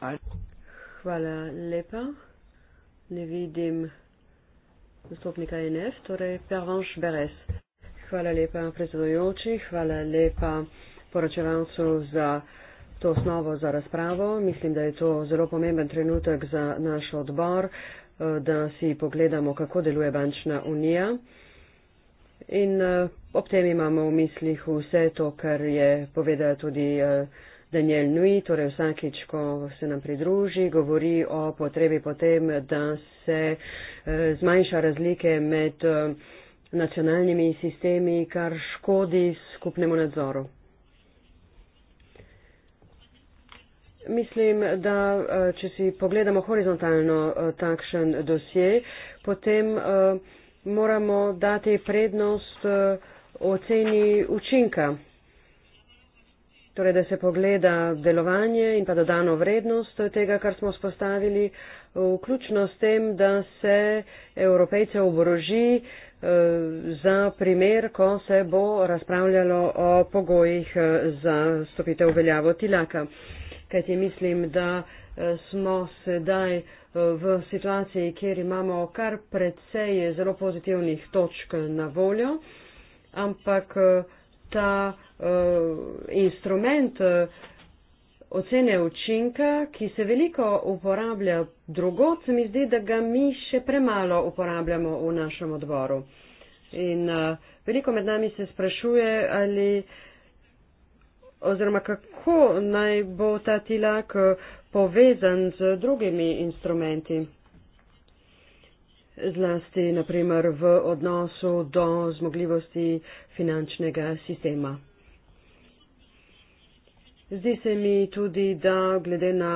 Ali. Hvala lepa. Ne vidim nastopnika e NF, torej Pervanche Beres. Hvala lepa predsedujoči, hvala lepa poročevalcu za to osnovo za razpravo. Mislim, da je to zelo pomemben trenutek za naš odbor, da si pogledamo, kako deluje bančna unija. In eh, ob tem imamo v mislih vse to, kar je povedala tudi eh, Daniel Nui, torej vsakič, ko se nam pridruži, govori o potrebi potem, da se eh, zmanjša razlike med eh, nacionalnimi sistemi, kar škodi skupnemu nadzoru. Mislim, da eh, če si pogledamo horizontalno takšen dosje, potem moramo dati prednost oceni učinka Torej, da se pogleda delovanje in pa dodano vrednost tega, kar smo spostavili, vključno s tem, da se evropejce oboroži eh, za primer, ko se bo razpravljalo o pogojih eh, za stopitev veljavo tilaka. Kaj ti mislim, da eh, smo sedaj v situaciji, kjer imamo kar predseje zelo pozitivnih točk na voljo, ampak ta uh, instrument uh, ocene učinka, ki se veliko uporablja drugot, se mi zdi, da ga mi še premalo uporabljamo v našem odboru. In uh, veliko med nami se sprašuje, ali oziroma kako naj bo ta tilak povezan z drugimi instrumenti. Zlasti, naprimer, v odnosu do zmogljivosti finančnega sistema. Zdi se mi tudi, da glede na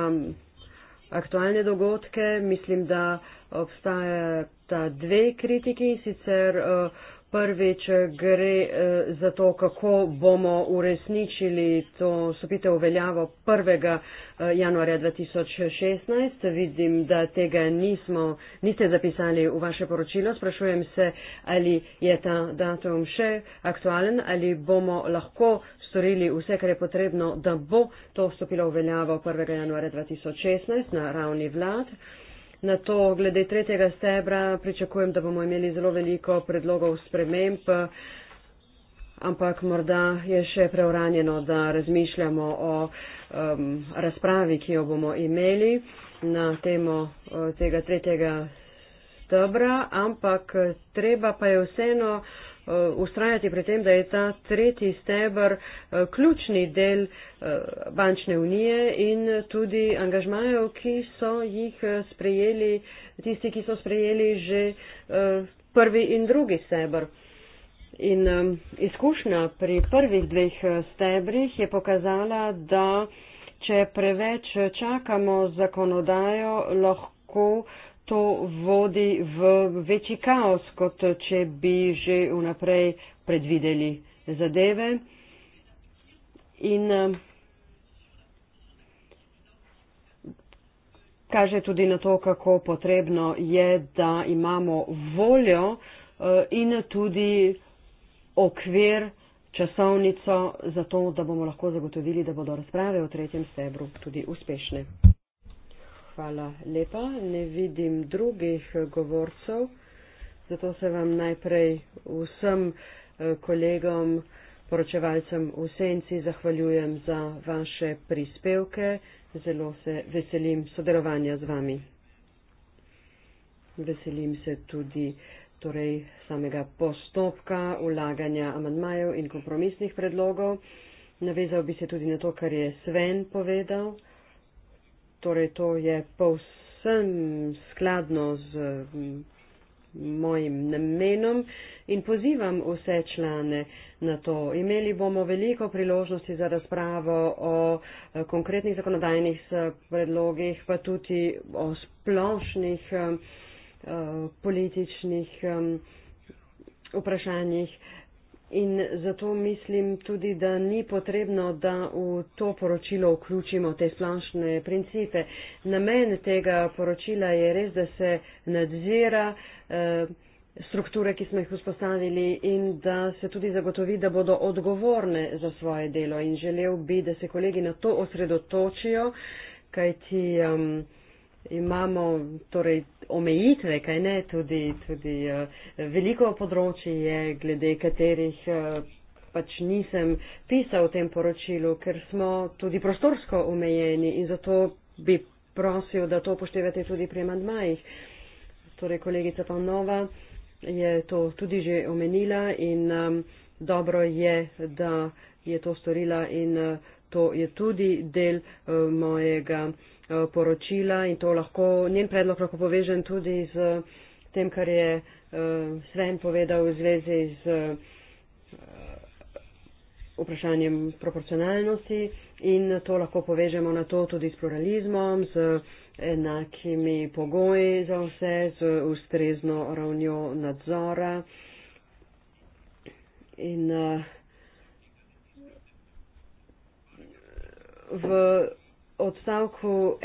aktualne dogodke, mislim, da obstajata dve kritiki. Sicer eh, prvič gre eh, za to, kako bomo uresničili to stopitev v veljavo 1. Eh, januarja 2016. Vidim, da tega nismo, niste zapisali v vaše poročilo. Sprašujem se, ali je ta datum še aktualen, ali bomo lahko storili vse, kar je potrebno, da bo to stopilo v veljavo 1. januarja 2016 na ravni vlad. Na to, glede tretjega stebra, pričakujem, da bomo imeli zelo veliko predlogov sprememb, ampak morda je še preuranjeno, da razmišljamo o um, razpravi, ki jo bomo imeli na temo uh, tega tretjega stebra, ampak treba pa je vseeno. Eh, ustrajati pri tem, da je ta tretji stebr eh, ključni del eh, bančne unije in tudi angažmajev, ki so jih sprejeli, tisti, ki so sprejeli že prvi in drugi stebr. In izkušnja pri prvih dveh stebrih je pokazala, da če preveč čakamo zakonodajo, lahko to vodi v večji kaos, kot če bi že vnaprej predvideli zadeve. In eh, kaže tudi na to, kako potrebno je, da imamo voljo eh, in tudi okvir, časovnico za to, da bomo lahko zagotovili, da bodo razprave v tretjem stebru tudi uspešne. Hvala lepa. Ne vidim drugih eh, govorcev, zato se vam najprej vsem eh, kolegom, poročevalcem v senci zahvaljujem za vaše prispevke. Zelo se veselim sodelovanja z vami. Veselim se tudi torej, samega postopka ulaganja amantmajev in kompromisnih predlogov. Navezal bi se tudi na to, kar je Sven povedal torej to je povsem skladno z mm, mojim namenom in pozivam vse člane na to. Imeli bomo veliko priložnosti za razpravo o eh, konkretnih zakonodajnih predlogih, pa tudi o splošnih eh, eh, političnih vprašanjih. In zato mislim tudi, da ni potrebno, da v to poročilo vključimo te splošne principe. Namen tega poročila je res, da se nadzira eh, strukture, ki smo jih vzpostavili in da se tudi zagotovi, da bodo odgovorne za svoje delo. In želel bi, da se kolegi na to osredotočijo, kajti. Eh, imamo torej omejitve, kaj ne, tudi, tudi uh, veliko področji je, glede katerih. Uh, pač nisem pisal v tem poročilu, ker smo tudi prostorsko omejeni in zato bi prosil, da to upoštevate tudi pri amandmajih. Torej, kolegica Pavnova je to tudi že omenila in um, dobro je, da je to storila in uh, to je tudi del uh, mojega uh, poročila in to lahko, njen predlog lahko povežem tudi z tem, kar je uh, Sven povedal v zvezi z uh, vprašanjem proporcionalnosti in to lahko povežemo na to tudi s pluralizmom, z enakimi pogoji za vse, z ustrezno ravnjo nadzora. In, uh, v odstavku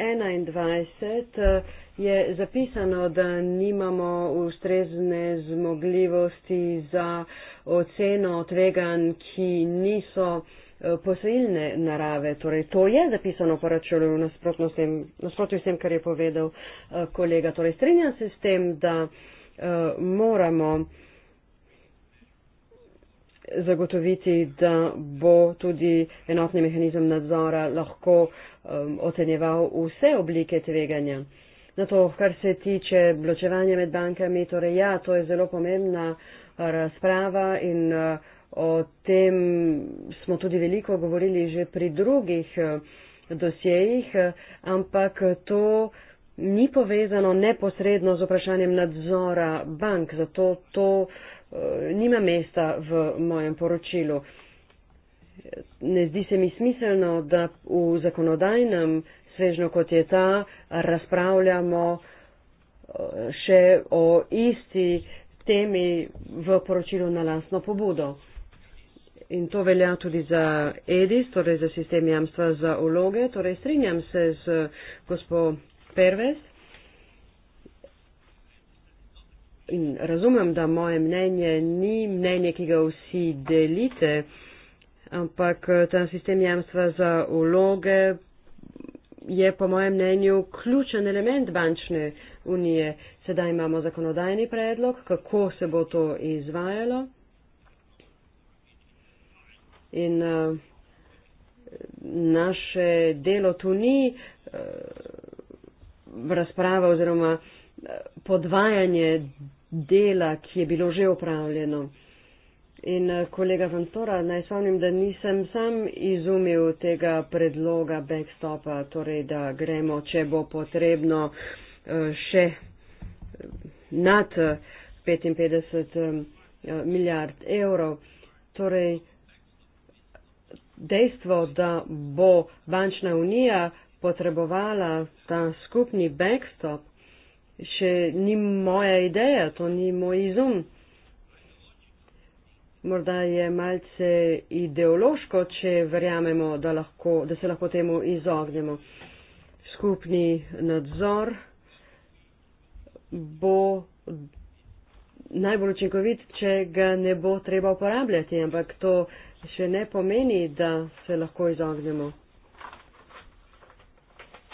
21 eh, je zapisano, da nimamo ustrezne zmogljivosti za oceno tvegan, ki niso eh, posilne narave. Torej, to je zapisano po računu nasprotno s tem, kar je povedal eh, kolega. Torej, strinjam se s tem, da uh, moramo uh, zagotoviti, da bo tudi enotni mehanizem nadzora lahko um, ocenjeval vse oblike tveganja. Na to, kar se tiče bločevanja med bankami, torej ja, to je zelo pomembna uh, razprava in uh, o tem smo tudi veliko govorili že pri drugih uh, dosjejih, ampak to ni povezano neposredno z vprašanjem nadzora bank, zato to. to Eh, nima mesta v mojem poročilu. Ne zdi se mi smiselno, da v zakonodajnem svežnju, kot je ta, razpravljamo eh, še o isti temi v poročilu na lastno pobudo. In to velja tudi za EDIS, torej za sistem jamstva za vloge. Torej strinjam se z gospod Pervez, in razumem, da moje mnenje ni mnenje, ki ga vsi delite, ampak eh, ta sistem jamstva za vloge je po mojem mnenju ključen element bančne unije. Sedaj imamo zakonodajni predlog, kako se bo to izvajalo. In uh, naše delo tu ni uh, razprava oziroma podvajanje dela, ki je bilo že opravljeno. In eh, kolega Vantora, naj spomnim, da nisem sam izumil tega predloga backstopa, torej da gremo, če bo potrebno, eh, še eh, nad 55 milijard evrov. Torej, dejstvo, da bo bančna unija potrebovala ta skupni backstop, še ni moja ideja, to ni moj izum. Morda je malce ideološko, če verjamemo, da, lahko, da se lahko temu izognemo. Skupni nadzor bo najbolj učinkovit, če ga ne bo treba uporabljati, ampak to še ne pomeni, da se lahko izognemo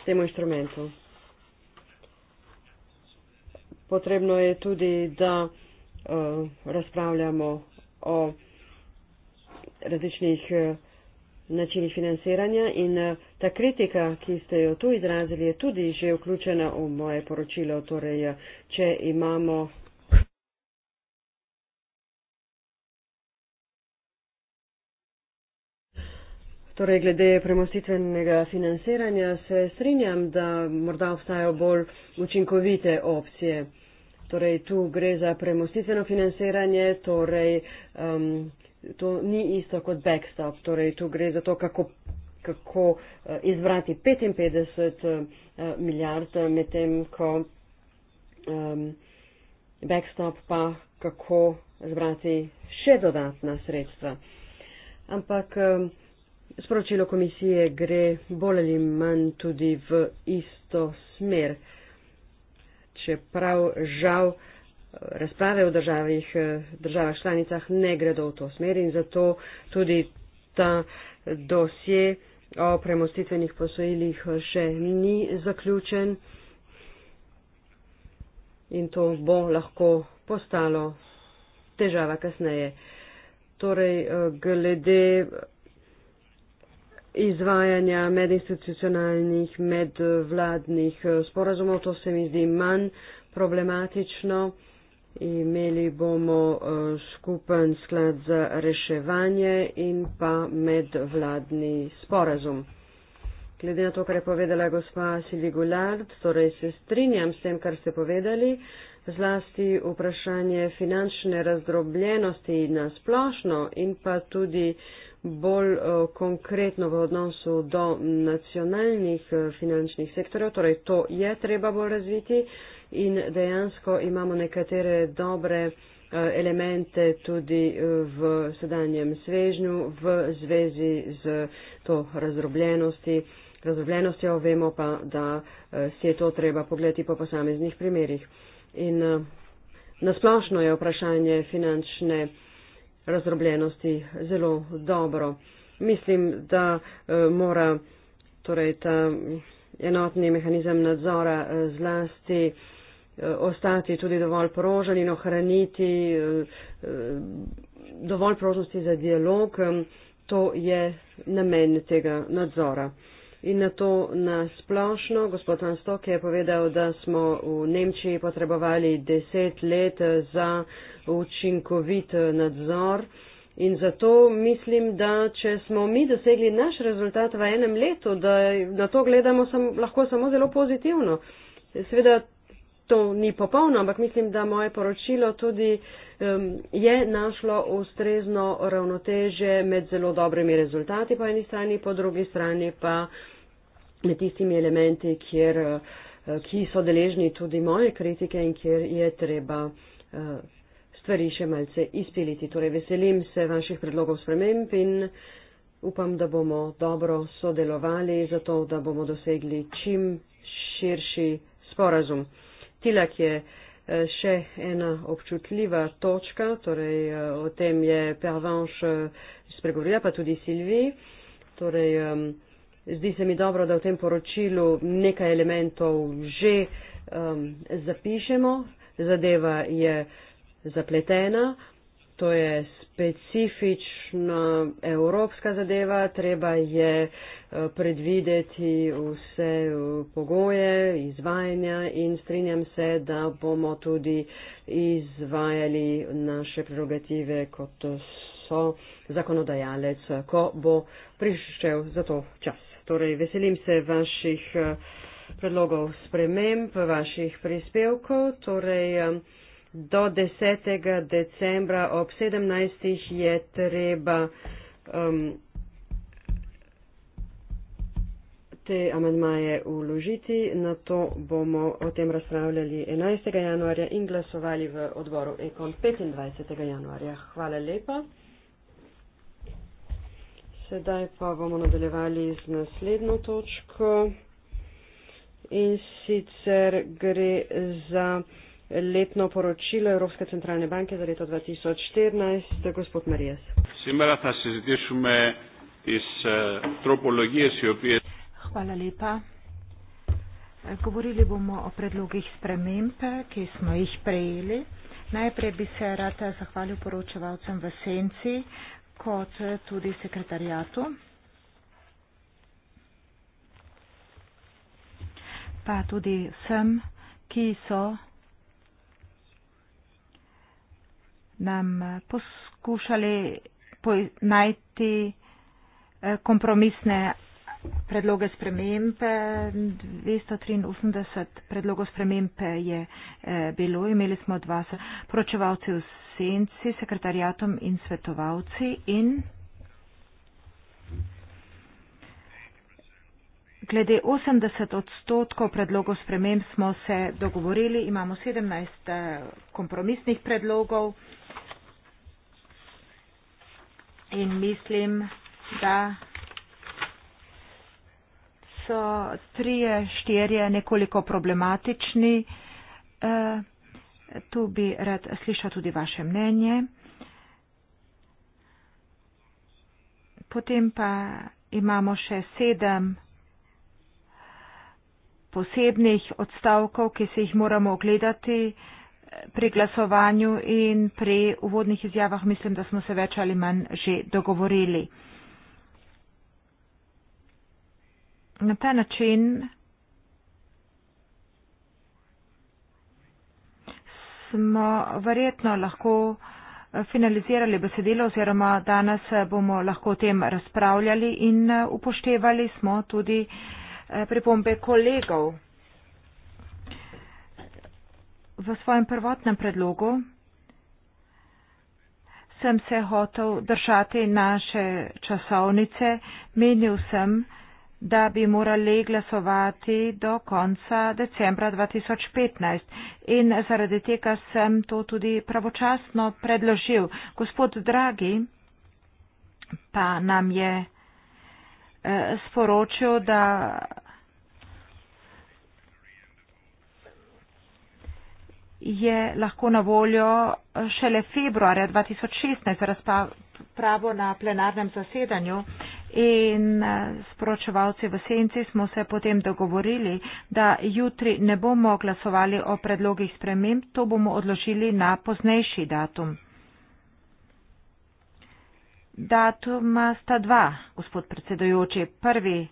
temu inštrumentu potrebno je tudi, da uh, razpravljamo o različnih uh, načinih financiranja in uh, ta kritika, ki ste jo tu izrazili, je tudi že vključena v moje poročilo. Torej, če imamo. Torej, glede premostitvenega financiranja se strinjam, da morda obstajajo bolj učinkovite opcije. Torej, tu gre za premostitveno financiranje, torej, um, to ni isto kot backstop. Torej, tu gre za to, kako, kako uh, izbrati 55 uh, milijard, medtem ko um, backstop pa kako zbrati še dodatna sredstva. Ampak um, sporočilo komisije gre bolj ali manj tudi v isto smer čeprav žal eh, razprave v državih, eh, državah članicah ne gredo v to smer in zato tudi ta dosje o premostitvenih posojilih eh, še ni zaključen in to bo lahko postalo težava kasneje. Torej, glede izvajanja medinstitucionalnih, medvladnih eh, sporazumov. To se mi zdi manj problematično. Imeli bomo eh, skupen sklad za reševanje in pa medvladni sporazum. Glede na to, kar je povedala gospa Sili Gulard, torej se strinjam s tem, kar ste povedali, zlasti vprašanje finančne razdrobljenosti na splošno in pa tudi uh, bolj eh, konkretno v odnosu do nacionalnih eh, finančnih sektorjev, torej to je treba bolj razviti in dejansko imamo nekatere dobre eh, elemente tudi v sedanjem svežnju v zvezi z to razdrobljenosti. Razdrobljenostjo vemo pa, da si je to treba pogledati po posameznih primerjih. In nasplošno je vprašanje finančne razdrobljenosti zelo dobro. Mislim, da eh, mora torej, ta enotni mehanizem nadzora eh, zlasti eh, ostati tudi dovolj porožen in ohraniti dovolj prožnosti za dialog. To je namen tega nadzora. In na to nasplošno, gospod Anstok je povedal, da smo v Nemčiji potrebovali deset let za učinkovit eh, nadzor. In zato mislim, da če smo mi dosegli naš rezultat v enem letu, da na to gledamo sam, lahko samo zelo pozitivno. Sveda to ni popolno, ampak mislim, da moje poročilo tudi um, je našlo ustrezno ravnoteže med zelo dobrimi rezultati po eni strani, po drugi strani pa med tistimi elementi, kjer, eh, ki so deležni tudi moje kritike in kjer je treba. Uh, stvari še malce izpiliti. Torej, veselim se vaših predlogov sprememb in upam, da bomo dobro sodelovali, zato da bomo dosegli čim širši sporazum. Tilak je eh, še ena občutljiva točka, torej eh, o tem je Pervanš eh, spregovorila, pa tudi Silvi. Torej, um, zdi se mi dobro, da v tem poročilu nekaj elementov že um, zapišemo. Zadeva je uh, zapletena. To je specifična evropska zadeva, treba je eh, predvideti vse eh, pogoje izvajanja in strinjam se, da bomo tudi izvajali naše prerogative, kot so zakonodajalec, ko bo prišel za to čas. Torej, veselim se vaših eh, predlogov sprememb, vaših prispevkov. Torej, um, do 10. decembra ob 17. je treba um, te amadmaje uložiti. Na to bomo o tem razpravljali 11. januarja in glasovali v odboru Ekon 25. januarja. Hvala lepa. Sedaj pa bomo nadaljevali z naslednjo točko in sicer gre za letno poročilo Evropske centralne banke za leto 2014. Gospod Marijas. Simera, ta se zdišume iz tropologije, si opije. Hvala lepa. Govorili bomo o predlogih sprememb, ki smo jih prejeli. Najprej bi se rada eh, zahvalil poročevalcem v Senci kot eh, tudi sekretarijatu. Pa tudi vsem, ki so nam eh, poskušali najti eh, kompromisne predloge spremembe. 283 predlogov spremembe je eh, bilo. Imeli smo dva poročevalce v senci, sekretarjatom in svetovalci in Glede 80 odstotkov predlogov sprememb smo se dogovorili, imamo 17 kompromisnih predlogov in mislim, da so trije, štirje nekoliko problematični. Eh, tu bi rad slišal tudi vaše mnenje. Potem pa imamo še sedem posebnih odstavkov, ki se jih moramo ogledati pri glasovanju in pri uvodnih izjavah mislim, da smo se več ali manj že dogovorili. Na ta način smo verjetno lahko finalizirali besedilo oziroma danes bomo lahko o tem razpravljali in upoštevali smo tudi eh, pripombe kolegov v svojem prvotnem predlogu sem se hotel držati naše časovnice. Menil sem, da bi morali glasovati do konca decembra 2015 in zaradi tega sem to tudi pravočasno predložil. Gospod Dragi pa nam je eh, sporočil, da je lahko na voljo eh, šele februarja 2016 za razpravo na plenarnem zasedanju in eh, s poročevalci v senci smo se potem dogovorili, da jutri ne bomo glasovali o predlogih sprememb, to bomo odložili na poznejši datum. Datuma sta dva, gospod predsedujoči. Prvi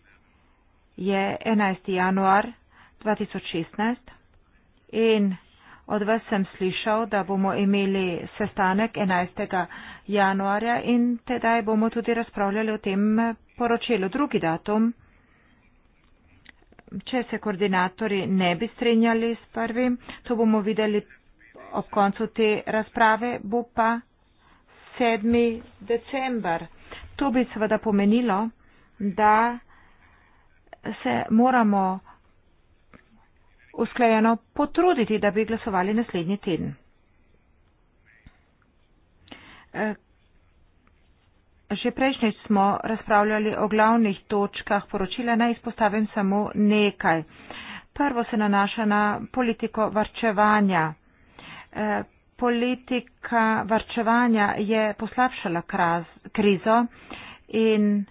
je 11. januar 2016 in Od vas sem slišal, da bomo imeli sestanek 11. januarja in tedaj bomo tudi razpravljali o tem poročilu. Drugi datum, če se koordinatori ne bi strinjali s prvim, to bomo videli ob koncu te razprave, bo pa 7. decembar. To bi seveda pomenilo, da se moramo usklajeno potruditi, da bi glasovali naslednji teden. Eh, že prejšnjič smo razpravljali o glavnih točkah poročila, naj izpostavim samo nekaj. Prvo se nanaša na politiko varčevanja. Eh, politika varčevanja je poslabšala krizo in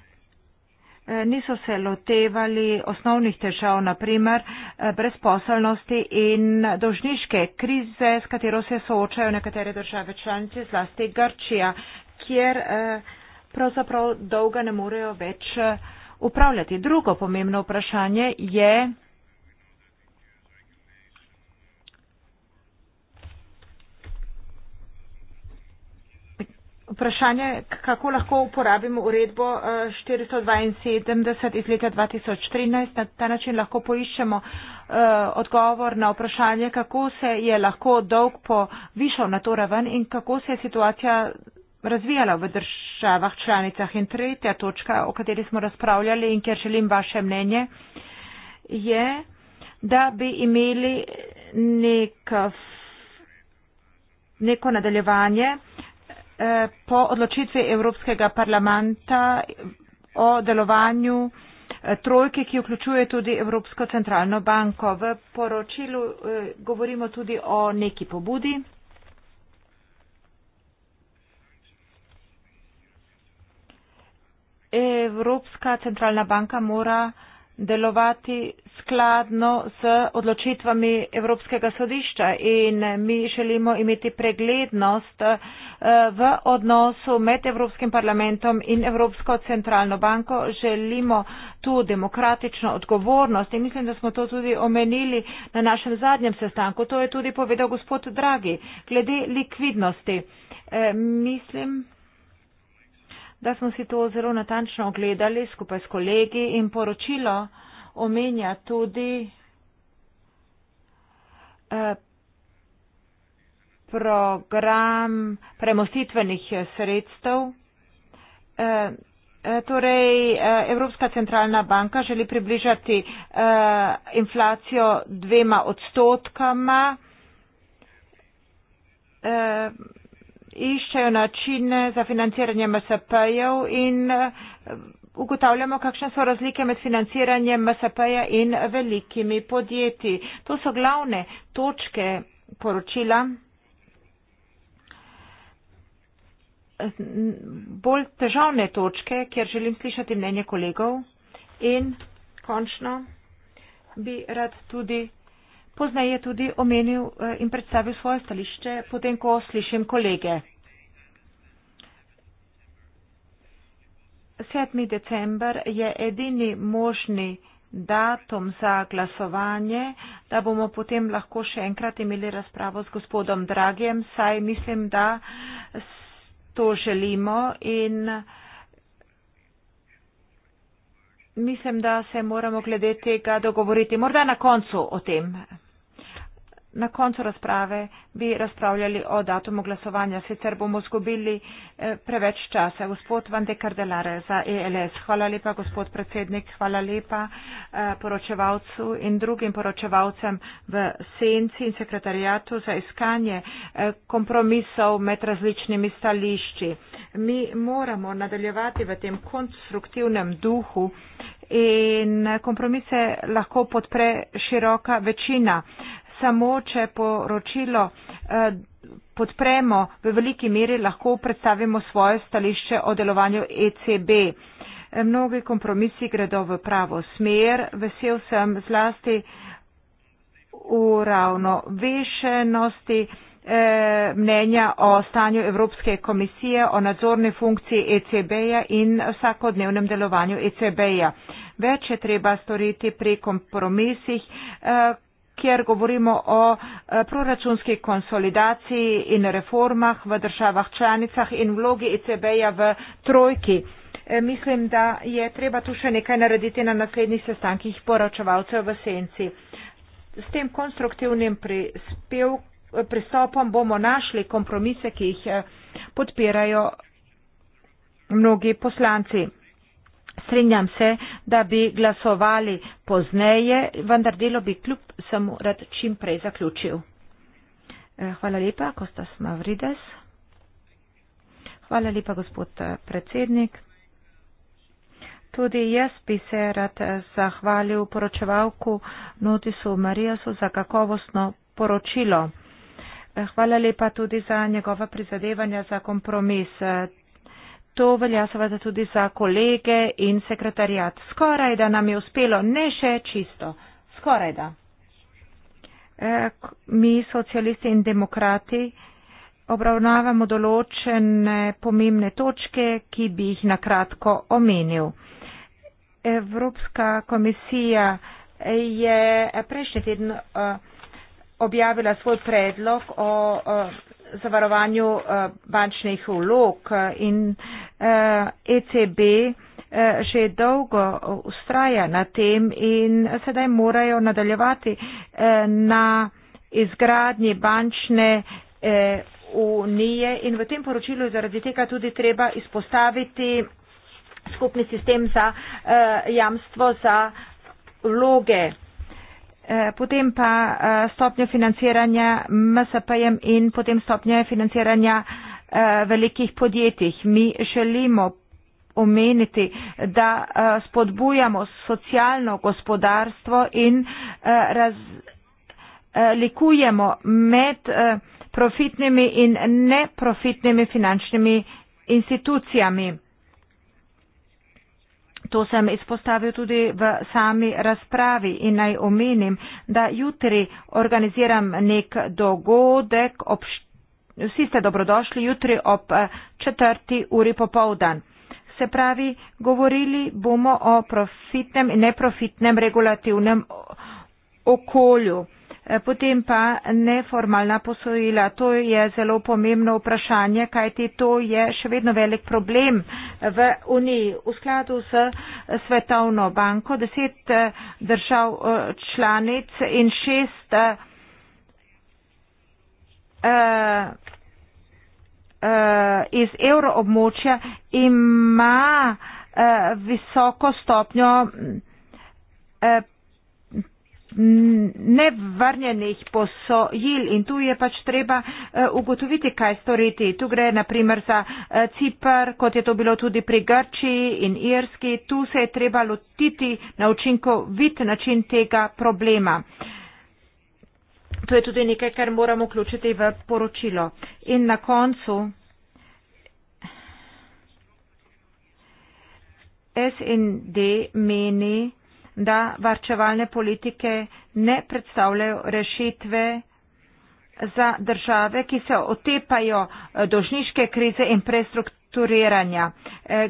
Eh, niso se lotevali osnovnih težav, naprimer eh, brezposelnosti in dožniške krize, s katero se soočajo nekatere države članice, zlasti Grčija, kjer eh, pravzaprav dolga ne morejo več upravljati. Drugo pomembno vprašanje je, Vprašanje, kako lahko uporabimo uredbo 472 eh, iz leta 2013. Na ta način lahko poiščemo eh, odgovor na vprašanje, kako se je lahko dolg povišal na to raven in kako se je situacija razvijala v državah članicah. In tretja točka, o kateri smo razpravljali in kjer želim vaše mnenje, je, da bi imeli nek, neko nadaljevanje Eh, po odločitvi Evropskega parlamenta o delovanju eh, trojke, ki vključuje tudi Evropsko centralno banko. V poročilu eh, govorimo tudi o neki pobudi. Evropska centralna banka mora delovati skladno s odločitvami Evropskega sodišča in mi želimo imeti preglednost eh, v odnosu med Evropskim parlamentom in Evropsko centralno banko. Želimo tu demokratično odgovornost in mislim, da smo to tudi omenili na našem zadnjem sestanku. To je tudi povedal gospod Dragi glede likvidnosti. E, mislim, da smo si to zelo natančno ogledali skupaj s kolegi in poročilo omenja tudi eh, program premostitvenih sredstev. Eh, eh, torej, Evropska centralna banka želi približati inflacijo dvema odstotkama iščejo načine za financiranje MSP-jev in eh, ugotavljamo, kakšne so razlike med financiranjem MSP-ja in velikimi podjetji. To so glavne točke poročila. Bolj težavne točke, kjer želim slišati mnenje kolegov. In končno bi rad tudi pozneje tudi omenil eh, in predstavil svoje stališče, potem ko slišim kolege. 7. december je edini možni datum za glasovanje, da bomo potem lahko še enkrat imeli razpravo s gospodom Dragjem, saj mislim, da to želimo in mislim, da se moramo glede tega dogovoriti. Morda na koncu o tem na koncu razprave bi razpravljali o datumu glasovanja, sicer bomo zgubili eh, preveč časa. Gospod Van de Cardellare za ELS, hvala lepa, gospod predsednik, hvala lepa eh, poročevalcu in drugim poročevalcem v senci in sekretarijatu za iskanje eh, kompromisov med različnimi stališči. Mi moramo nadaljevati v tem konstruktivnem duhu. In kompromise lahko podpre široka večina samo, če poročilo eh, podpremo, v veliki meri lahko predstavimo svoje stališče o delovanju ECB. Eh, mnogi kompromisi gredo v pravo smer. Vesel sem zlasti uravnovešenosti eh, mnenja o stanju Evropske komisije, o nadzorni funkciji ECB-ja in vsakodnevnem delovanju ECB-ja. Več je treba storiti pri kompromisih, eh, kjer govorimo o eh, proračunski konsolidaciji in reformah v državah članicah in vlogi ECB-ja v trojki. Eh, mislim, da je treba tu še nekaj narediti na naslednjih sestankih poročevalcev v senci. S tem konstruktivnim prispev, pristopom bomo našli kompromise, ki jih eh, podpirajo mnogi poslanci. Strinjam se, da bi glasovali pozneje, vendar delo bi kljub samo rad čim prej zaključil. Eh, hvala lepa, Kostas Mavrides. Hvala lepa, gospod eh, predsednik. Tudi jaz bi se rad eh, zahvalil poročevalku Notisu Marijasu za kakovostno poročilo. Hvala lepa tudi za njegova prizadevanja za kompromis. To velja seveda tudi za kolege in sekretarjat. Skoraj da nam je uspelo, ne še čisto. Skoraj da. E, eh, mi, socialisti in demokrati, obravnavamo določene pomembne točke, ki bi jih nakratko omenil. Evropska komisija je prejšnji teden eh, objavila svoj predlog o eh, zavarovanju eh, bančnih vlog in ECB eh, e eh, že dolgo ustraja na tem in sedaj morajo nadaljevati na izgradnji bančne unije in v tem poročilu zaradi tega tudi treba izpostaviti skupni sistem za jamstvo za vloge. Eh, potem pa eh, stopnjo financiranja MSP-jem in potem stopnjo financiranja eh, velikih podjetjih. Mi želimo omeniti, da spodbujamo socialno gospodarstvo in razlikujemo med profitnimi in neprofitnimi finančnimi institucijami. To sem izpostavil tudi v sami razpravi in naj omenim, da jutri organiziram nek dogodek, ob, vsi ste dobrodošli, jutri ob eh, četrti uri popovdan. Se pravi, govorili bomo o profitnem in neprofitnem regulativnem okolju. Eh, potem pa neformalna posojila. To je zelo pomembno vprašanje, kajti to je še vedno velik problem eh, v Uniji. V skladu s eh, Svetovno banko deset držav članic in šest iz evroobmočja ima visoko stopnjo nevrnjenih posojil in tu je pač treba eh, ugotoviti, kaj storiti. Tu gre naprimer za eh, Cipr, kot je to bilo tudi pri Grčiji in Irski. Tu se je treba lotiti na učinkovit način tega problema. To je tudi nekaj, kar moramo vključiti v poročilo. In na koncu. S in D meni, da varčevalne politike ne predstavljajo rešitve za države, ki se otepajo eh, dožniške krize in prestrukturiranja. Eh,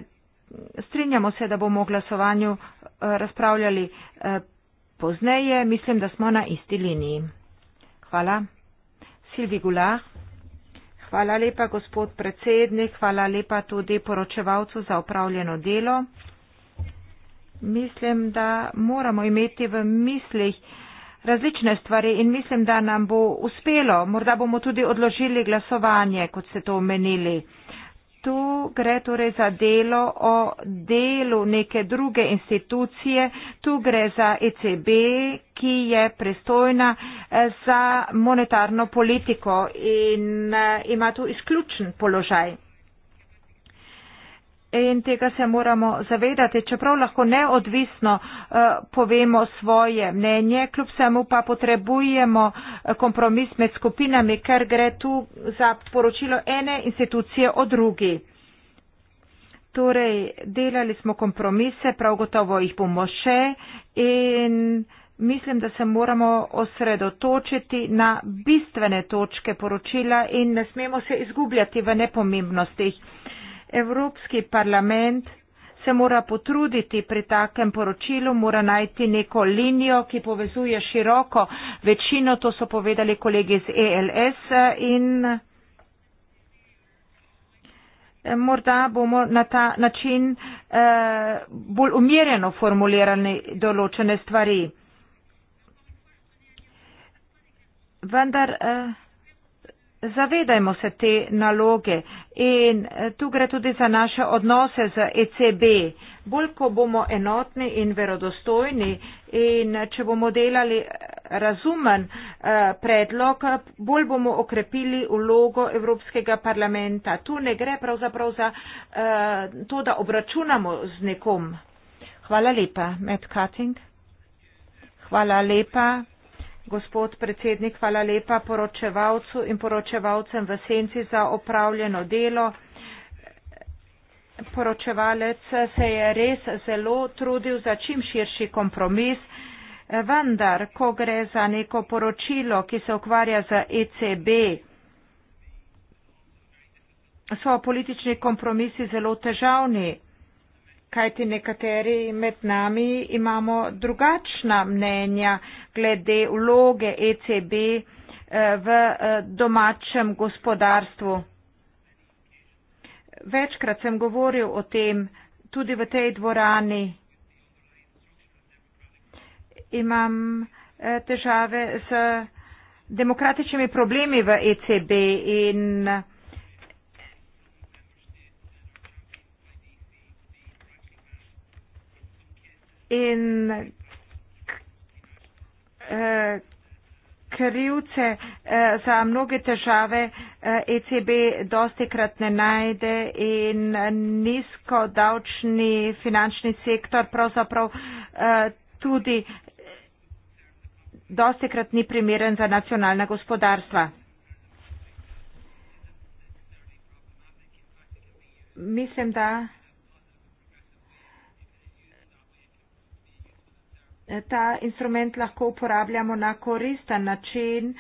strinjamo se, da bomo o glasovanju eh, razpravljali pozneje. Mislim, da smo na isti liniji. Hvala. Silvi Gular. Hvala lepa, gospod predsednik. Hvala lepa tudi poročevalcu za upravljeno delo mislim, da moramo imeti v mislih različne stvari in mislim, da nam bo uspelo. Morda bomo tudi odložili glasovanje, kot ste to omenili. Tu gre torej za delo o delu neke druge institucije. Tu gre za ECB, ki je pristojna eh, za monetarno politiko in eh, ima tu izključen položaj in tega se moramo zavedati, čeprav lahko neodvisno eh, povemo svoje mnenje, kljub samo pa potrebujemo eh, kompromis med skupinami, ker gre tu za poročilo ene institucije o drugi. Torej, delali smo kompromise, prav gotovo jih bomo še in mislim, da se moramo osredotočiti na bistvene točke poročila in ne smemo se izgubljati v nepomembnostih. Evropski parlament se mora potruditi pri takem poročilu, mora najti neko linijo, ki povezuje široko večino, to so povedali kolegi iz ELS in eh, morda bomo na ta način eh, bolj umirjeno formulirali določene stvari. Vendar. Uh, Zavedajmo se te naloge in eh, tu gre tudi za naše odnose z ECB. Bolj, ko bomo enotni in verodostojni in eh, če bomo delali eh, razumen predlog, bolj bomo okrepili ulogo Evropskega parlamenta. Tu ne gre pravzaprav za to, da obračunamo z nekom. Hvala lepa, Matt Cutting. Hvala lepa. Gospod predsednik, hvala lepa poročevalcu in poročevalcem v senci za opravljeno delo. Poročevalec se je res zelo trudil za čim širši kompromis, vendar, ko gre za neko poročilo, ki se ukvarja za ECB, so politični kompromisi zelo težavni kajti nekateri med nami imamo drugačna mnenja glede vloge ECB eh, v eh, domačem gospodarstvu. Večkrat sem govoril o tem, tudi v tej dvorani. Imam eh, težave z demokratičnimi problemi v ECB in in eh, krivce eh, za mnoge težave ECB eh, e dosti krat ne najde in nizko davčni finančni sektor pravzaprav tudi dosti krat ni primeren za nacionalna gospodarstva. Mislim, da Eh, ta instrument lahko uporabljamo na koristen način,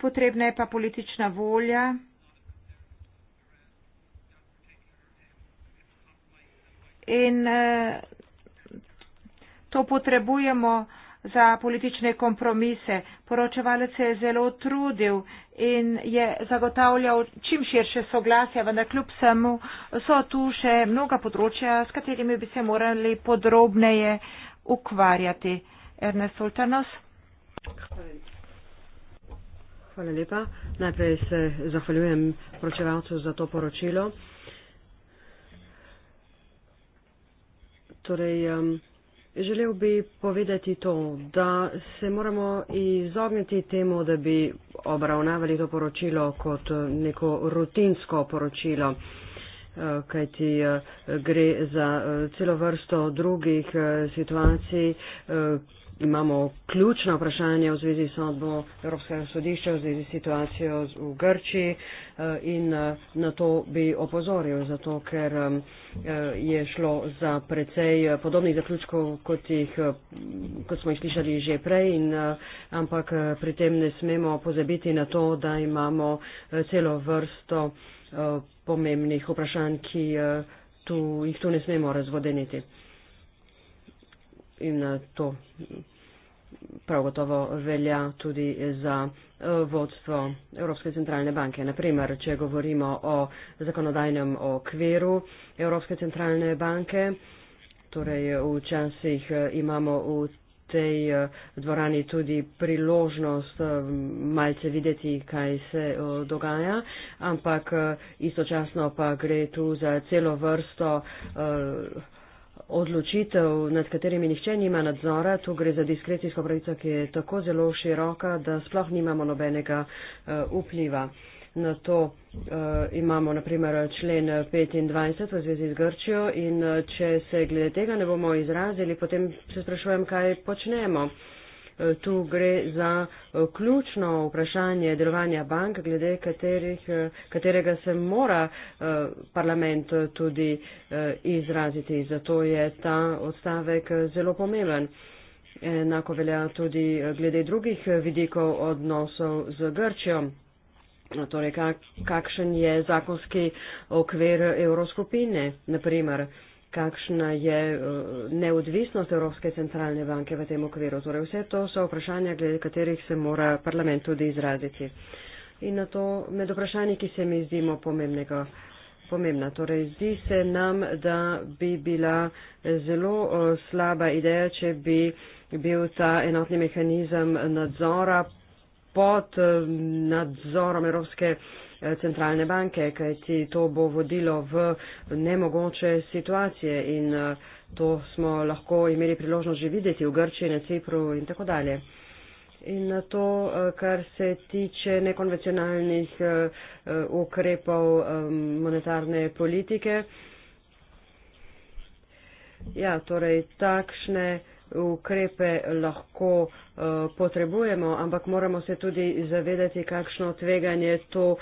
potrebna je pa politična volja. In eh, to potrebujemo eh, za politične kompromise. Poročevalec se je zelo trudil in je zagotavljal čim širše soglasje, vendar kljub samo so tu še mnoga področja, s katerimi bi se morali podrobneje ukvarjati. Ernest Sultanos. Hvala lepa. Najprej se zahvaljujem poročevalcu za to poročilo. Torej, um, Želel bi povedati to, da se moramo izogniti temu, da bi obravnavali to poročilo kot neko rutinsko poročilo, eh, kajti eh, gre za eh, celo vrsto drugih situacij, imamo ključno vprašanje v zvezi s sodbo Evropskega sodišča, v zvezi s situacijo v Grčiji eh, in eh, na to bi opozoril, zato ker eh, je šlo za precej podobnih zaključkov, kot, jih, kot smo jih slišali že prej, in, ampak pri tem ne smemo pozabiti na to, da imamo celo vrsto pomembnih vprašanj, ki tu, jih tu ne smemo razvodeniti in eh, to prav gotovo velja tudi za eh, vodstvo Evropske centralne banke. Naprimer, če govorimo o zakonodajnem okviru Evropske centralne banke, torej včasih eh, imamo v tej dvorani tudi priložnost malce videti, kaj se dogaja, ampak istočasno pa gre tu za celo vrsto odločitev, nad katerimi nihče nima nadzora. Tu gre za diskrecijsko pravico, ki je tako zelo široka, da sploh nimamo nobenega eh, vpliva. Na to uh, imamo naprimer člen 25 v zvezi z Grčijo in eh, če se glede tega ne bomo izrazili, potem se sprašujem, kaj počnemo. Uh, Eh, tu gre za eh, ključno vprašanje delovanja bank, glede katerih, eh, katerega se mora parlament tudi izraziti. Zato je ta odstavek zelo pomemben. Enako velja tudi glede drugih vidikov odnosov z Grčjo. Torej, kakšen je zakonski okvir evroskupine, naprimer kakšna je eh, neodvisnost Evropske centralne banke v tem okviru. Torej vse to so vprašanja, glede katerih se mora parlament tudi izraziti. In na to med vprašanji, ki se mi zdimo pomembnega. Pomembna. Torej, zdi se nam, da bi bila eh, zelo uh, slaba ideja, če bi bil ta enotni mehanizem nadzora pod uh, nadzorom Evropske unije centralne banke, kajti to bo vodilo v nemogoče situacije in eh, to smo lahko imeli priložnost že videti v Grčiji, na Cipru in tako dalje. In na eh, to, eh, kar se tiče nekonvencionalnih ukrepov monetarne politike, ja, torej takšne ukrepe lahko uh, potrebujemo, ampak moramo se tudi zavedati, kakšno tveganje to uh,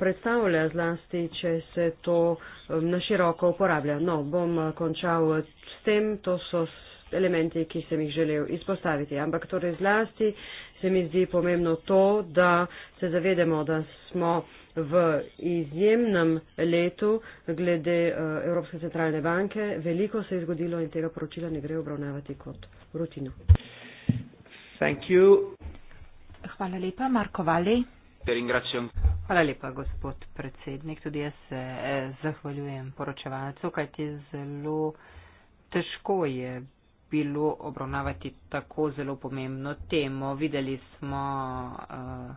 predstavlja, zlasti, če se to um, eh, naširoko uporablja. No, bom končal s tem, to so elementi, ki sem jih želel izpostaviti. Ampak torej zlasti se mi zdi pomembno to, da se zavedemo, da smo v izjemnem letu glede eh, Evropske centralne banke. Veliko se je zgodilo in tega poročila ne gre obravnavati kot rutino. Hvala lepa, Marko Vali. Ja, Hvala lepa, gospod predsednik. Tudi jaz se eh, zahvaljujem poročevalcu, kajti zelo težko je bilo obravnavati tako zelo pomembno temo. Videli smo uh,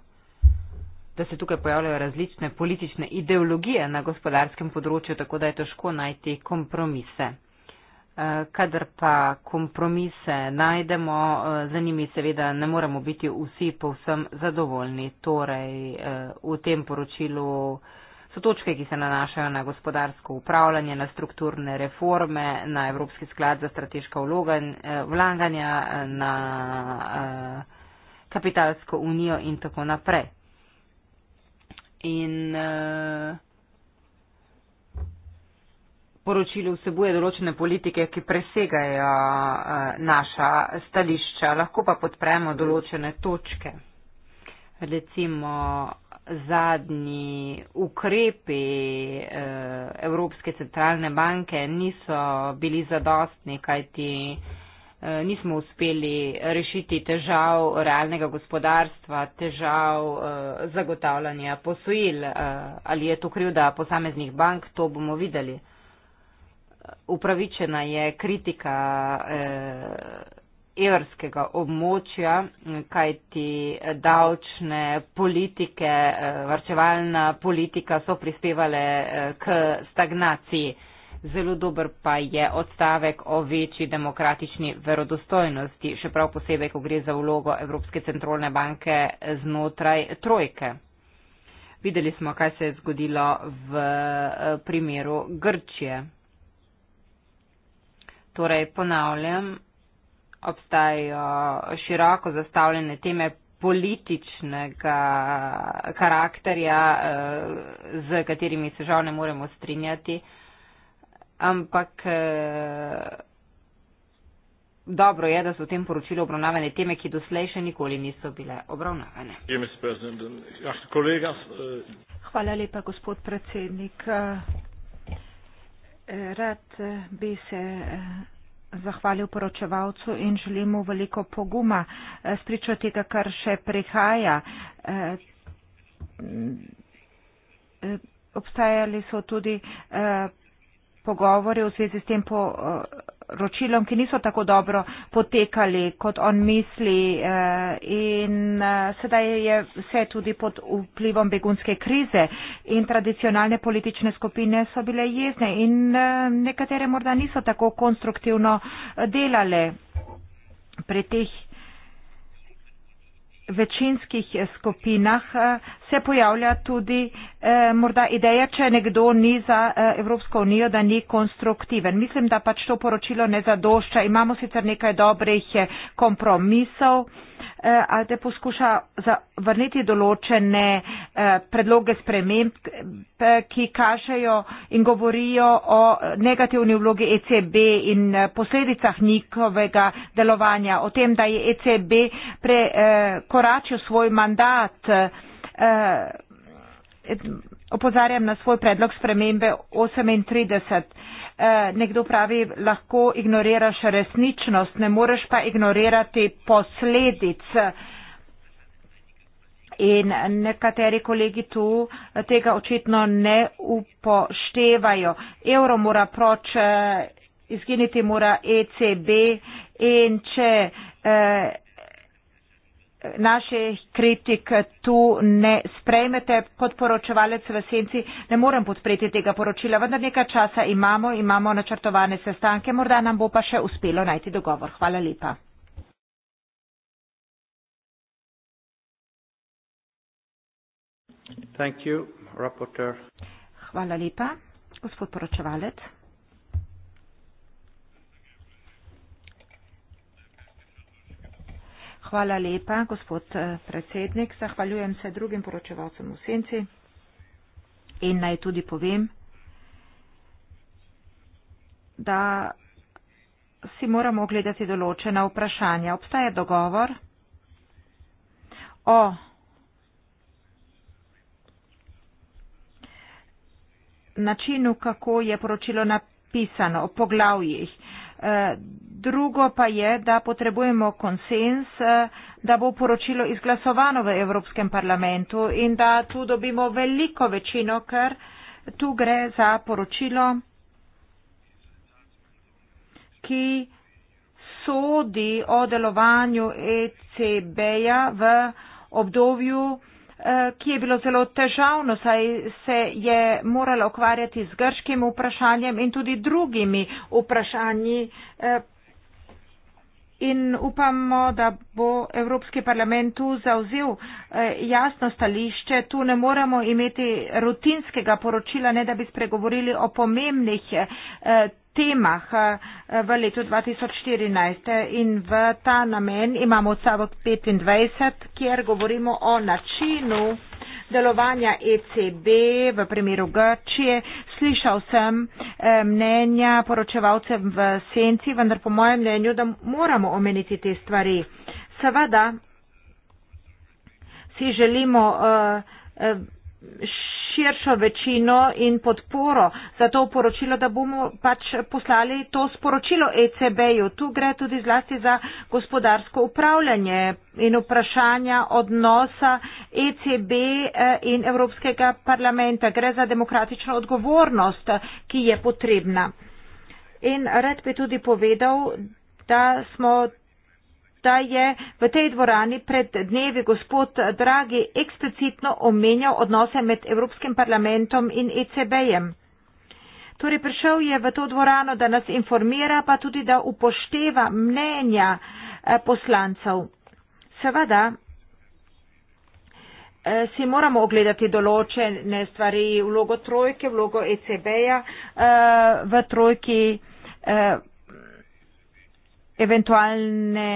da se tukaj pojavljajo različne politične ideologije na gospodarskem področju, tako da je težko najti kompromise. Eh, kadar pa kompromise najdemo, eh, za njimi seveda ne moremo biti vsi povsem zadovoljni. Torej, eh, v tem poročilu so točke, ki se nanašajo na gospodarsko upravljanje, na strukturne reforme, na Evropski sklad za strateška vlaganja, na kapitalsko unijo in tako naprej in eh, poročilo vsebuje določene politike, ki presegajo eh, naša stališča, lahko pa podpremo določene točke. Recimo zadnji ukrepi eh, Evropske centralne banke niso bili zadostni, kajti Eh, nismo uspeli rešiti težav realnega gospodarstva, težav eh, zagotavljanja posojil. Eh, ali je to krivda posameznih bank, to bomo videli. Upravičena je kritika evrskega območja, kajti davčne politike, varčevalna politika so prispevale k stagnaciji zelo dober pa je odstavek o večji demokratični verodostojnosti, še prav posebej, ko gre za vlogo Evropske centralne banke znotraj trojke. Videli smo, kaj se je zgodilo v eh, primeru Grčije. Torej, ponavljam, obstajajo široko zastavljene teme političnega karakterja, eh, z katerimi se žal ne moremo strinjati ampak eh, dobro je, da so v tem poročilu obravnavane teme, ki doslej še nikoli niso bile obravnavane. Ja, eh, Hvala lepa, gospod predsednik. Eh, rad eh, bi se zahvalil poročevalcu in želim mu veliko poguma spričo tega, kar še prihaja. Obstajali so tudi pogovore v svezi s tem poročilom, ki niso tako dobro potekali, kot on misli. Eh, in eh, sedaj je vse tudi pod vplivom begunske krize in tradicionalne politične skupine so bile jezne in eh, nekatere morda niso tako konstruktivno delale pri teh večinskih skupinah se pojavlja tudi eh, morda ideja, če nekdo ni za eh, Evropsko unijo, da ni konstruktiven. Mislim, da pač to poročilo ne zadošča. Imamo sicer nekaj dobrih eh, kompromisov, eh, ali te poskuša zavrniti določene eh, predloge sprememb, eh, ki kažejo in govorijo o negativni vlogi ECB in eh, posledicah njihovega delovanja, o tem, da je ECB prekoračil eh, svoj mandat. Eh, Eh, opozarjam na svoj predlog spremembe 38. Eh, nekdo pravi, lahko ignoriraš resničnost, ne moreš pa ignorirati posledic. In nekateri kolegi tu eh, tega očitno ne upoštevajo. Euro mora proč, izginiti mora ECB in če eh, naših kritik tu ne sprejmete. Podporočevalec v senci ne morem podpreti tega poročila, vendar nekaj časa imamo, imamo načrtovane sestanke, morda nam bo pa še uspelo najti dogovor. Hvala lepa. Hvala lepa, gospod poročevalec. Hvala lepa, gospod eh, predsednik. Zahvaljujem se drugim poročevalcem v senci in naj tudi povem, da si moramo gledati določena vprašanja. Obstaja dogovor o načinu, kako je poročilo napisano, o poglavjih. Eh, drugo pa je, da potrebujemo konsens, eh, da bo poročilo izglasovano v Evropskem parlamentu in da tu dobimo veliko večino, ker tu gre za poročilo, ki sodi o delovanju ECB-ja v obdobju Eh, ki je bilo zelo težavno, saj se je morala ukvarjati z grškim vprašanjem in tudi drugimi vprašanji. Eh, in upamo, da bo Evropski parlament tu zauzel eh, jasno stališče. Tu ne moremo imeti rutinskega poročila, ne da bi spregovorili o pomembnih temah eh, v letu 2014 in v ta namen imamo odstavek 25, kjer govorimo o načinu delovanja ECB v primeru Grčije. Slišal sem eh, mnenja poročevalcev v senci, vendar po mojem mnenju, da moramo omeniti te stvari. Seveda si želimo uh, širšo večino in podporo za to poročilo, da bomo pač poslali to sporočilo ECB-ju. Tu gre tudi zlasti za gospodarsko upravljanje in vprašanja odnosa ECB eh, in Evropskega parlamenta. Gre za demokratično odgovornost, ki je potrebna. In red bi tudi povedal, da smo da je v tej dvorani pred dnevi gospod Dragi eksplicitno omenjal odnose med Evropskim parlamentom in ECB-jem. Torej prišel je v to dvorano, da nas informira, pa tudi da upošteva mnenja eh, poslancev. Seveda eh, si moramo ogledati določene stvari, vlogo trojke, vlogo ECB-ja eh, v trojki eventualne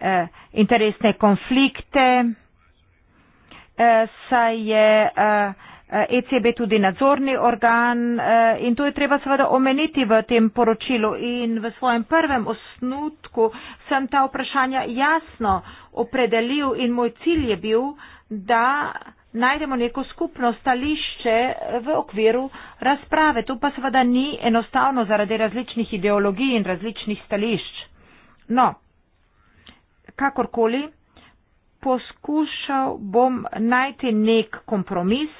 uh, interesne konflikte, uh, saj je uh, eh, ECB e tudi nadzorni organ uh, in to je treba seveda omeniti v tem poročilu in v svojem prvem osnutku sem ta vprašanja jasno opredelil in moj cilj je bil, da najdemo neko skupno stališče v okviru razprave. To pa seveda ni enostavno zaradi različnih ideologij in različnih stališč. No, kakorkoli, poskušal bom najti nek kompromis.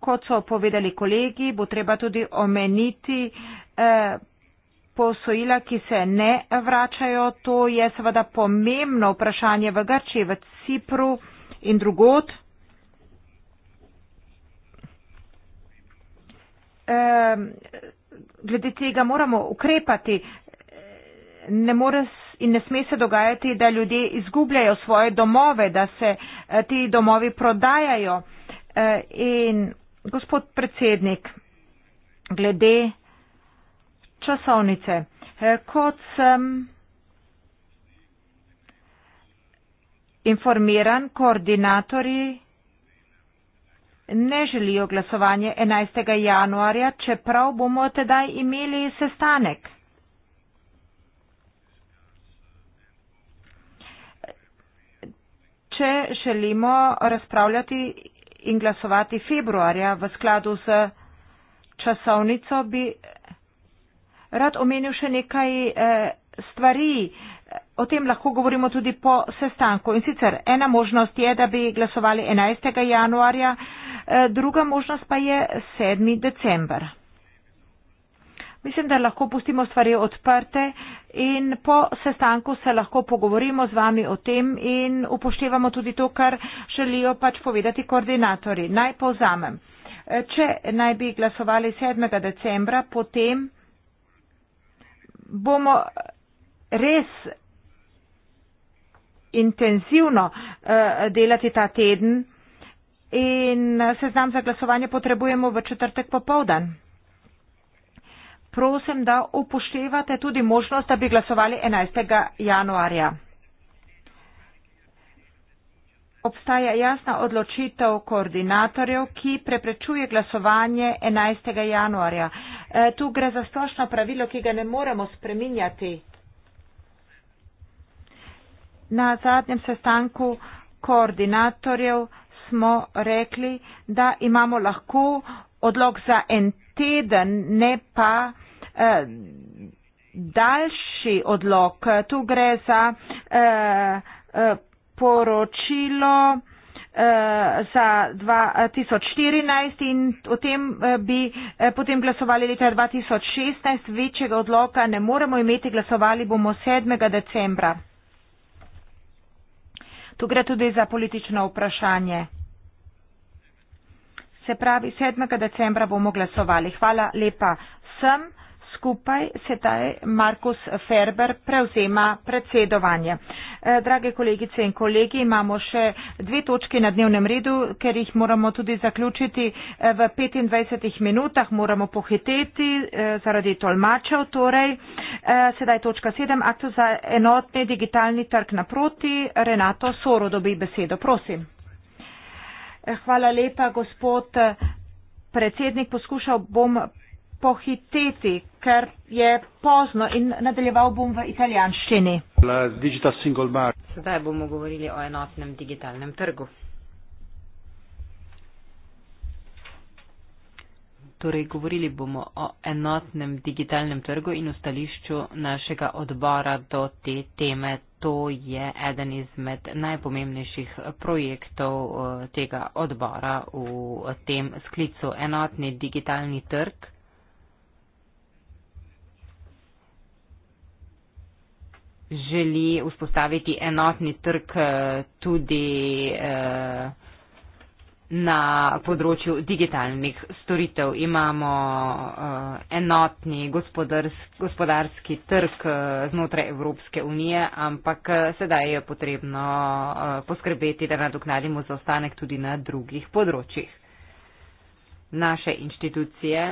Kot so povedali kolegi, bo treba tudi omeniti eh, posojila, ki se ne vračajo. To je seveda pomembno vprašanje v Grčiji, v Cipru in drugot. Eh, glede tega moramo ukrepati, ne more in ne sme se dogajati, da ljudje izgubljajo svoje domove, da se eh, ti domovi prodajajo. Eh, in gospod predsednik, glede časovnice, eh, kot sem informiran, koordinatori ne želijo glasovanje 11. januarja, čeprav bomo tedaj imeli sestanek. če želimo razpravljati in glasovati februarja v skladu z časovnico, bi rad omenil še nekaj eh, stvari. O tem lahko govorimo tudi po sestanku. In sicer ena možnost je, da bi glasovali 11. januarja, eh, druga možnost pa je 7. decembra. Mislim, da lahko pustimo stvari odprte in po sestanku se lahko pogovorimo z vami o tem in upoštevamo tudi to, kar želijo pač povedati koordinatori. Naj povzamem. Če naj bi glasovali 7. decembra, potem bomo res intenzivno eh, delati ta teden in eh, seznam za glasovanje potrebujemo v četrtek popovdan prosim, da upoštevate tudi možnost, da bi glasovali 11. januarja. Obstaja jasna odločitev koordinatorjev, ki preprečuje glasovanje 11. januarja. E, tu gre za splošno pravilo, ki ga ne moremo spreminjati. Na zadnjem sestanku koordinatorjev smo rekli, da imamo lahko odlog za en teden, ne pa eh, daljši odlog. Tu gre za eh, eh poročilo eh, za 2014 eh, in o tem bi potem glasovali leta 2016. Večjega odloka ne moremo imeti, glasovali bomo 7. decembra. Tu gre tudi za politično vprašanje se pravi 7. decembra bomo glasovali. Hvala lepa vsem. Skupaj sedaj Markus Ferber prevzema predsedovanje. Eh, drage kolegice in kolegi, imamo še dve točke na dnevnem redu, ker jih moramo tudi zaključiti eh, v 25 minutah, moramo pohiteti eh, zaradi tolmačev. Torej, sedaj točka 7, akt za enotni digitalni trg naproti. Renato Soro dobi besedo, prosim. Hvala lepa, gospod eh, predsednik. Poskušal bom pohiteti, ker je pozno in nadaljeval bom v italijanščini. Sedaj bomo govorili o enotnem digitalnem trgu. Torej, govorili bomo o enotnem digitalnem trgu in o stališču našega odbora do te teme to je eden izmed najpomembnejših projektov eh, tega odbora v tem sklicu enotni digitalni trg. Želi vzpostaviti enotni trg eh, tudi eh, na področju digitalnih storitev. Imamo uh, enotni gospodarski, gospodarski trg uh, znotraj Evropske unije, ampak uh, sedaj je potrebno uh, poskrbeti, da nadoknadimo zaostanek tudi na drugih področjih. Naše inštitucije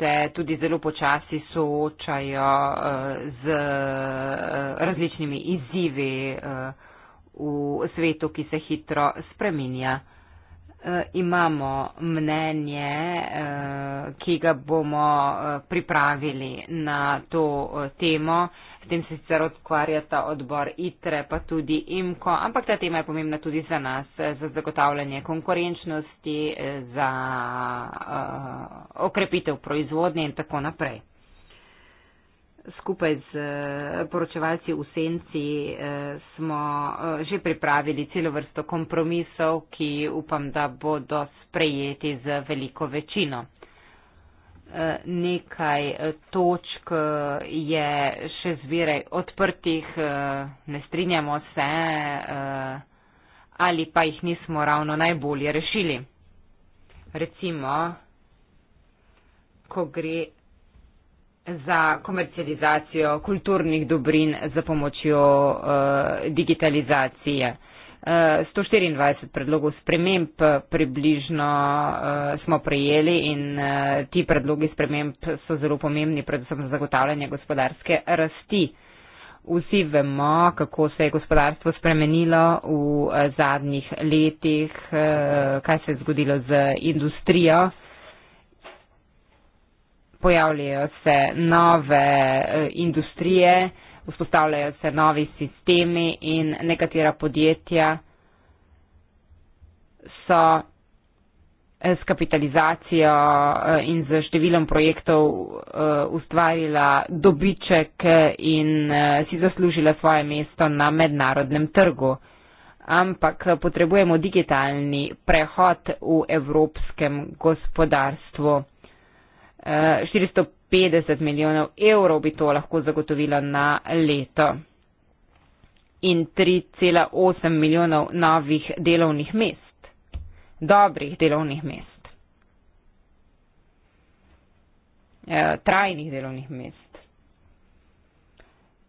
se tudi zelo počasi soočajo uh, z uh, različnimi izzivi. Uh, v svetu, ki se hitro spreminja. E, imamo mnenje, e, ki ga bomo e, pripravili na to temo. S tem se sicer odkvarjata odbor ITRE, pa tudi IMKO, ampak ta tema je pomembna tudi za nas, za zagotavljanje konkurenčnosti, za okrepitev proizvodnje in tako naprej skupaj z eh, poročevalci v senci eh, smo eh, že pripravili celo vrsto kompromisov, ki upam, da bodo sprejeti z veliko večino. Nekaj točk je še zviraj odprtih, ne strinjamo se ali pa jih nismo ravno najbolje rešili. Recimo, ko gre za komercializacijo kulturnih dobrin za pomočjo uh, digitalizacije. Uh, eh, 124 predlogov sprememb približno uh, smo prejeli in uh, ti predlogi sprememb so zelo pomembni, predvsem za zagotavljanje gospodarske rasti. Vsi vemo, kako se je gospodarstvo spremenilo v uh, zadnjih letih, uh, kaj se je zgodilo z industrijo. Uh, pojavljajo se nove eh, industrije, vzpostavljajo se novi sistemi in nekatera podjetja so eh, s kapitalizacijo eh, in z številom projektov ustvarila dobiček in si zaslužila svoje mesto na mednarodnem trgu. Ampak potrebujemo digitalni prehod v evropskem gospodarstvu. 450 milijonov evrov bi to lahko zagotovilo na leto in 3,8 milijonov novih delovnih mest, dobrih delovnih mest, e, trajnih delovnih mest.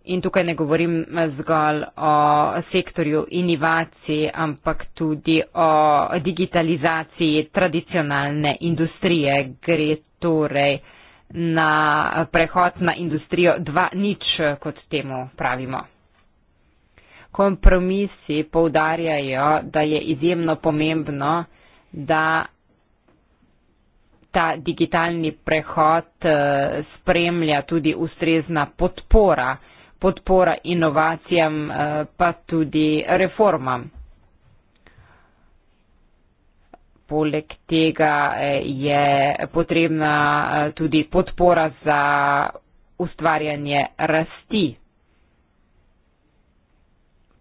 In tukaj ne govorim e, zgolj o sektorju inovacij, ampak tudi o digitalizaciji tradicionalne industrije. Gre torej na prehod na industrijo 2.0, kot temu pravimo. Kompromisi poudarjajo, da je izjemno pomembno, da ta digitalni prehod eh, spremlja tudi ustrezna podpora, podpora inovacijam, eh, pa tudi reformam. poleg tega eh, je potrebna eh, tudi podpora za ustvarjanje rasti.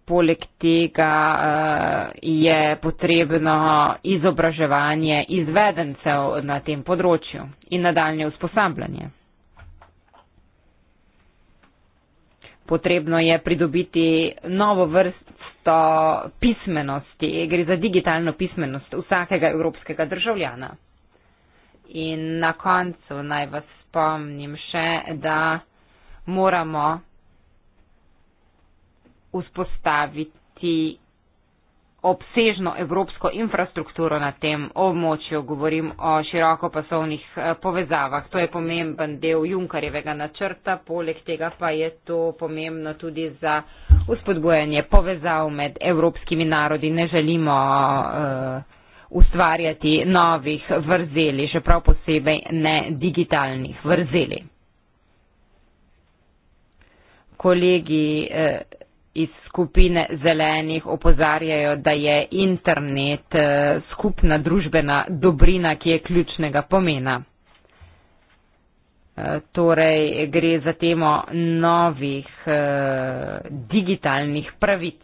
Poleg tega eh, je potrebno izobraževanje izvedencev na tem področju in nadaljne usposabljanje. Potrebno je pridobiti novo vrst, vrsto pismenosti, gre za digitalno pismenost vsakega evropskega državljana. In na koncu naj vas spomnim še, da moramo vzpostaviti obsežno evropsko infrastrukturo na tem območju. Govorim o širokopasovnih eh, povezavah. To je pomemben del Junkarjevega načrta, poleg tega pa je to pomembno tudi za uspodbujanje povezav med evropskimi narodi, ne želimo uh, ustvarjati novih vrzeli, še prav posebej ne digitalnih vrzeli. Kolegi uh, iz skupine zelenih opozarjajo, da je internet uh, skupna družbena dobrina, ki je ključnega pomena. Eh, torej gre za temo novih eh, digitalnih pravic.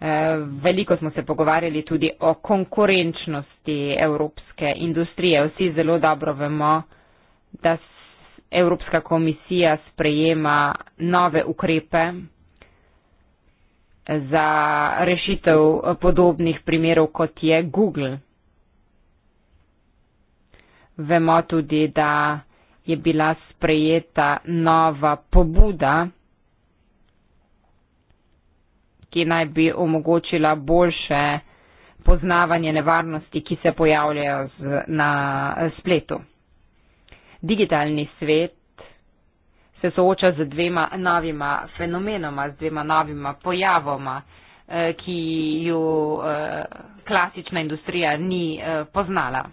Eh, veliko smo se pogovarjali tudi o konkurenčnosti evropske industrije. Vsi zelo dobro vemo, da Evropska komisija sprejema nove ukrepe za rešitev podobnih primerov, kot je Google vemo tudi, da je bila sprejeta nova pobuda, ki naj bi omogočila boljše poznavanje nevarnosti, ki se pojavljajo z, na spletu. Digitalni svet se sooča z dvema novima fenomenoma, z dvema novima pojavoma, eh, ki ju eh, klasična industrija ni eh, poznala.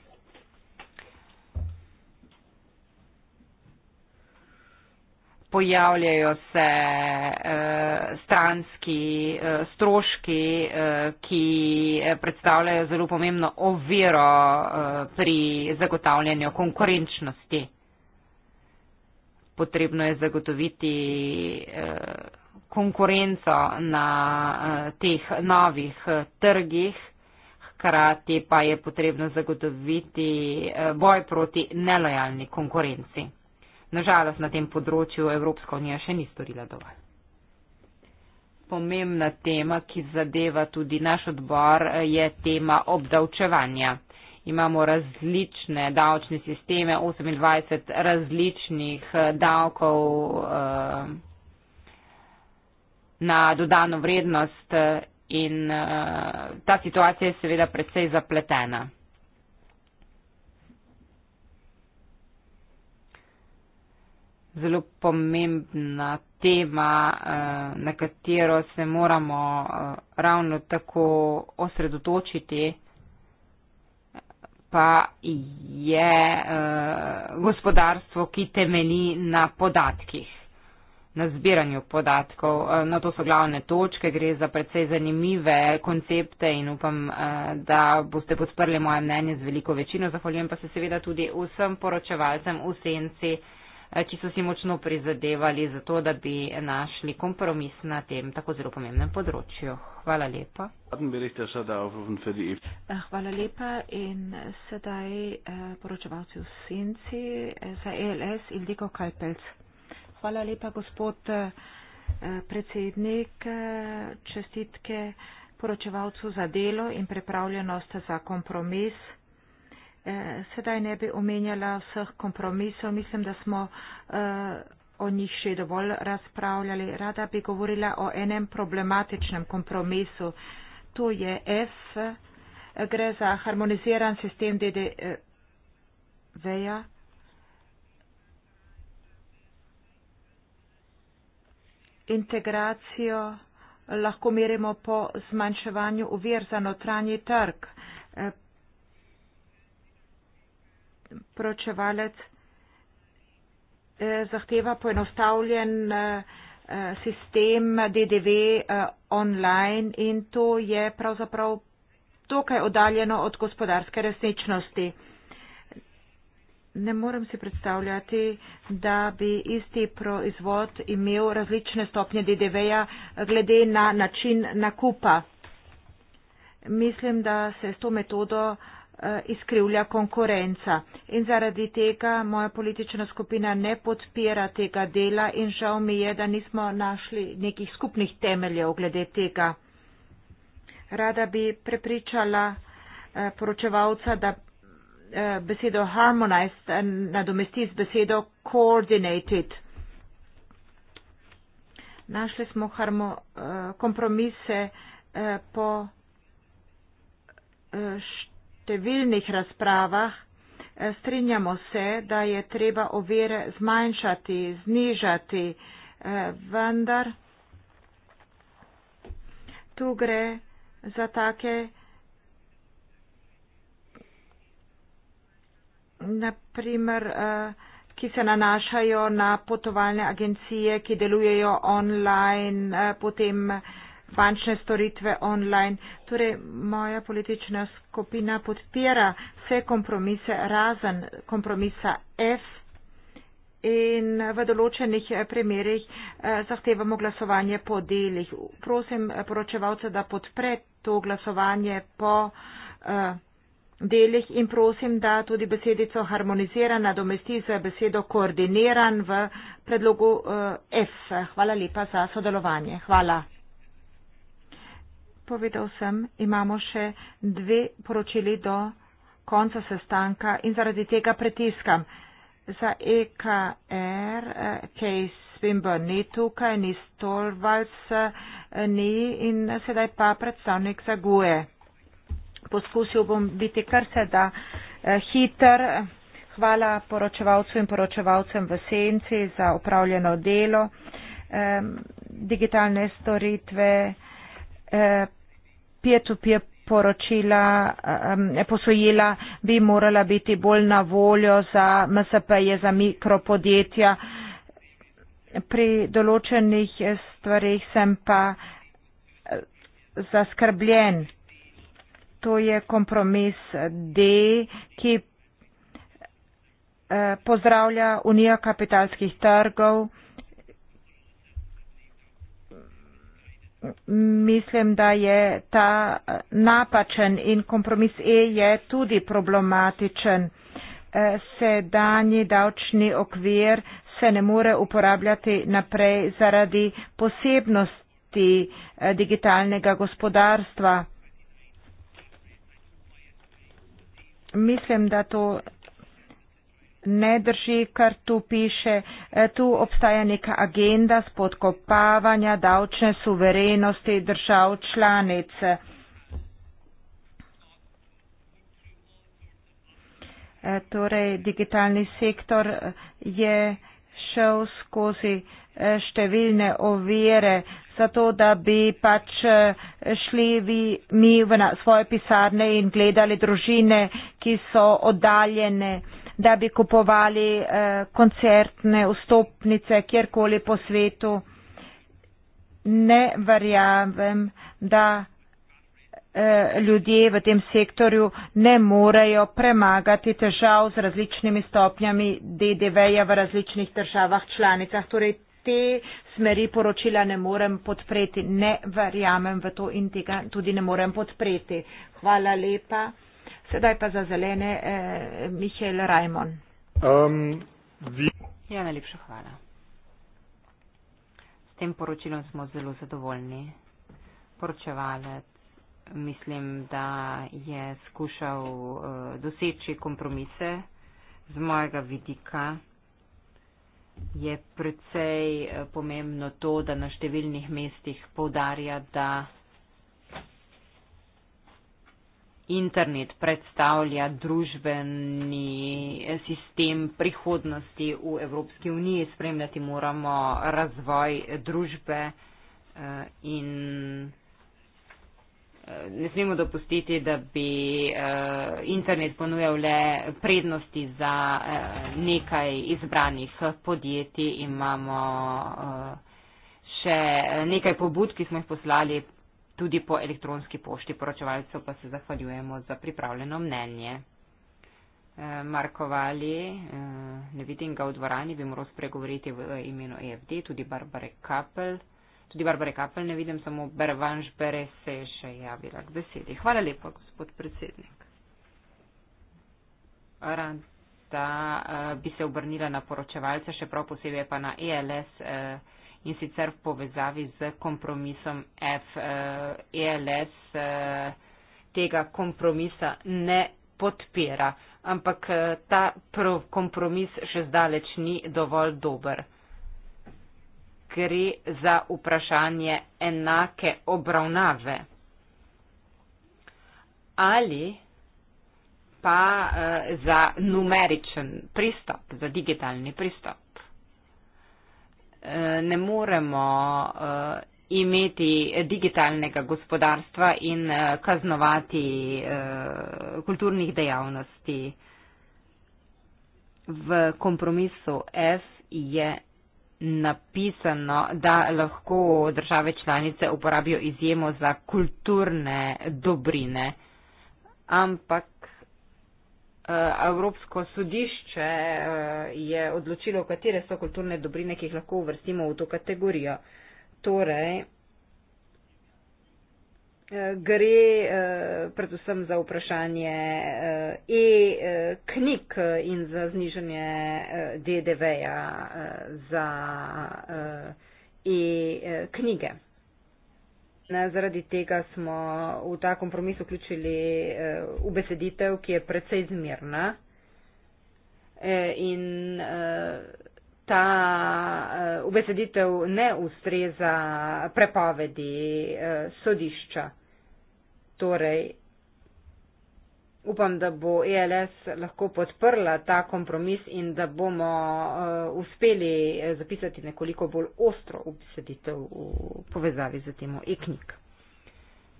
pojavljajo se eh, stranski eh, stroški, eh, ki eh, predstavljajo zelo pomembno oviro eh, pri zagotavljanju konkurenčnosti. Potrebno je zagotoviti eh, konkurenco na eh, teh novih eh, trgih, hkrati pa je potrebno zagotoviti eh, boj proti nelojalni konkurenci. Nažalost, na tem področju Evropska unija še ni storila dovolj. Pomembna tema, ki zadeva tudi naš odbor, je tema obdavčevanja. Imamo različne davčne sisteme, 28 različnih eh, davkov eh, na dodano vrednost eh, in ta situacija je seveda predvsej zapletena. zelo pomembna tema, eh, na katero se moramo eh, ravno tako osredotočiti, pa je eh, gospodarstvo, ki temeli na podatkih na zbiranju podatkov. Na no, to so glavne točke, gre za predvsej zanimive koncepte in upam, da boste podprli moje mnenje z veliko večino. Zahvaljujem pa se seveda tudi vsem poročevalcem v senci. Eh, ki so si močno prizadevali za to, da bi našli kompromis na tem tako zelo pomembnem področju. Hvala lepa. Eh, hvala lepa in sedaj eh, poročevalci v Senci eh, za ELS Ildiko Kalpelc. Hvala lepa, gospod eh, predsednik, eh, čestitke poročevalcu za delo in pripravljenost za kompromis. Eh, sedaj ne bi omenjala vseh kompromisov, mislim, da smo eh, o njih še dovolj razpravljali. Rada bi govorila o enem problematičnem kompromisu. To je F, gre za harmoniziran sistem DDV-ja. E Integracijo lahko merimo po zmanjševanju uvir za notranji trg. proračevalec eh, zahteva poenostavljen eh, eh, sistem DDV online in to je pravzaprav dokaj oddaljeno od gospodarske resničnosti. Ne morem si predstavljati, da bi isti proizvod imel različne stopnje DDV-ja glede na način nakupa. Mislim, da se s to metodo uh, Eh, izkrivlja konkurenca. In zaradi tega moja politična skupina ne podpira tega dela in žal mi je, da nismo našli nekih skupnih temeljev glede tega. Rada bi prepričala eh, poročevalca, da eh, besedo harmonized nadomesti z besedo coordinated. Našli smo harmo, kompromise po številnih razpravah eh, strinjamo se, da je treba ovire zmanjšati, znižati, eh, vendar tu gre za take naprimer, eh, ki se nanašajo na potovalne agencije, ki delujejo online, potem bančne storitve online. Torej, moja politična skupina podpira vse kompromise razen kompromisa F in v določenih eh, primerjih eh, zahtevamo glasovanje po delih. Prosim eh, poročevalce, da podpre to glasovanje po delih in prosim, da tudi besedico harmoniziran nadomesti z besedo koordiniran v predlogu F. Hvala lepa za sodelovanje. Hvala povedal sem, imamo še dve poročili do konca sestanka in zaradi tega pritiskam. Za EKR, Case eh, Swinburne ni tukaj, ni Stolvals, eh, ni in sedaj pa predstavnik za GUE. Poskusil bom biti kar se da eh, hiter. Hvala poročevalcu in poročevalcem v senci za upravljeno delo. Digitalne storitve peer-to-peer poročila, posojila bi morala biti bolj na voljo za MSP-je, za mikropodjetja. Pri določenih stvarih sem pa eh, zaskrbljen. To je kompromis D, ki eh, pozdravlja Unijo kapitalskih trgov. mislim, da je ta eh, napačen in kompromis E je tudi problematičen. Eh, sedanji davčni okvir se ne more uporabljati naprej zaradi posebnosti eh, digitalnega gospodarstva. Mislim, da to ne drži, kar tu piše. E, tu obstaja neka agenda spodkopavanja davčne suverenosti držav članic. E, torej, digitalni sektor je šel skozi e, številne ovire, zato da bi pač šli vi, mi v svoje pisarne in gledali družine, ki so oddaljene da bi kupovali eh, koncertne vstopnice kjerkoli po svetu. Ne verjamem, da eh, ljudje v tem sektorju ne morejo premagati težav z različnimi stopnjami DDV-ja v različnih državah članicah. Torej, te smeri poročila ne morem podpreti. Ne verjamem v to in tega tudi ne morem podpreti. Hvala lepa. Sedaj pa za zelene, eh, Mihajl Rajmon. Um, vi... Ja, najlepša hvala. S tem poročilom smo zelo zadovoljni. Poročevalec, mislim, da je skušal eh, doseči kompromise z mojega vidika. Je precej eh, pomembno to, da na številnih mestih povdarja, da internet predstavlja družbeni sistem prihodnosti v Evropski uniji. Spremljati moramo razvoj družbe eh, in eh, ne smemo dopustiti, da bi eh, internet ponujal le prednosti za nekaj izbranih podjetij. Imamo še nekaj pobud, ki smo jih poslali tudi po elektronski pošti poročevalcev, pa se zahvaljujemo za pripravljeno mnenje. Eh, Marko Vali, eh, ne vidim ga v dvorani, bi moral spregovoriti v imenu EFD, tudi Barbare Kapel. Tudi Barbare Kapel ne vidim, samo Bervanž Bere se je še javila k besedi. Hvala lepa, gospod predsednik. Aranta, eh, bi se obrnila na poročevalce, še prav posebej pa na ELS. Eh, in sicer v povezavi z kompromisom FELS eh, e eh, tega kompromisa ne podpira. Ampak eh, ta kompromis še zdaleč ni dovolj dober. Gre za vprašanje enake obravnave. Ali pa za numeričen pristop, za digitalni pristop ne moremo eh, imeti digitalnega gospodarstva in eh, kaznovati eh, kulturnih dejavnosti. V kompromisu F je napisano, da lahko države članice uporabijo izjemo za kulturne dobrine, ampak Eh, Evropsko sodišče eh, je odločilo, katere so kulturne dobrine, ki jih lahko uvrstimo v to kategorijo. Torej, eh, gre predvsem za vprašanje e-knjig e, in za znižanje DDV-ja za e-knjige. E, Ne, zaradi tega smo v ta kompromis vključili eh, ubeseditev, ki je precej zmirna. Eh, in eh, ta eh, ubeseditev ne ustreza prepovedi eh, sodišča. Torej, upam, da bo ELS lahko podprla ta kompromis in da bomo uh, uspeli eh, zapisati nekoliko bolj ostro obseditev v povezavi z temo e-knjig.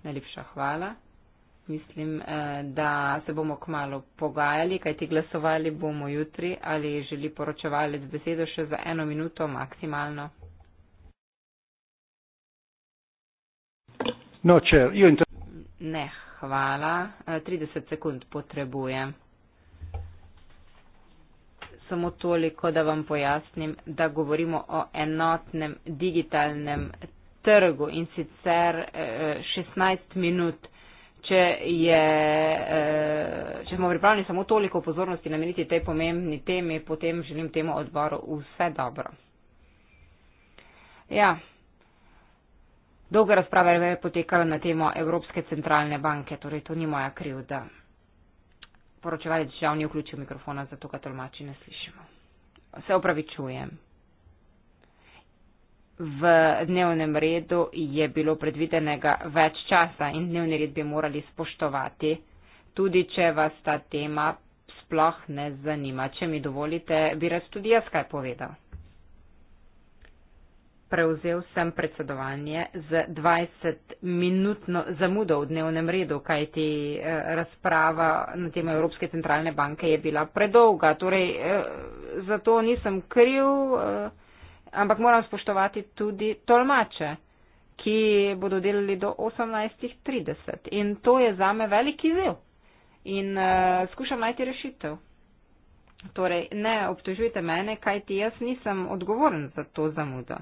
Najlepša hvala. Mislim, eh, da se bomo kmalo pogajali, kajti glasovali bomo jutri ali želi poročevalec besedo še za eno minuto maksimalno. No, če, ne, Hvala. 30 eh, sekund potrebujem. Samo toliko, da vam pojasnim, da govorimo o enotnem digitalnem trgu in sicer 16 eh, minut. Če, je, eh, če smo pripravljeni samo toliko pozornosti nameniti tej pomembni temi, potem želim temu odboru vse dobro. Ja. Dolga razprava je potekala na temo Evropske centralne banke, torej to ni moja krivda. Poročevalec žal ni vključil mikrofona, zato ga tolmači ne slišimo. Se opravičujem. V dnevnem redu je bilo predvidenega več časa in dnevni red bi morali spoštovati, tudi če vas ta tema sploh ne zanima. Če mi dovolite, bi res tudi jaz kaj povedal prevzel sem predsedovanje z 20-minutno zamudo v dnevnem redu, kajti eh, razprava na temo Evropske centralne banke je bila predolga. Torej, eh, zato nisem kriv, eh, ampak moram spoštovati tudi tolmače, ki bodo delali do 18.30. In to je zame veliki zil. In skušam najti rešitev. Torej, ne obtožujte mene, kajti jaz nisem odgovoren za to zamudo.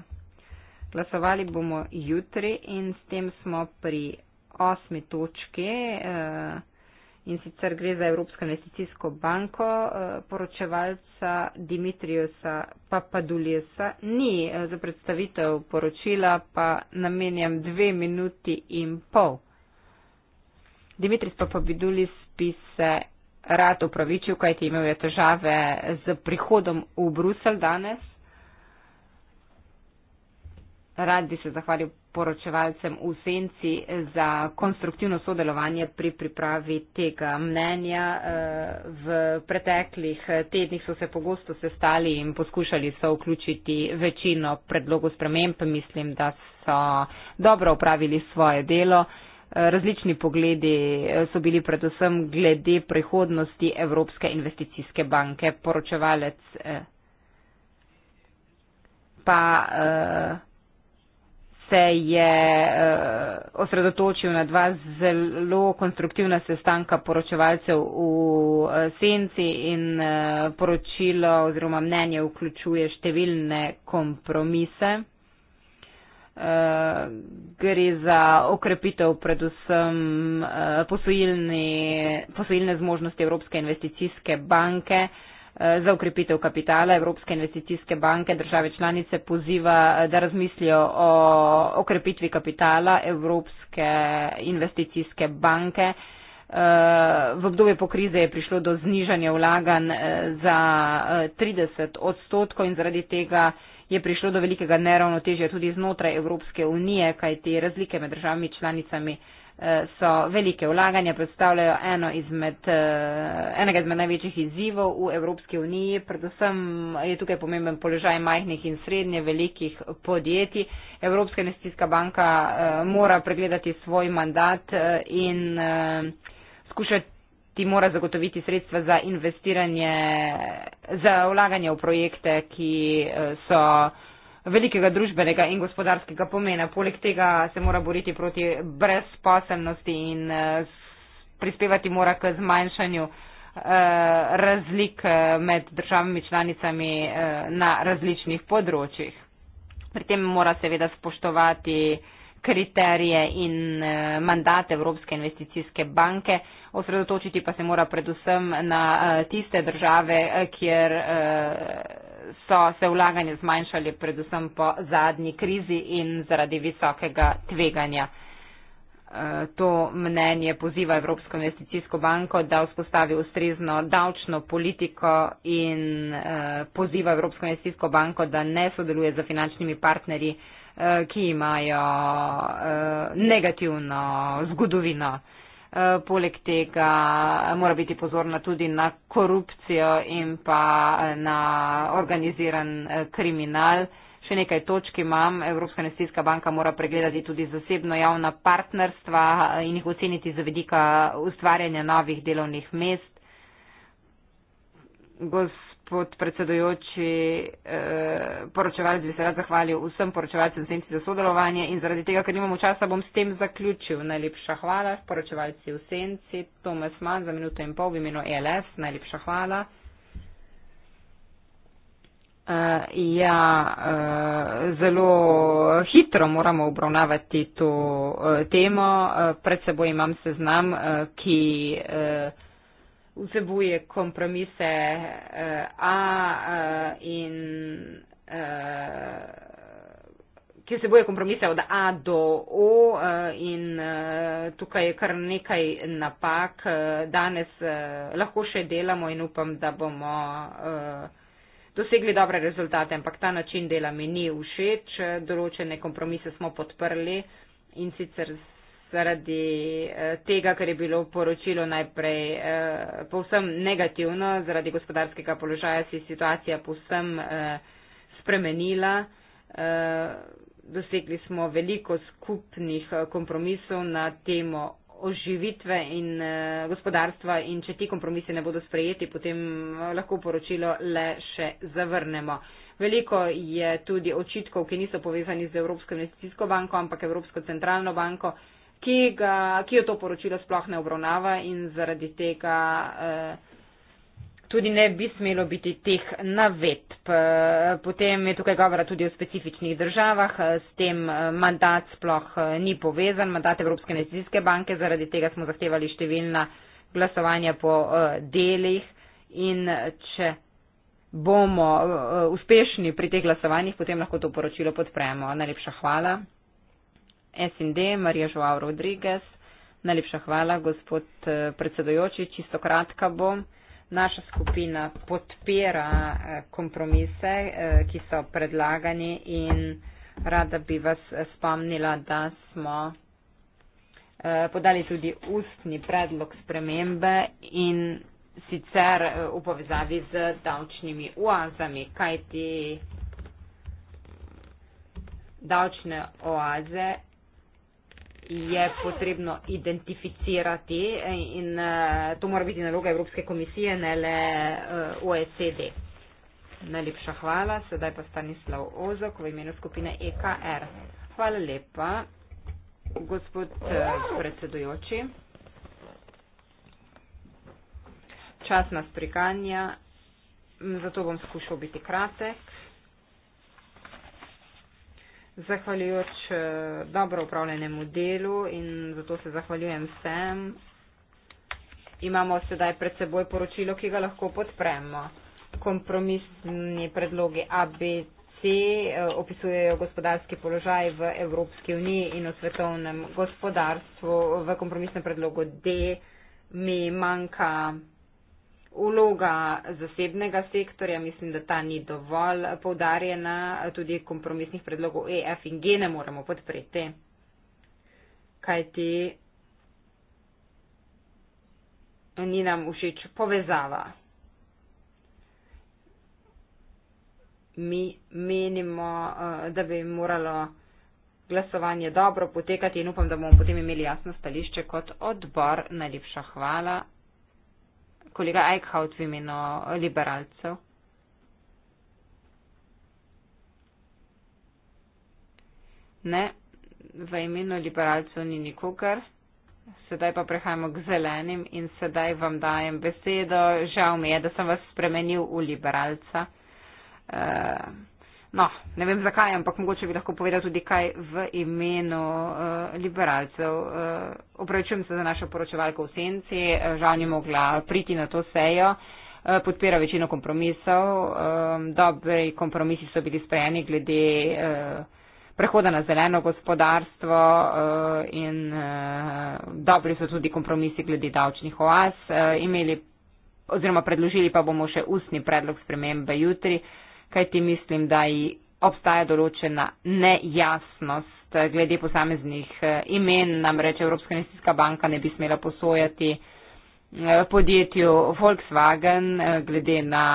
Glasovali bomo jutri in s tem smo pri osmi točki eh, in sicer gre za Evropsko investicijsko banko eh, poročevalca Dimitrijusa Papadulisa. Ni eh, za predstavitev poročila, pa namenjam dve minuti in pol. Dimitris Papadulis bi se rad upravičil, kajti imel je težave z prihodom v Bruselj danes. Rad bi se zahvalil poročevalcem v senci za konstruktivno sodelovanje pri pripravi tega mnenja. Eh, v preteklih tednih so se pogosto sestali in poskušali so vključiti večino predlogov sprememb. Mislim, da so dobro upravili svoje delo. Eh, različni pogledi eh, so bili predvsem glede prihodnosti Evropske investicijske banke. Poročevalec pa. Uh, se je uh, osredotočil na dva zelo konstruktivna sestanka poročevalcev v uh, senci in uh, poročilo oziroma mnenje vključuje številne kompromise. Uh, gre za okrepitev predvsem uh, posojilne zmožnosti Evropske investicijske banke, uh, Eh, za ukrepitev kapitala. Evropske investicijske banke države članice poziva, eh, da razmislijo o okrepitvi kapitala Evropske investicijske banke. Eh, v obdobju po krize je prišlo do znižanja vlaganj za 30 odstotkov in zaradi tega je prišlo do velikega neravnotežja tudi znotraj Evropske unije, kaj te razlike med državami članicami so velike vlaganja predstavljajo eno izmed, eh, enega izmed največjih izzivov v Evropski uniji. Predvsem je tukaj pomemben položaj majhnih in srednje velikih podjetij. Evropska investicijska banka eh, mora pregledati svoj mandat eh, in skušati mora zagotoviti sredstva za investiranje, za vlaganje v projekte, ki so velikega družbenega in gospodarskega pomena. Poleg tega se mora boriti proti brezposelnosti in eh, prispevati mora k zmanjšanju eh, razlik eh, med državami članicami na različnih področjih. Pri tem mora seveda spoštovati kriterije in mandat Evropske investicijske banke, osredotočiti pa se mora predvsem na tiste države, kjer so se vlaganje zmanjšali predvsem po zadnji krizi in zaradi visokega tveganja. E, to mnenje poziva Evropsko investicijsko banko, da vzpostavi ustrezno davčno politiko in e, poziva Evropsko investicijsko banko, da ne sodeluje za finančnimi partnerji, e, ki imajo negativno zgodovino. Eh, poleg tega mora biti pozorna tudi na korupcijo in pa eh, na organiziran eh, kriminal. Še nekaj točk imam. Evropska investicijska banka mora pregledati tudi zasebno javna partnerstva in jih oceniti z vedika ustvarjanja novih delovnih mest. Gos gospod predsedujoči, eh, poročevalec bi se rad zahvalil vsem poročevalcem senci za sodelovanje in zaradi tega, ker nimamo časa, bom s tem zaključil. Najlepša hvala, poročevalci v senci, Tomas Man za minuto in pol v imenu ELS, najlepša hvala. Uh, ja, uh, zelo hitro moramo obravnavati to uh, temo. Uh, pred seboj imam seznam, uh, ki. Uh, vsebuje kompromise uh, A uh, in uh, ki se boje kompromise od A do O in tukaj je kar nekaj napak. Danes lahko še delamo in upam, da bomo dosegli dobre rezultate, ampak ta način dela mi ni všeč. Določene kompromise smo podprli in sicer z zaradi eh, tega, ker je bilo poročilo najprej eh, povsem negativno, zaradi gospodarskega položaja se je situacija povsem eh, spremenila. Dosegli smo veliko skupnih kompromisov na temo oživitve in gospodarstva in če ti kompromisi ne bodo sprejeti, potem lahko poročilo le še zavrnemo. Veliko je tudi očitkov, ki niso povezani z Evropsko investicijsko banko, ampak Evropsko centralno banko, ki, ga, ki jo to poročilo sploh ne obravnava in zaradi tega eh, tudi ne bi smelo biti teh navedb. Eh, potem je tukaj govora tudi o specifičnih državah, eh, s tem mandat sploh ni povezan, mandat Evropske investicijske banke, zaradi tega smo zahtevali številna glasovanja po delih in če bomo uspešni pri teh glasovanjih, potem lahko to poročilo podpremo. Najlepša hvala. SND Marija Žuav Rodriguez. Najlepša hvala, gospod eh, predsedojoči. Čisto kratka bom. Naša skupina podpira eh, kompromise, eh, ki so predlagani in rada bi vas spomnila, da smo podali tudi ustni predlog spremembe in sicer v povezavi z davčnimi oazami, kajti davčne oaze je potrebno identificirati in eh, to mora biti naloga Evropske komisije, ne le eh, OECD. Najlepša hvala, sedaj pa Stanislav Ozok v imenu skupine EKR. Hvala lepa, gospod eh, predsedujoči. Čas nas priganja, zato bom skušal biti kratek zahvaljujoč eh, dobro upravljenemu delu in zato se zahvaljujem vsem. Imamo sedaj pred seboj poročilo, ki ga lahko podpremo. Kompromisni predlogi ABC eh, opisujejo gospodarski položaj v Evropski uniji in v svetovnem gospodarstvu. V kompromisnem predlogu D mi manjka. Vloga zasebnega sektorja, mislim, da ta ni dovolj poudarjena, tudi kompromisnih predlogov EF in G ne moremo podpreti. Kaj ti ni nam všeč povezava? Mi menimo, eh, da bi moralo glasovanje dobro potekati in upam, da bomo potem imeli jasno stališče kot odbor. Najlepša hvala kolega Eichhout v imenu liberalcev. Ne, v imenu liberalcev ni nikogar. Sedaj pa prehajamo k zelenim in sedaj vam dajem besedo. Žal mi je, da sem vas spremenil v liberalca. Uh, No, ne vem zakaj, ampak mogoče bi lahko povedal tudi kaj v imenu uh, liberalcev. Uh, Opravičujem se za našo poročevalko v senci, eh, žal ni mogla priti na to sejo. Podpira večino kompromisov. Dobri kompromisi so bili sprejeni glede prehoda na zeleno gospodarstvo in dobri so tudi kompromisi glede davčnih oaz. Imeli, predložili pa bomo še ustni predlog spremembe jutri kajti mislim, da obstaja določena nejasnost glede posameznih eh, imen. Namreč Evropska investicijska banka ne bi smela posojati eh, podjetju Volkswagen eh, glede na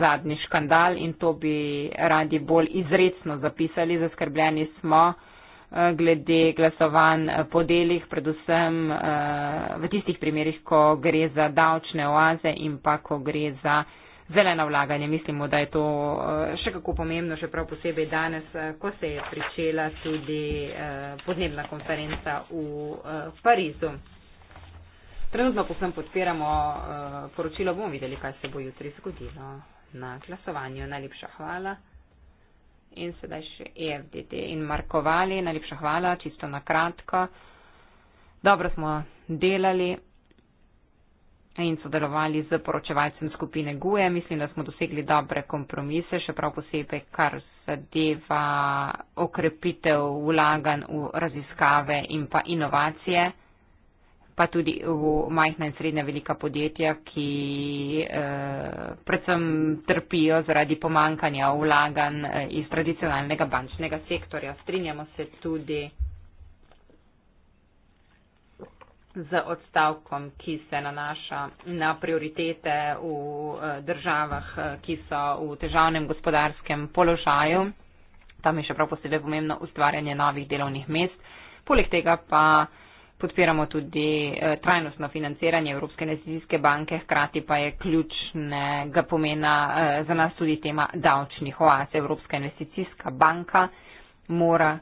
zadnji škandal in to bi radi bolj izredno zapisali. Zaskrbljeni smo glede glasovanj po delih, predvsem v tistih primerjih, ko gre za davčne oaze in pa ko gre za zelena vlaganja. Mislimo, da je to eh, še kako pomembno, še prav posebej danes, eh, ko se je pričela tudi eh, podnebna konferenca v Parizu. Trenutno posem podpiramo poročilo, bomo videli, kaj se bo jutri zgodilo na glasovanju. Najlepša hvala. In sedaj še EFDT in Markovali. Najlepša hvala, čisto na kratko. Dobro smo delali in sodelovali z poročevalcem skupine GUE. Mislim, da smo dosegli dobre kompromise, še prav posebej, kar zadeva okrepitev vlagan v raziskave in pa inovacije, pa tudi v majhna in srednja velika podjetja, ki eh, predvsem trpijo zaradi pomankanja vlagan eh, iz tradicionalnega bančnega sektorja. Strinjamo se tudi. z odstavkom, ki se nanaša na prioritete v eh, državah, eh, ki so v težavnem gospodarskem položaju. Tam je še prav posebej pomembno ustvarjanje novih delovnih mest. Poleg tega pa podpiramo tudi eh, trajnostno financiranje Evropske investicijske banke, hkrati pa je ključnega pomena za nas tudi tema davčnih oaz. Evropska investicijska banka mora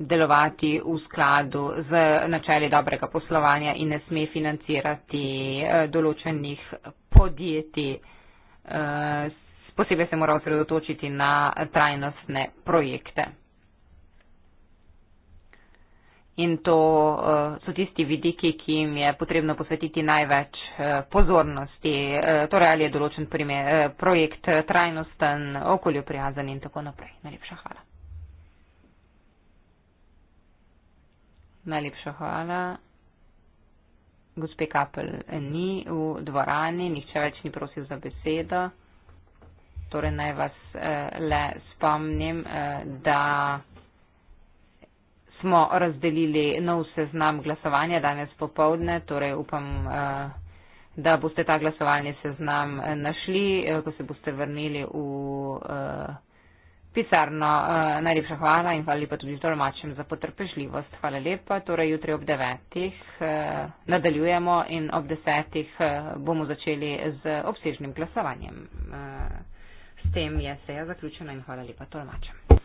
delovati v skladu z načeli dobrega poslovanja in ne sme financirati eh, določenih podjetij. Eh, posebej se mora osredotočiti na trajnostne projekte. In to eh, so tisti vidiki, ki jim je potrebno posvetiti največ pozornosti, torej ali je določen primer, projekt trajnosten, okoljoprijazen in tako naprej. Najlepša hvala. Najlepša hvala. Gospe Kapel ni v dvorani, nihče več ni prosil za besedo. Torej naj vas eh, le spomnim, eh, da smo razdelili nov seznam glasovanja danes popovdne, torej upam, eh, da boste ta glasovanje seznam eh, našli, eh, ko se boste vrnili v. Eh, Pisarno, eh, najlepša hvala in hvala lepa tudi tolmačem za potrpežljivost. Hvala lepa, torej jutri ob devetih eh, nadaljujemo in ob desetih eh, bomo začeli z obsežnim glasovanjem. Eh, s tem je seja zaključena in hvala lepa tolmačem.